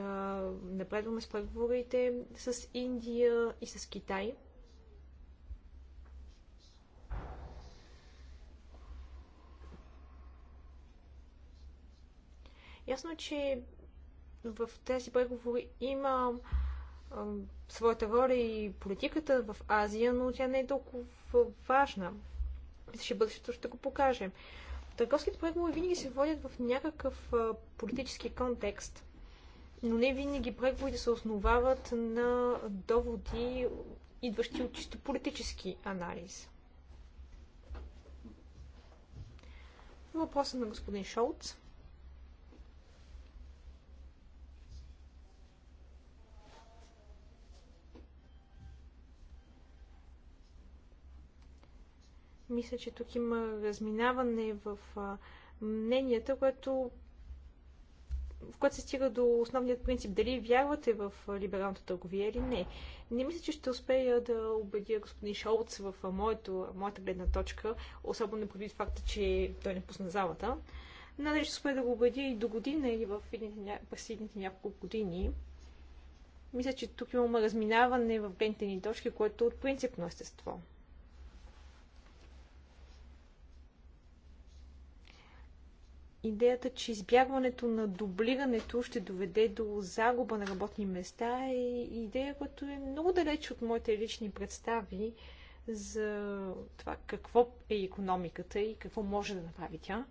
напредваме с преговорите с Индия и с Китай. Ясно че в тези преговори има своята роля и политиката в Азия, но тя не е толкова важна ще бъдещето ще го покаже. Търговските преговори винаги се водят в някакъв политически контекст, но не винаги преговорите се основават на доводи, идващи от чисто политически анализ. Въпросът на господин Шолц. Мисля, че тук има разминаване в мненията, което в което се стига до основният принцип дали вярвате в либералната търговия или не. Не мисля, че ще успея да убедя господин Шолц в моето, моята гледна точка, особено предвид факта, че той не пусна залата. Надали ще успея да го убедя и до година или в последните няколко години. Мисля, че тук имаме разминаване в гледните ни точки, което от е от принципно естество. идеята, че избягването на дублирането ще доведе до загуба на работни места е идея, която е много далеч от моите лични представи за това какво е економиката и какво може да направи тя.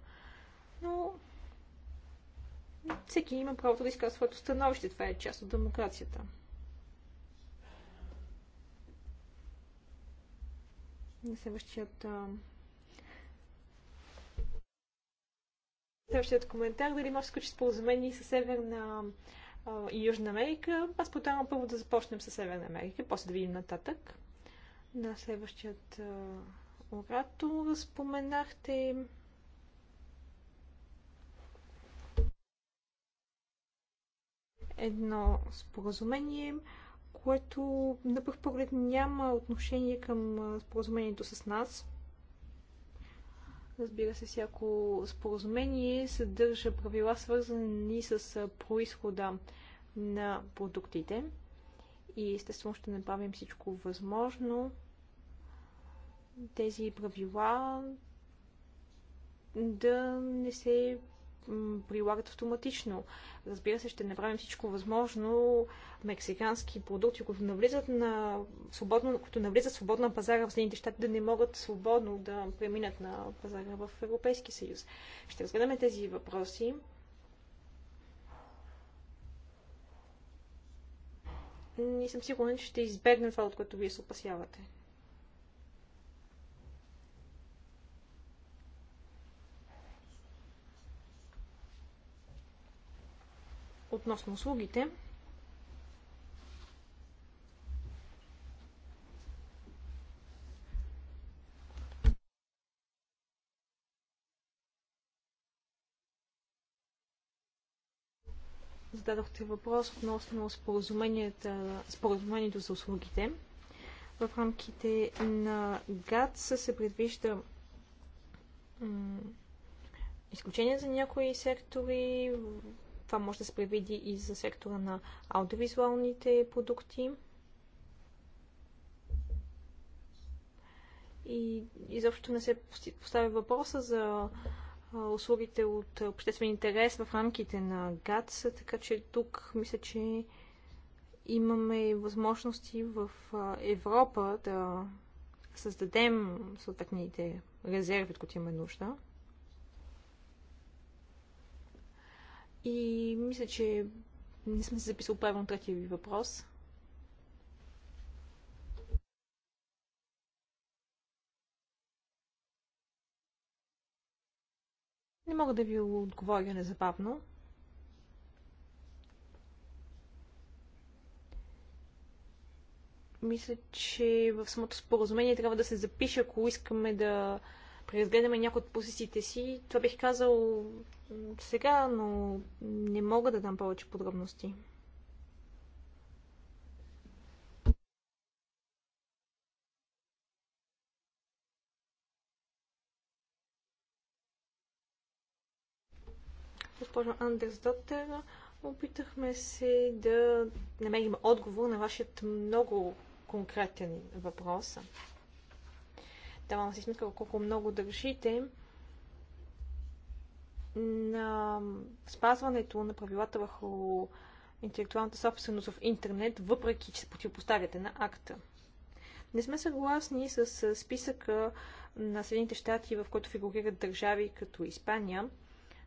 Но всеки има правото да изказва своето становище. Това е част от демокрацията. На следващият Следващият коментар, дали може да сключи споразумение с Северна и Южна Америка. Аз предлагам първо да започнем с Северна Америка, после да видим нататък. На следващият оратор споменахте едно споразумение, което на пръв поглед няма отношение към споразумението с нас. Разбира се, всяко споразумение съдържа правила, свързани с происхода на продуктите. И естествено ще направим всичко възможно тези правила да не се прилагат автоматично. Разбира се, ще направим всичко възможно мексикански продукти, които навлизат на свободно, които навлизат свободно на пазара в Съединените щати, да не могат свободно да преминат на пазара в Европейски съюз. Ще разгледаме тези въпроси. Не съм сигурен, че ще избегнем това, от което вие се опасявате. относно услугите. зададохте въпрос относно споразумението за услугите. В рамките на ГАД се предвижда изключение за някои сектори, това може да се предвиди и за сектора на аудиовизуалните продукти. И изобщо не се поставя въпроса за услугите от обществен интерес в рамките на ГАЦ, така че тук мисля, че имаме възможности в Европа да създадем съответните резерви, от които имаме нужда. И мисля, че не съм се записал правилно третия ви въпрос. Не мога да ви отговоря незабавно. Мисля, че в самото споразумение трябва да се запише, ако искаме да преизгледаме някои от позициите си. Това бих казал сега, но не мога да дам повече подробности. госпожо Андерс Доттер. Опитахме се да намерим отговор на вашият много конкретен въпрос. Давам си сметка колко много държите на спазването на правилата върху интелектуалната собственост в интернет, въпреки че се противопоставяте на акта. Не сме съгласни с списъка на Съединените щати, в който фигурират държави като Испания,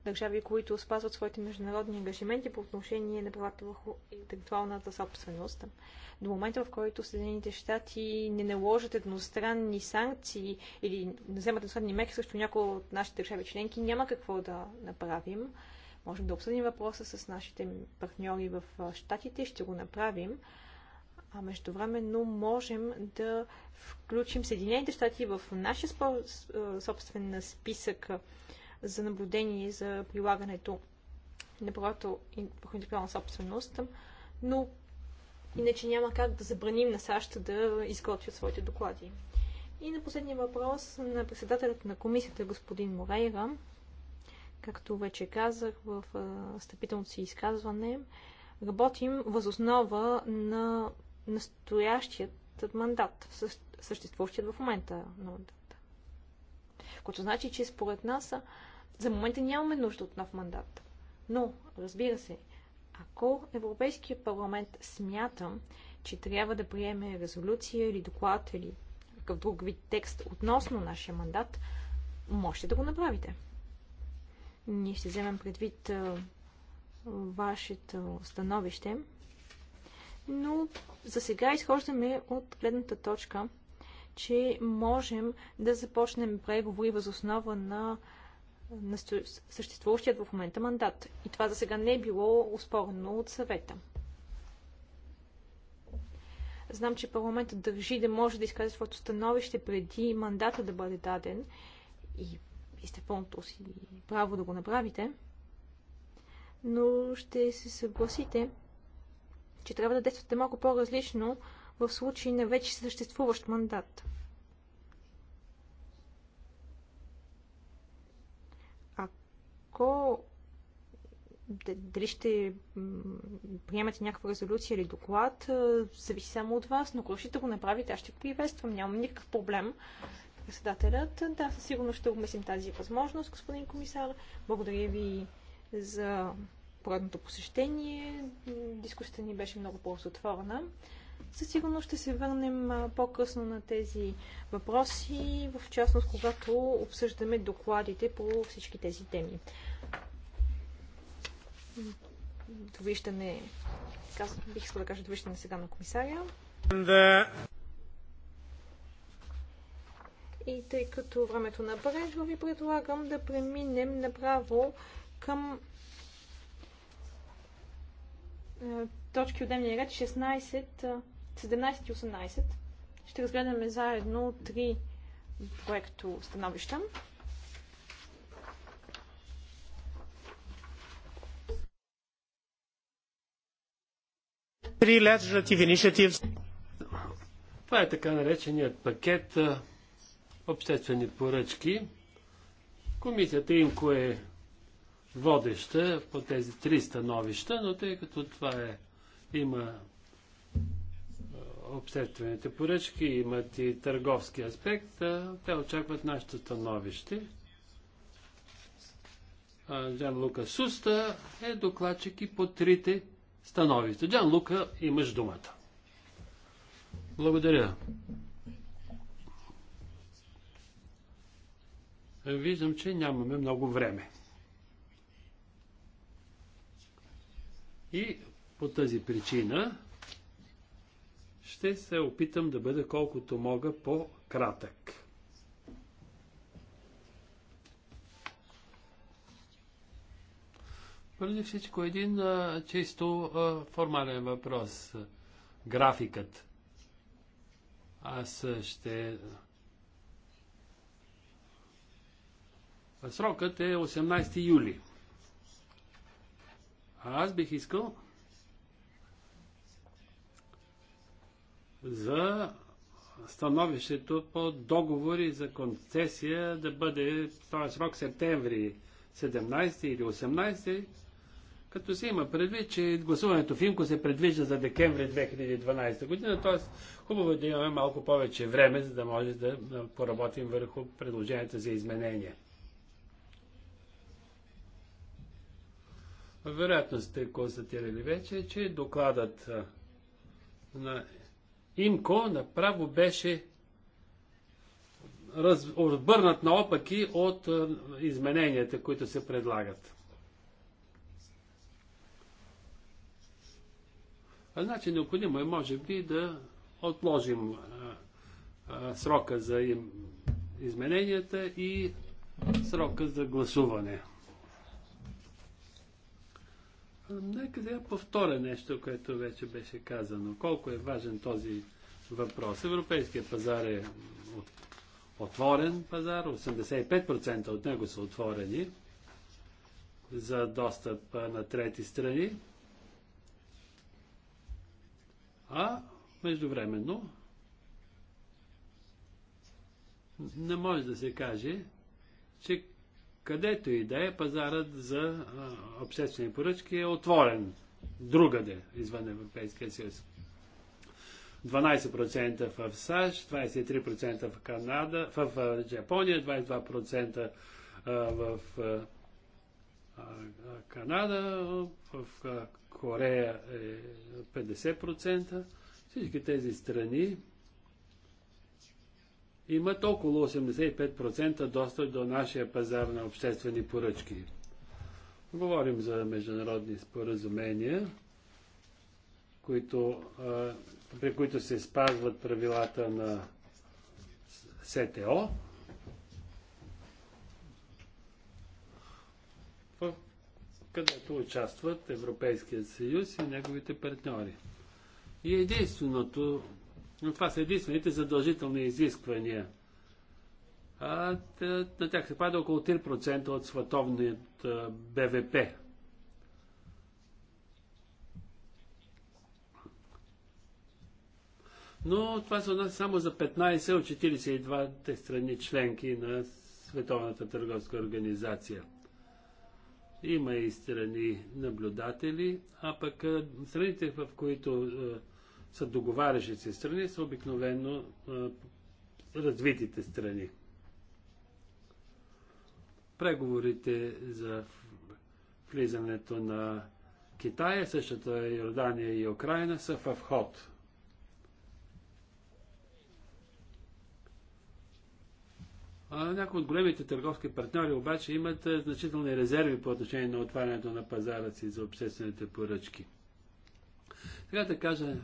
държави, които спазват своите международни ангажименти по отношение на правата върху интелектуалната собственост. До момента, в който Съединените щати не наложат едностранни санкции или не вземат едностранни мерки срещу някои от нашите държави членки, няма какво да направим. Можем да обсъдим въпроса с нашите партньори в щатите, ще го направим. А междувременно можем да включим Съединените щати в нашия собствен списък за наблюдение за прилагането на правото интелектуална собственост, но иначе няма как да забраним на САЩ да изготвят своите доклади. И на последния въпрос на председателят на комисията, господин Морейра, както вече казах в стъпителното си изказване, работим възоснова на настоящият мандат, съществуващият в момента на мандата. Което значи, че според нас за момента нямаме нужда от нов мандат. Но, разбира се, ако Европейския парламент смята, че трябва да приеме резолюция или доклад или какъв друг вид текст относно нашия мандат, можете да го направите. Ние ще вземем предвид а, вашето становище, но за сега изхождаме от гледната точка, че можем да започнем преговори възоснова на на съществуващият в момента мандат. И това за сега не е било успорено от съвета. Знам, че парламентът държи да може да изкаже своето становище преди мандата да бъде даден и вие сте пълното си право да го направите, но ще се съгласите, че трябва да действате малко по-различно в случай на вече съществуващ мандат. ако дали ще приемате някаква резолюция или доклад, зависи само от вас, но ако ще го направите, аз ще приветствам, нямам никакъв проблем. Председателят, да, със сигурност ще обмислим тази възможност, господин комисар. Благодаря ви за поредното посещение. Дискусията ни беше много по-затворена. Със сигурност ще се върнем по-късно на тези въпроси, в частност когато обсъждаме докладите по всички тези теми. Довиждане, бих искала да кажа довиждане сега на комисаря. И тъй като времето напредва, ви предлагам да преминем направо към е, точки от дневния ред 16 17 и 18 ще разгледаме заедно три проекто становища. legislative initiatives. Това е така нареченият пакет а, обществени поръчки. Комисията Инко е водеща по тези три становища, но тъй като това е, има обществените поръчки, имат и търговски аспект. Те очакват нашето становище. Джан Лука Суста е докладчик и по трите становища. Джан Лука, имаш думата. Благодаря. Виждам, че нямаме много време. И по тази причина ще се опитам да бъда колкото мога по-кратък. Преди всичко един а, чисто а, формален въпрос. Графикът. Аз ще. Срокът е 18 юли. А аз бих искал за становището по договори за концесия да бъде този е срок септември 17 или 18, като се има предвид, че гласуването в Инко се предвижда за декември 2012 година, т.е. хубаво е да имаме малко повече време, за да може да поработим върху предложенията за изменения. Вероятно сте констатирали вече, че докладът на Имко направо беше разбърнат наопаки от измененията, които се предлагат. А значи необходимо е, може би, да отложим а, а, срока за им, измененията и срока за гласуване. Нека сега повторя нещо, което вече беше казано. Колко е важен този въпрос. Европейския пазар е отворен пазар, 85% от него са отворени за достъп на трети страни. А междувременно не може да се каже, че където и да е, пазарът за обществени поръчки е отворен другаде извън Европейския съюз. 12% в САЩ, 23% в Канада, в Япония, 22% в Канада, в Корея е 50%. Всички тези страни имат около 85% достъп до нашия пазар на обществени поръчки. Говорим за международни споразумения, които, а, при които се спазват правилата на СТО. където участват Европейският съюз и неговите партньори. И единственото но това са единствените задължителни изисквания. А, на тях се пада около 3% от световният БВП. Но това се отнася само за 15 от 42-те страни членки на Световната търговска организация. Има и страни наблюдатели, а пък страните, в които са договарящи се страни, са обикновено развитите страни. Преговорите за влизането на Китая, същата е Йордания и Украина са в ход. Някои от големите търговски партньори обаче имат значителни резерви по отношение на отварянето на пазара си за обществените поръчки. Сега да кажа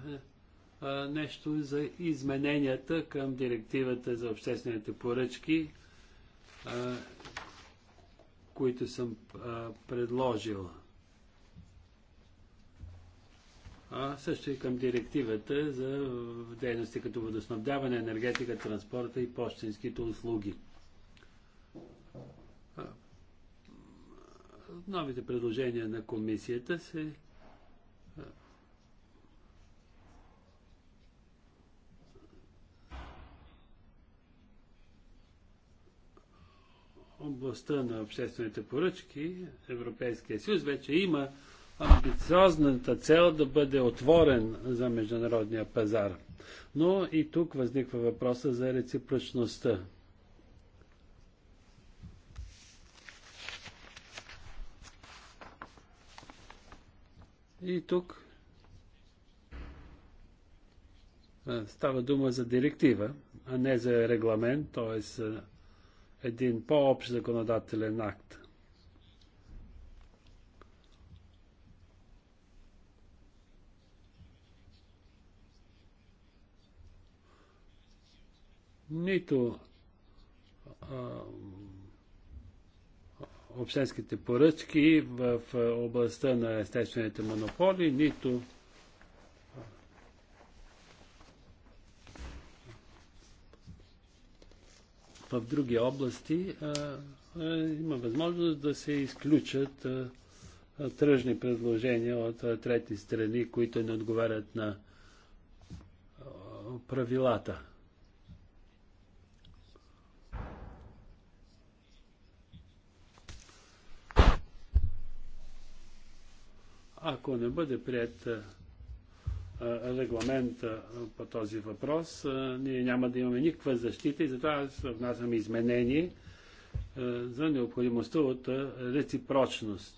нещо за измененията към директивата за обществените поръчки, които съм предложил. А също и към директивата за дейности като водоснабдяване, енергетика, транспорта и почтенските услуги. Новите предложения на комисията се областта на обществените поръчки Европейския съюз вече има амбициозната цел да бъде отворен за международния пазар. Но и тук възниква въпроса за реципрочността. И тук става дума за директива, а не за регламент, т.е един по-общ законодателен акт. Нито а, поръчки в областта на естествените монополи, нито в други области има възможност да се изключат тръжни предложения от трети страни, които не отговарят на правилата. Ако не бъде прият регламент по този въпрос, ние няма да имаме никаква защита и затова аз внасям изменение за необходимостта от реципрочност.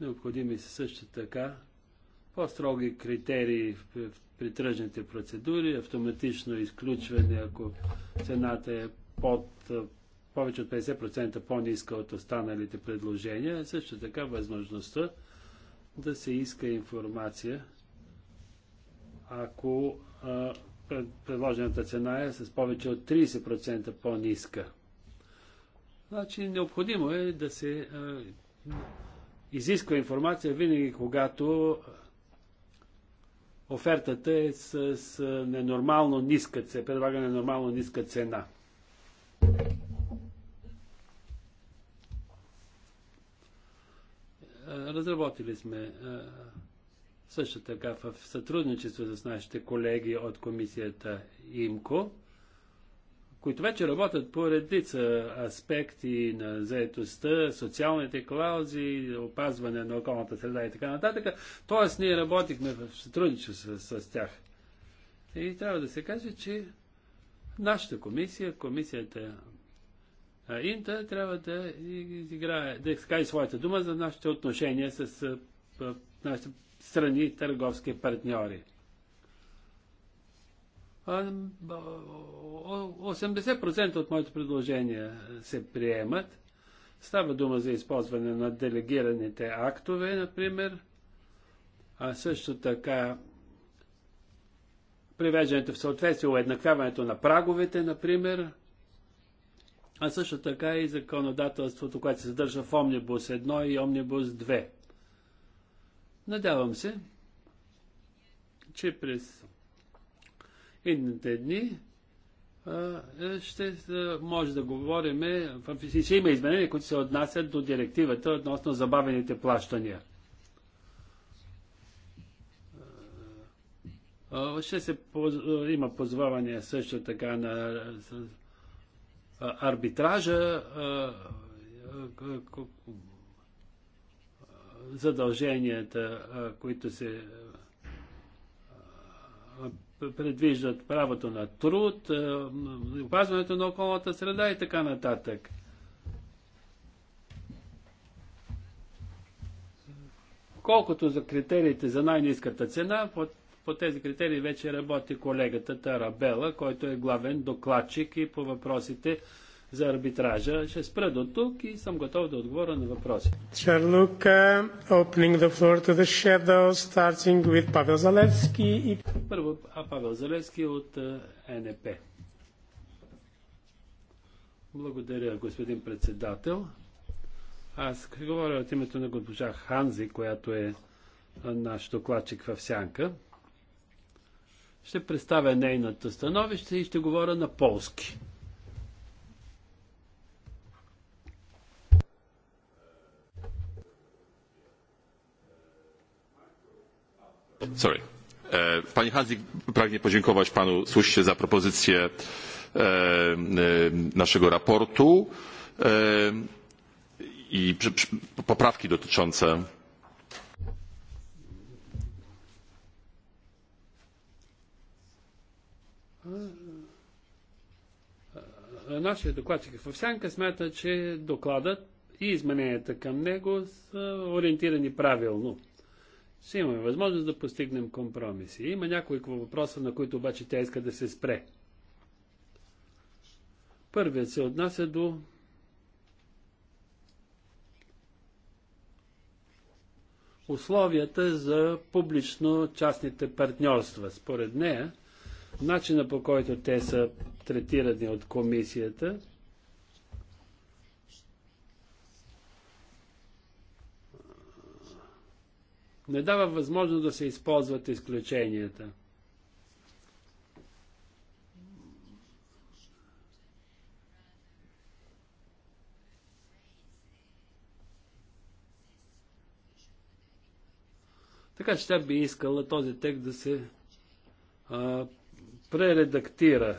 Необходими са също така по-строги критерии при тръжните процедури, автоматично изключване, ако цената е под повече от 50% по-ниска от останалите предложения, също така възможността да се иска информация, ако а, предложената цена е с повече от 30% по-ниска. Значи необходимо е да се а, изисква информация винаги, когато офертата е с, с ненормално ниска, се предлага ненормално ниска цена. Разработили сме също така в сътрудничество с нашите колеги от комисията ИМКО, които вече работят по редица аспекти на заетостта, социалните клаузи, опазване на околната среда и така нататък. Тоест, ние работихме в сътрудничество с, с тях. И трябва да се каже, че нашата комисия, комисията Инта трябва да изиграе, да изкаже своята дума за нашите отношения с нашите страни търговски партньори. 80% от моите предложения се приемат. Става дума за използване на делегираните актове, например, а също така привеждането в съответствие, уеднаквяването на праговете, например, а също така и законодателството, което се съдържа в Омнибус 1 и Омнибус 2. Надявам се, че през едните дни е, ще е, може да говорим, ще има изменения, които се отнасят до директивата относно забавените плащания. Ще се, има позваване също така на арбитража, задълженията, които се предвиждат правото на труд, опазването на околната среда и така нататък. Колкото за критериите за най-низката цена, по тези критерии вече работи колегата Тарабела, който е главен докладчик и по въпросите за арбитража. Ще спра до тук и съм готов да отговоря на въпроси. Чарлука, opening the floor to the shadow, starting with Павел Залевски. И... Първо, а Павел Залевски от е, НП. Благодаря, господин председател. Аз говоря от името на госпожа Ханзи, която е, е наш докладчик в Сянка. Ще представя нейната становище и ще говоря на полски. Sorry. Pani Hanzik, pragnie podziękować panu słusznie za propozycję naszego raportu i poprawki dotyczące нашия докладчик е в Овсянка смята, че докладът и измененията към него са ориентирани правилно. Ще имаме възможност да постигнем компромиси. Има няколко въпроса, на които обаче тя иска да се спре. Първият се отнася до условията за публично-частните партньорства. Според нея, начина по който те са третирани от комисията, не дава възможност да се използват изключенията. Така че тя би искала този текст да се а, прередактира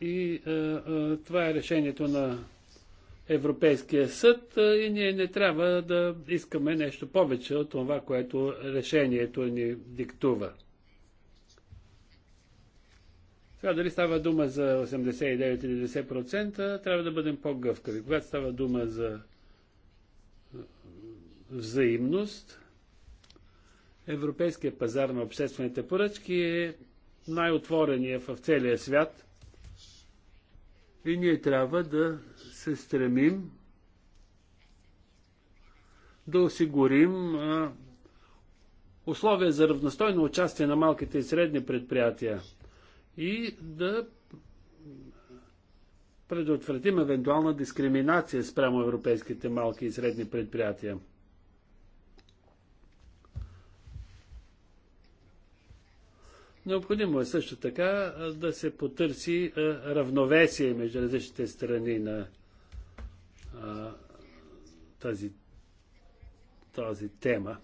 и а, а, това е решението на Европейския съд а, и ние не трябва да искаме нещо повече от това, което решението ни диктува. Сега дали става дума за 89 или 90%, трябва да бъдем по-гъвкави. Когато става дума за взаимност. Европейския пазар на обществените поръчки е най-отворения в целия свят и ние трябва да се стремим да осигурим условия за равностойно участие на малките и средни предприятия и да предотвратим евентуална дискриминация спрямо европейските малки и средни предприятия. Необходимо е също така да се потърси равновесие между различните страни на тази, тази тема.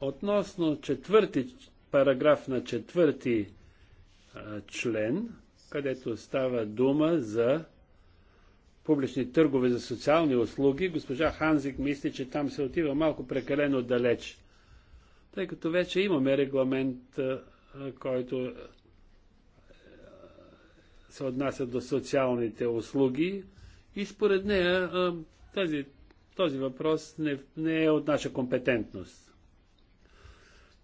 Относно четвърти параграф на четвърти член, където става дума за публични търгове за социални услуги, госпожа Ханзик мисли, че там се отива малко прекалено далеч. Тъй като вече имаме регламент, който се отнася до социалните услуги и според нея тази, този въпрос не, не е от наша компетентност.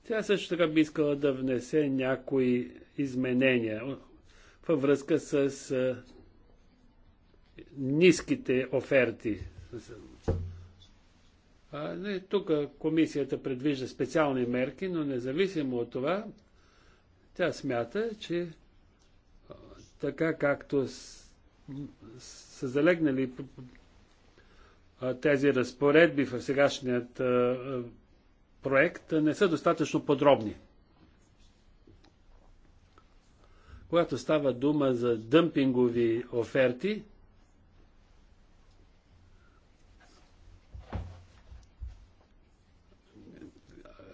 Тя също така би искала да внесе някои изменения във връзка с ниските оферти. Тук комисията предвижда специални мерки, но независимо от това, тя смята, че така както са залегнали тези разпоредби в сегашният проект, не са достатъчно подробни. Когато става дума за дъмпингови оферти,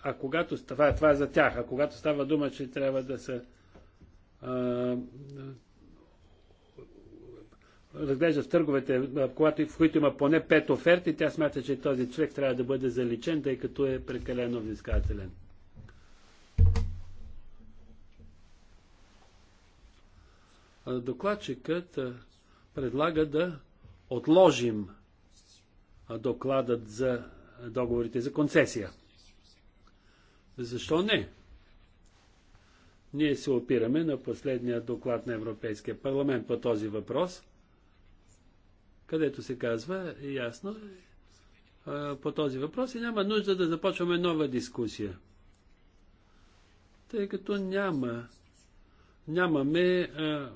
а когато това, това е за тях, а когато става дума, че трябва да се разглежда в търговете, когато, в които има поне пет оферти, тя смята, че този човек трябва да бъде заличен, тъй като е прекалено взискателен. Докладчикът предлага да отложим докладът за договорите за концесия. Защо не? Ние се опираме на последния доклад на Европейския парламент по този въпрос, където се казва ясно по този въпрос и няма нужда да започваме нова дискусия. Тъй като няма, нямаме а,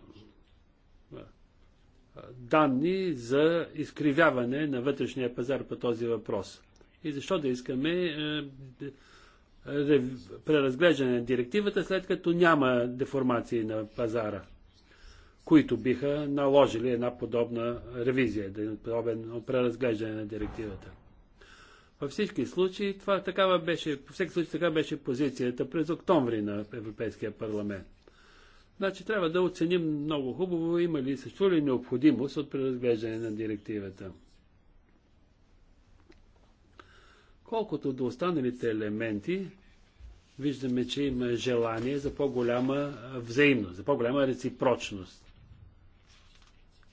данни за изкривяване на вътрешния пазар по този въпрос. И защо да искаме а, преразглеждане на директивата, след като няма деформации на пазара, които биха наложили една подобна ревизия, един подобен преразглеждане на директивата. Във всички случаи, това такава беше, по всеки случай така беше позицията през октомври на Европейския парламент. Значи трябва да оценим много хубаво има ли съществува ли необходимост от преразглеждане на директивата. Колкото до останалите елементи, виждаме, че има желание за по-голяма взаимност, за по-голяма реципрочност.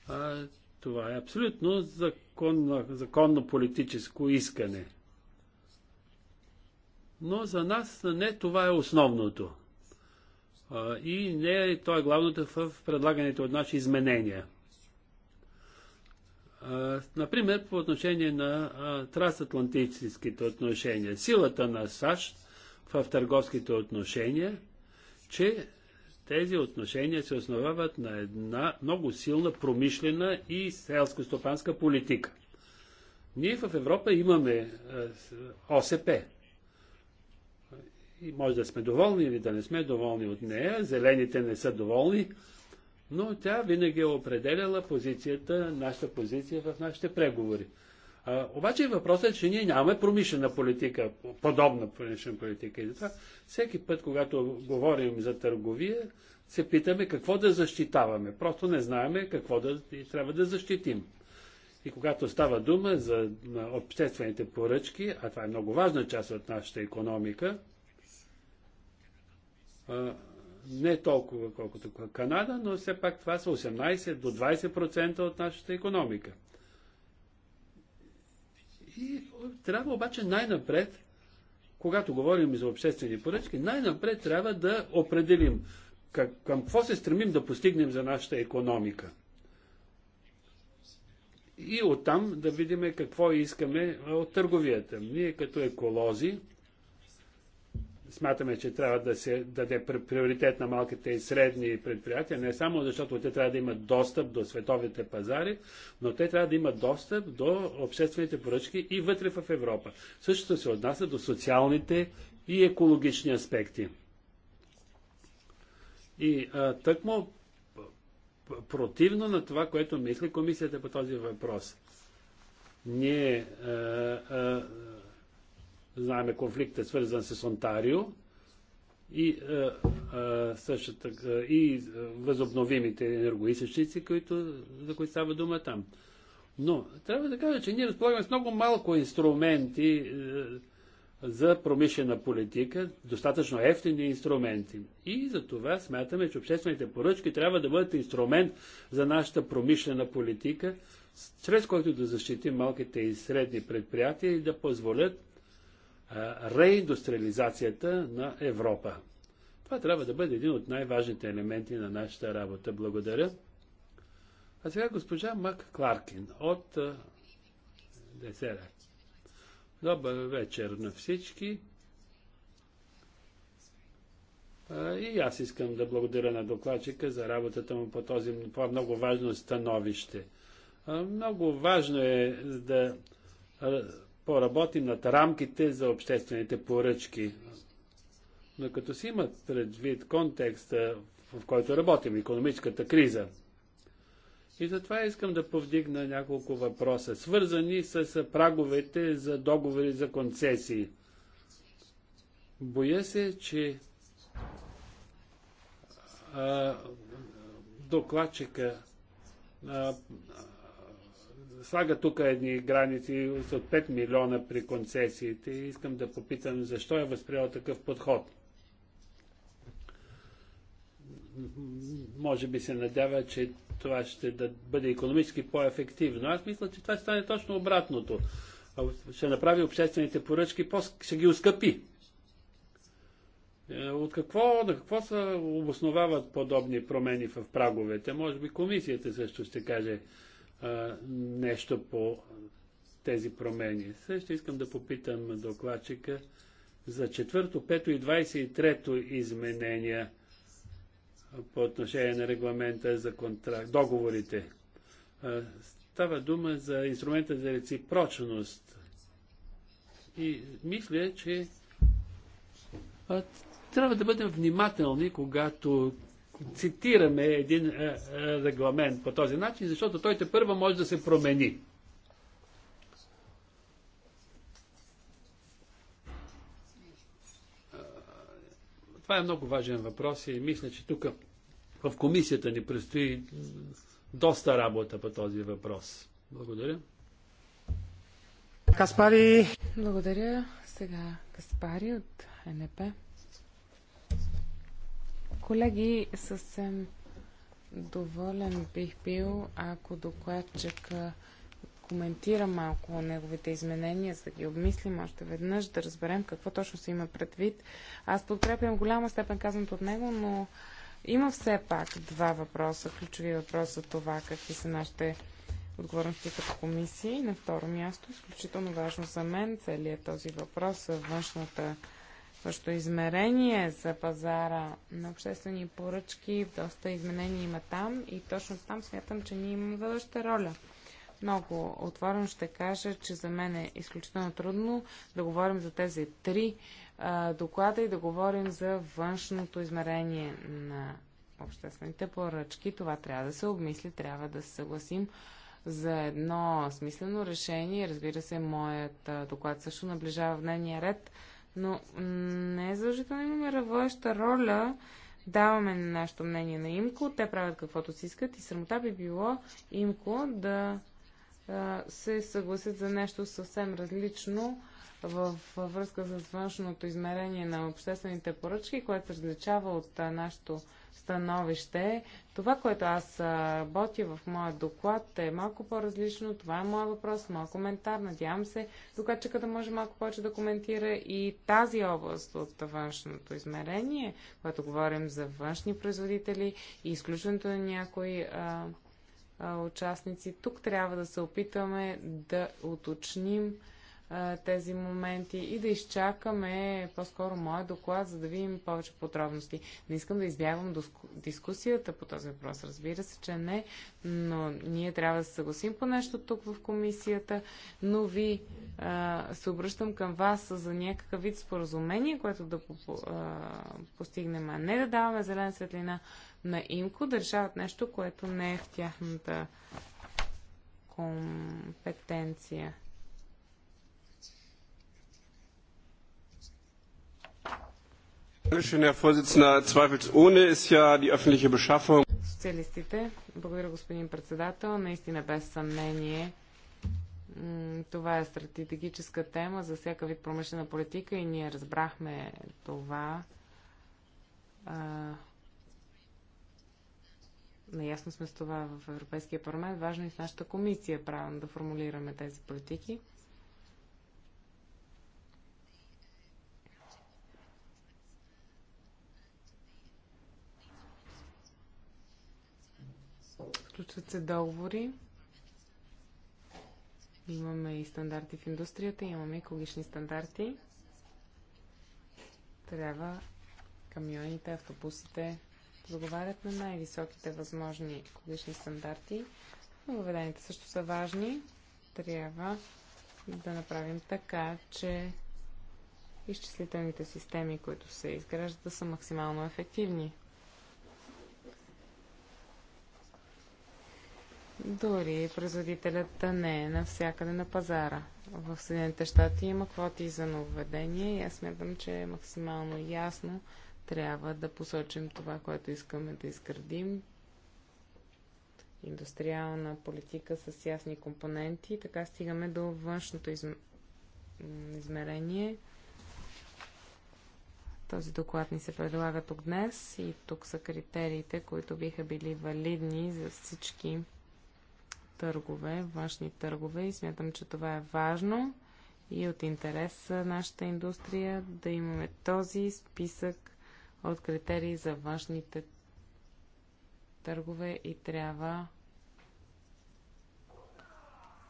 А, това е абсолютно законно, законно политическо искане. Но за нас не това е основното. А, и не е, то е главното в предлагането от наши изменения. Например, по отношение на трансатлантическите отношения. Силата на САЩ в търговските отношения, че тези отношения се основават на една много силна промишлена и селско-стопанска политика. Ние в Европа имаме ОСП. И може да сме доволни или да не сме доволни от нея. Зелените не са доволни, но тя винаги е определяла позицията, нашата позиция в нашите преговори. А, обаче въпросът е, че ние нямаме промишлена политика, подобна промишлена политика. И затова всеки път, когато говорим за търговия, се питаме какво да защитаваме. Просто не знаеме какво да трябва да защитим. И когато става дума за обществените поръчки, а това е много важна част от нашата економика, не толкова колкото Канада, но все пак това са 18 до 20% от нашата економика. И трябва обаче най-напред, когато говорим за обществени поръчки, най-напред трябва да определим как, към какво се стремим да постигнем за нашата економика. И оттам да видим какво искаме от търговията. Ние като еколози, Смятаме, че трябва да се даде приоритет на малките и средни предприятия, не само защото те трябва да имат достъп до световите пазари, но те трябва да имат достъп до обществените поръчки и вътре в Европа. Същото се отнася до социалните и екологични аспекти. И а, тъкмо противно на това, което мисли комисията по този въпрос. Ние а, а, Знаеме конфликта е свързан с Онтарио и, а, е, а, е, също така, и възобновимите енергоисъщици, които, за които става дума там. Но трябва да кажа, че ние разполагаме с много малко инструменти за промишлена политика, достатъчно ефтини инструменти. И за това смятаме, че обществените поръчки трябва да бъдат инструмент за нашата промишлена политика, чрез който да защитим малките и средни предприятия и да позволят реиндустриализацията на Европа. Това трябва да бъде един от най-важните елементи на нашата работа. Благодаря. А сега госпожа Мак Кларкин от Десера. Добър вечер на всички. И аз искам да благодаря на докладчика за работата му по този по много важно становище. Много важно е да поработим над рамките за обществените поръчки. Но като си имат предвид контекста, в който работим, економическата криза. И затова искам да повдигна няколко въпроса, свързани с праговете за договори за концесии. Боя се, че а, докладчика а, слага тук едни граници от 5 милиона при концесиите и искам да попитам защо е възприел такъв подход. Може би се надява, че това ще да бъде економически по-ефективно. Аз мисля, че това ще стане точно обратното. Ще направи обществените поръчки, ще ги ускъпи. Е, от какво, на какво се обосновават подобни промени в праговете? Може би комисията също ще каже нещо по тези промени. Също искам да попитам докладчика за четвърто, пето и 23-то изменения по отношение на регламента за контракт, договорите. Става дума за инструмента за реципрочност. И мисля, че трябва да бъдем внимателни, когато цитираме един е, е, регламент по този начин, защото той те първа може да се промени. Е, това е много важен въпрос и мисля, че тук в комисията ни предстои доста работа по този въпрос. Благодаря. Каспари. Благодаря. Сега Каспари от НП. Колеги, съвсем доволен бих бил, ако докладчик коментира малко неговите изменения, за да ги обмислим още веднъж, да разберем какво точно се има предвид. Аз подкрепям голяма степен казаното от него, но има все пак два въпроса, ключови въпрос за това какви са нашите отговорности като комисии. На второ място, изключително важно за мен, целият този въпрос за външната също измерение за пазара на обществени поръчки, доста изменения има там и точно там смятам, че ние имаме водеща роля. Много отворено ще кажа, че за мен е изключително трудно да говорим за тези три а, доклада и да говорим за външното измерение на обществените поръчки. Това трябва да се обмисли, трябва да се съгласим за едно смислено решение. Разбира се, моят доклад също наближава в дневния ред но не е задължително имаме равеща роля. Даваме нашето мнение на Имко, те правят каквото си искат и срамота би било Имко да се съгласят за нещо съвсем различно в, във връзка с външното измерение на обществените поръчки, което се различава от а, нашето становище. Това, което аз работя в моя доклад е малко по-различно. Това е моят въпрос, моят коментар. Надявам се че да може малко повече да коментира и тази област от външното измерение, когато говорим за външни производители и изключването на някои а, а, участници. Тук трябва да се опитаме да уточним а, тези моменти и да изчакаме по-скоро моя доклад, за да видим повече подробности. Не искам да избягвам дискусията по този въпрос, разбира се, че не, но ние трябва да се съгласим по нещо тук в комисията, но ви а, се обръщам към вас за някакъв вид споразумение, което да по, а, постигнем, а не да даваме зелена светлина на имко, да решават нещо, което не е в тяхната компетенция. Социалистите, благодаря господин председател. Наистина без съмнение това е стратегическа тема за всяка вид промишлена политика и ние разбрахме това. наясно сме с това в Европейския парламент. Важно е и с нашата комисия правим да формулираме тези политики. сключват се договори. Имаме и стандарти в индустрията, имаме екологични стандарти. Трябва камионите, автобусите договарят на най-високите възможни екологични стандарти. Въведените също са важни. Трябва да направим така, че изчислителните системи, които се изграждат, да са максимално ефективни. дори производителят да не е навсякъде на пазара. В Съединените щати има квоти за нововведение и аз смятам, че е максимално ясно трябва да посочим това, което искаме да изградим. Индустриална политика с ясни компоненти. Така стигаме до външното изм... измерение. Този доклад ни се предлага тук днес и тук са критериите, които биха били валидни за всички търгове, външни търгове и смятам, че това е важно и от интерес на нашата индустрия да имаме този списък от критерии за външните търгове и трябва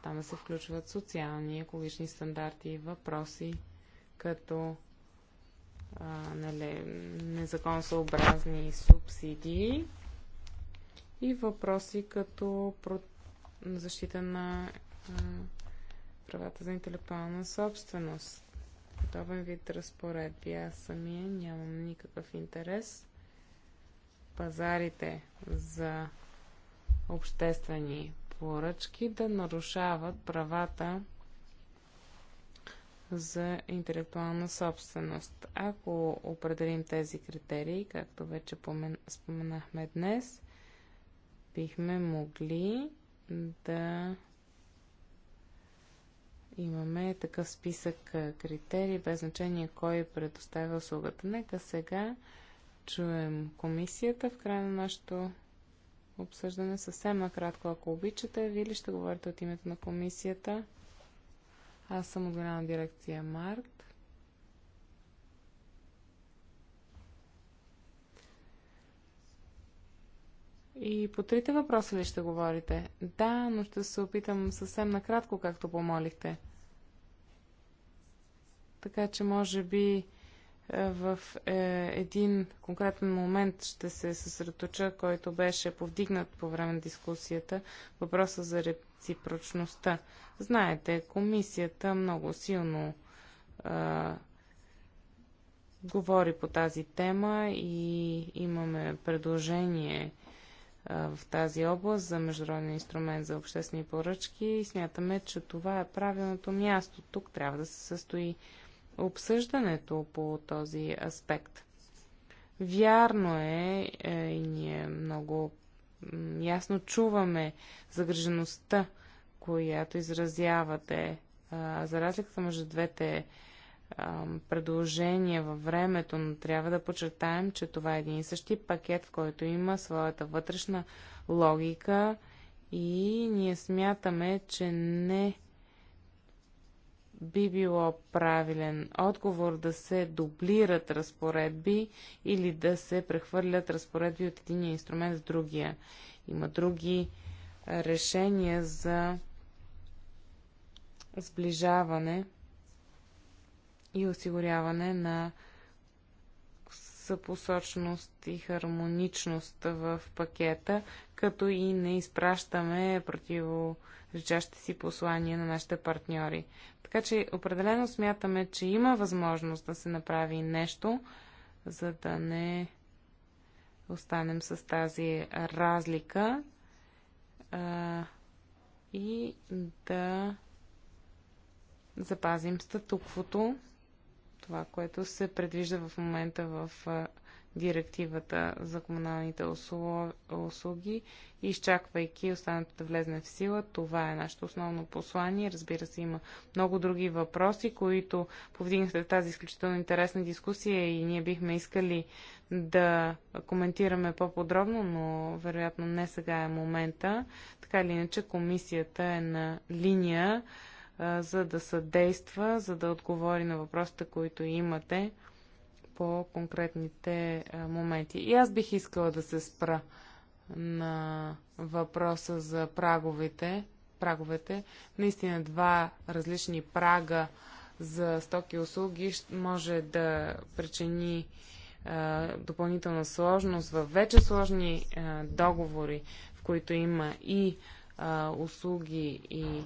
там да се включват социални, екологични стандарти и въпроси, като нали, незаконосъобразни субсидии и въпроси като протест защита на правата за интелектуална собственост. Подобен вид разпоредби аз самия нямам никакъв интерес. Пазарите за обществени поръчки да нарушават правата за интелектуална собственост. Ако определим тези критерии, както вече споменахме днес, бихме могли да имаме такъв списък критерии, без значение кой предоставя услугата. Нека сега чуем комисията в края на нашето обсъждане. Съвсем накратко, ако обичате, вие ли ще говорите от името на комисията? Аз съм от голяма дирекция Март. И по трите въпроса ли ще говорите? Да, но ще се опитам съвсем накратко, както помолихте. Така че, може би, е, в е, един конкретен момент ще се съсредоточа, който беше повдигнат по време на дискусията, въпроса за реципрочността. Знаете, комисията много силно е, говори по тази тема и имаме предложение в тази област за Международен инструмент за обществени поръчки и смятаме, че това е правилното място. Тук трябва да се състои обсъждането по този аспект. Вярно е, е и ние много ясно чуваме загрежеността, която изразявате за разликата между двете предложения във времето, но трябва да подчертаем, че това е един и същи пакет, в който има своята вътрешна логика и ние смятаме, че не би било правилен отговор да се дублират разпоредби или да се прехвърлят разпоредби от единия инструмент в другия. Има други решения за сближаване и осигуряване на съпосочност и хармоничност в пакета, като и не изпращаме противоречащи си послания на нашите партньори. Така че определено смятаме, че има възможност да се направи нещо, за да не останем с тази разлика а, и да запазим статуквото това, което се предвижда в момента в директивата за комуналните услуги, и изчаквайки останалото да влезне в сила. Това е нашето основно послание. Разбира се, има много други въпроси, които повдигнахте в тази изключително интересна дискусия и ние бихме искали да коментираме по-подробно, но вероятно не сега е момента. Така или иначе, комисията е на линия за да съдейства, за да отговори на въпросите, които имате по конкретните моменти. И аз бих искала да се спра на въпроса за праговете. праговете. Наистина два различни прага за стоки и услуги може да причини е, допълнителна сложност в вече сложни е, договори, в които има и е, услуги и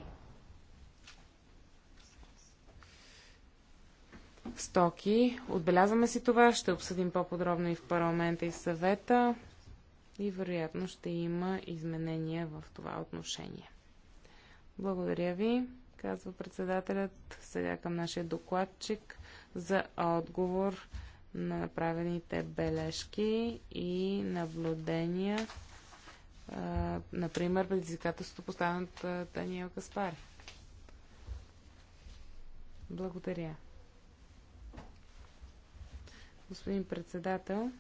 стоки. Отбелязваме си това, ще обсъдим по-подробно и в парламента и в съвета и вероятно ще има изменения в това отношение. Благодаря ви, казва председателят. Сега към нашия докладчик за отговор на направените бележки и наблюдения. А, например, предизвикателството поставеното Даниел Каспари. Благодаря. Господин председател,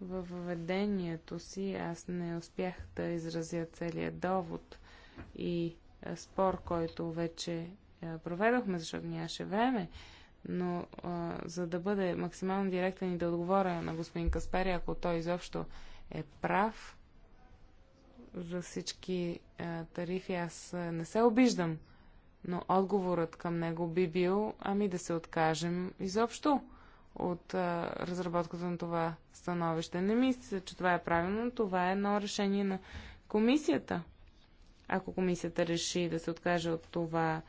във въведението си аз не успях да изразя целият довод и спор, който вече проведохме, защото нямаше време, но а, за да бъде максимално директен и да отговоря на господин Каспери, ако той изобщо е прав за всички а, тарифи, аз а, не се обиждам, но отговорът към него би бил, ами да се откажем изобщо от а, разработката на това становище. Не мисля, че това е правилно. но Това е едно решение на комисията. Ако комисията реши да се откаже от това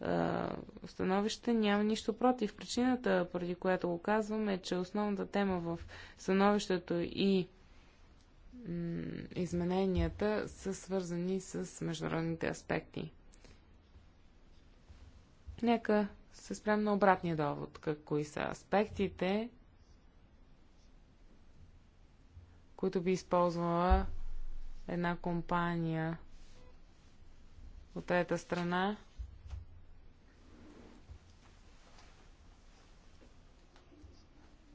а, становище, няма нищо против. Причината, поради която го казвам е, че основната тема в становището и измененията са свързани с международните аспекти. Нека се спрем на обратния довод. Какви са аспектите, които би използвала една компания от трета страна,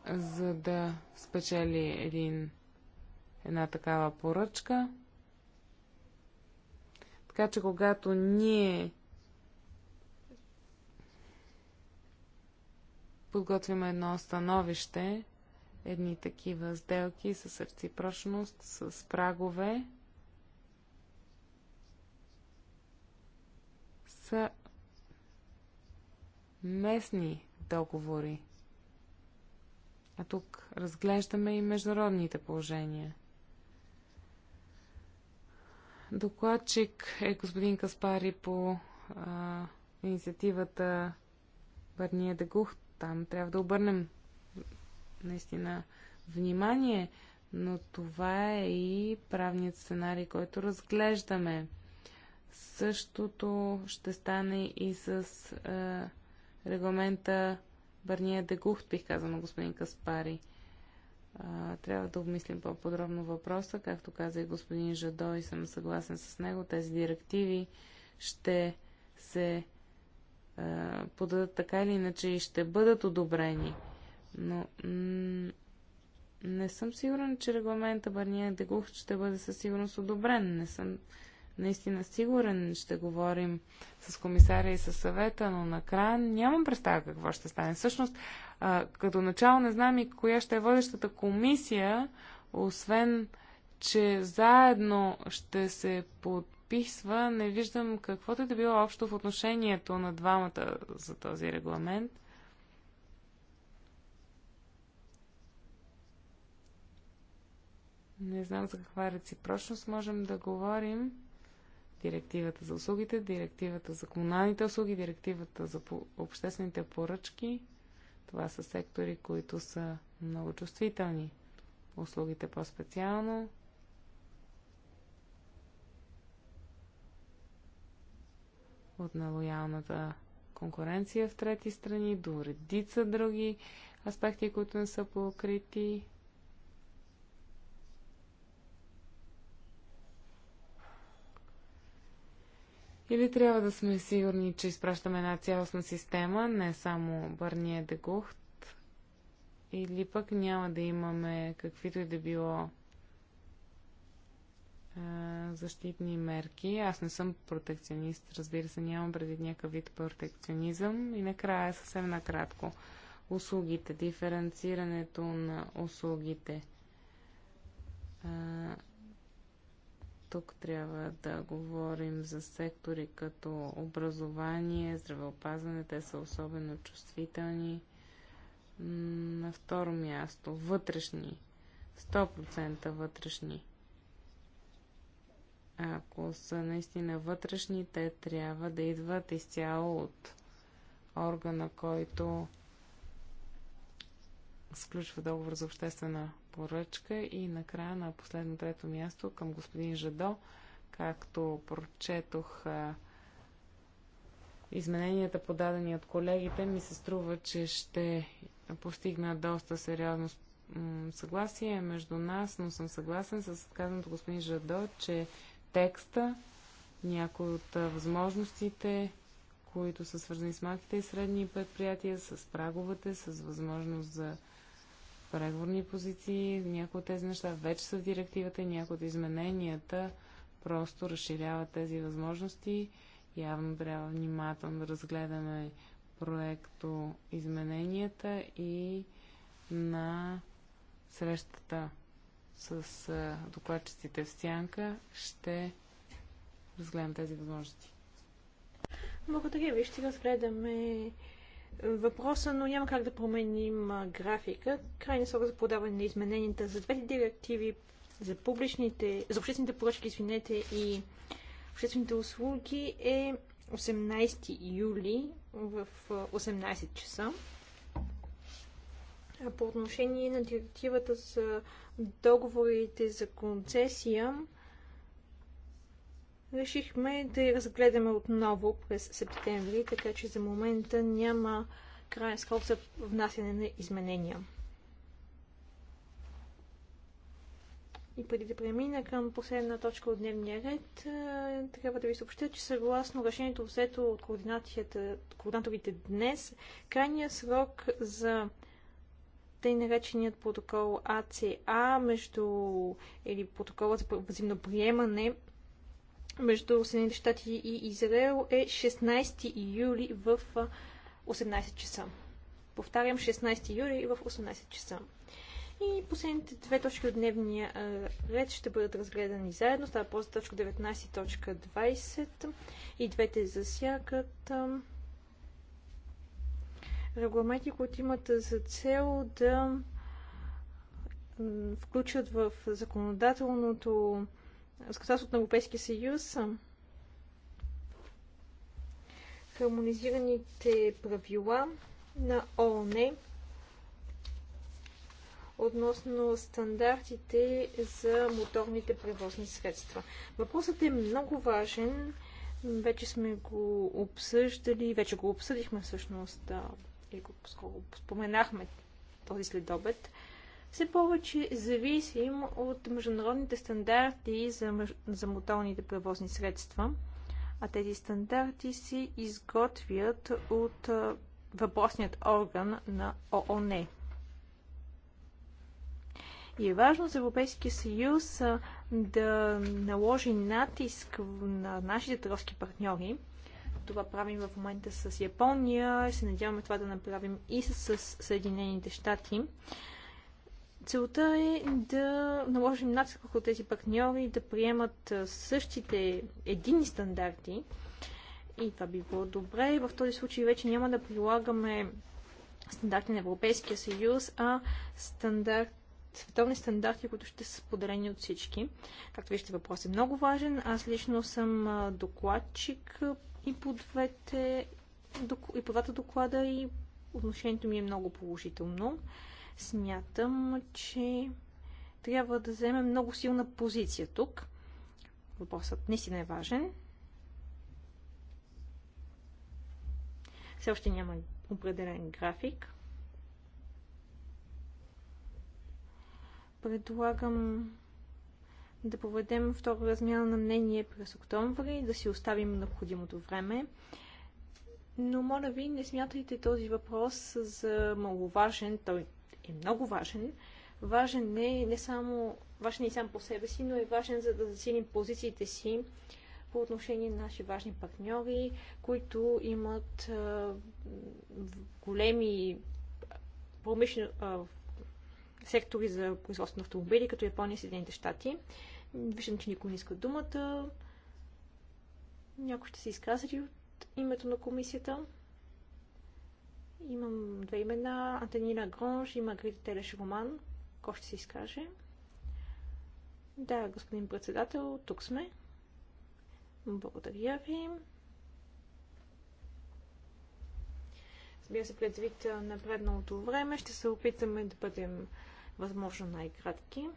за да спечели един, една такава поръчка. Така че когато ние подготвим едно становище, едни такива сделки с реципрочност, с прагове. Са местни договори. А тук разглеждаме и международните положения. Докладчик е господин Каспари по а, инициативата Бърния Дегухт там трябва да обърнем наистина внимание, но това е и правният сценарий, който разглеждаме. Същото ще стане и с е, регламента Бърния Дегухт, бих казал на господин Каспари. Е, трябва да обмислим по-подробно въпроса. Както каза и господин Жадо, и съм съгласен с него, тези директиви ще се подадат така или иначе и ще бъдат одобрени. Но не съм сигурен, че регламента Барния Дегух ще бъде със сигурност одобрен. Не съм наистина сигурен. Ще говорим с комисаря и с съвета, но накрая нямам представа какво ще стане. Всъщност, а, като начало не знам и коя ще е водещата комисия, освен че заедно ще се под описва, не виждам каквото е да било общо в отношението на двамата за този регламент. Не знам за каква реципрочност можем да говорим. Директивата за услугите, директивата за комуналните услуги, директивата за обществените поръчки. Това са сектори, които са много чувствителни. Услугите по-специално. от нелоялната конкуренция в трети страни до редица други аспекти, които не са покрити. Или трябва да сме сигурни, че изпращаме една цялостна система, не само Бърния Дегухт, или пък няма да имаме каквито и да било защитни мерки. Аз не съм протекционист, разбира се, нямам преди някакъв вид протекционизъм. И накрая, съвсем накратко, услугите, диференцирането на услугите. А, тук трябва да говорим за сектори като образование, здравеопазване, те са особено чувствителни. На второ място, вътрешни, 100% вътрешни ако са наистина вътрешни, те трябва да идват изцяло от органа, който сключва договор за обществена поръчка и накрая на последно трето място към господин Жадо, както прочетох измененията подадени от колегите, ми се струва, че ще постигна доста сериозно съгласие между нас, но съм съгласен с казаното господин Жадо, че текста, някои от възможностите, които са свързани с малките и средни предприятия, с праговете, с възможност за преговорни позиции. Някои от тези неща вече са в директивата и някои от измененията просто разширяват тези възможности. Явно трябва внимателно да разгледаме проекто измененията и на срещата с а, докладчиците в сянка ще разгледам тези възможности. Благодаря ви. Ще разгледаме въпроса, но няма как да променим графика. Крайни срок за подаване на измененията за двете директиви за, публичните, за обществените поръчки, извинете, и обществените услуги е 18 юли в 18 часа. По отношение на директивата за договорите за концесия, решихме да я разгледаме отново през септември, така че за момента няма крайен срок за внасяне на изменения. И преди да премина към последна точка от дневния ред, трябва да ви съобщя, че съгласно решението взето от координаторите днес, крайният срок за тъй нареченият протокол АЦА между, или протоколът за взаимно приемане между Съединените щати и Израел е 16 юли в 18 часа. Повтарям, 16 юли в 18 часа. И последните две точки от дневния ред ще бъдат разгледани заедно. Става по точка 19 и точка 20. И двете засягат регламенти, които имат за цел да включат в законодателното законодателството на Европейския съюз хармонизираните правила на ООН относно стандартите за моторните превозни средства. Въпросът е много важен. Вече сме го обсъждали, вече го обсъдихме всъщност и го споменахме този следобед, все повече зависим от международните стандарти за, мъж... за моторните превозни средства, а тези стандарти се изготвят от въпросният орган на ООН. И е важно за Европейския съюз да наложи натиск на нашите търговски партньори, това правим в момента с Япония. Се надяваме това да направим и с, Съединените щати. Целта е да наложим натиск върху тези партньори да приемат същите едини стандарти. И това би било добре. В този случай вече няма да прилагаме стандарти на Европейския съюз, а стандарт, световни стандарти, които ще са споделени от всички. Както вижте, въпрос е много важен. Аз лично съм докладчик и по, двете, и по двата доклада и отношението ми е много положително. Смятам, че трябва да вземе много силна позиция тук. Въпросът не не е важен. Все още няма определен график. Предлагам да проведем втора размяна на мнение през октомври, да си оставим необходимото време. Но, моля ви, не смятайте този въпрос за маловажен. Той е много важен. Важен не, не само, важен не само по себе си, но е важен за да засилим позициите си по отношение на наши важни партньори, които имат а, големи промишлени сектори за производство на автомобили, като Япония и Съединените щати. Виждам, че никой не иска думата. Някой ще се изказа от името на комисията? Имам две имена. Антонина Гронж и Магрита Телеш Роман. Кой ще се изкаже? Да, господин председател, тук сме. Благодаря ви. Сбира се, предвид напредналото време, ще се опитаме да бъдем възможно най-кратки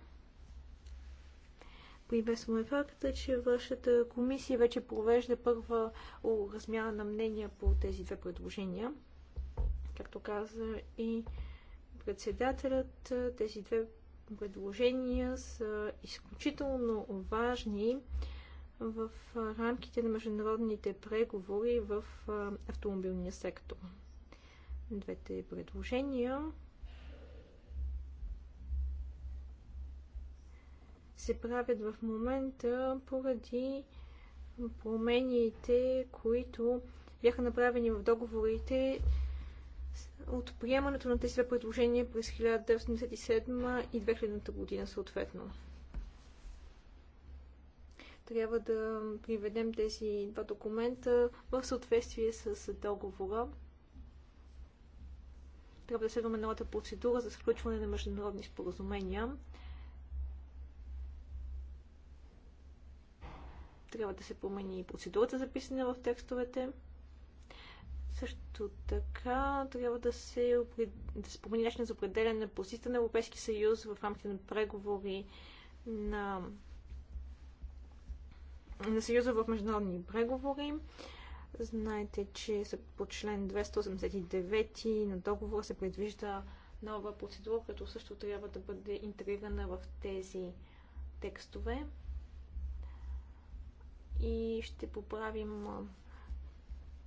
приветстваме факта, че вашата комисия вече провежда първа размяна на мнения по тези две предложения. Както каза и председателят, тези две предложения са изключително важни в рамките на международните преговори в автомобилния сектор. Двете предложения се правят в момента поради промените, които бяха направени в договорите от приемането на тези две предложения през 1987 и 2000 година съответно. Трябва да приведем тези два документа в съответствие с договора. Трябва да следваме новата процедура за сключване на международни споразумения. Трябва да се промени и процедурата писане в текстовете. Също така трябва да се, да се помени начин за определяне на позицията на Европейски съюз в рамките на преговори на, на съюза в международни преговори. Знаете, че по член 289 на договора се предвижда нова процедура, като също трябва да бъде интегрирана в тези текстове и ще поправим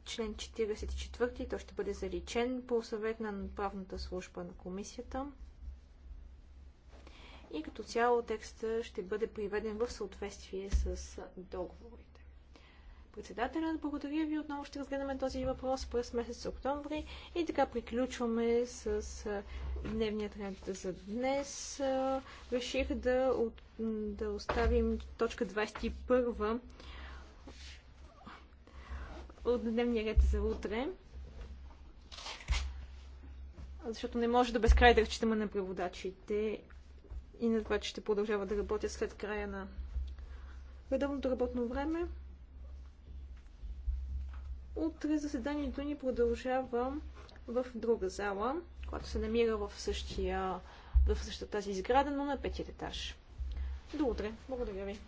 член 44. Той ще бъде заличен по съвет на правната служба на комисията. И като цяло текста ще бъде приведен в съответствие с договорите председателят. Благодаря ви. Отново ще разгледаме този въпрос през месец октомври. И така приключваме с дневният ред за днес. Реших да, да оставим точка 21 от дневния ред за утре. Защото не може до да безкрай да разчитаме на преводачите и на това, че ще продължава да работя след края на редовното работно време. Утре заседанието ни продължава в друга зала, която се намира в, същия, в същата тази изграда, но на петият етаж. До утре. Благодаря ви.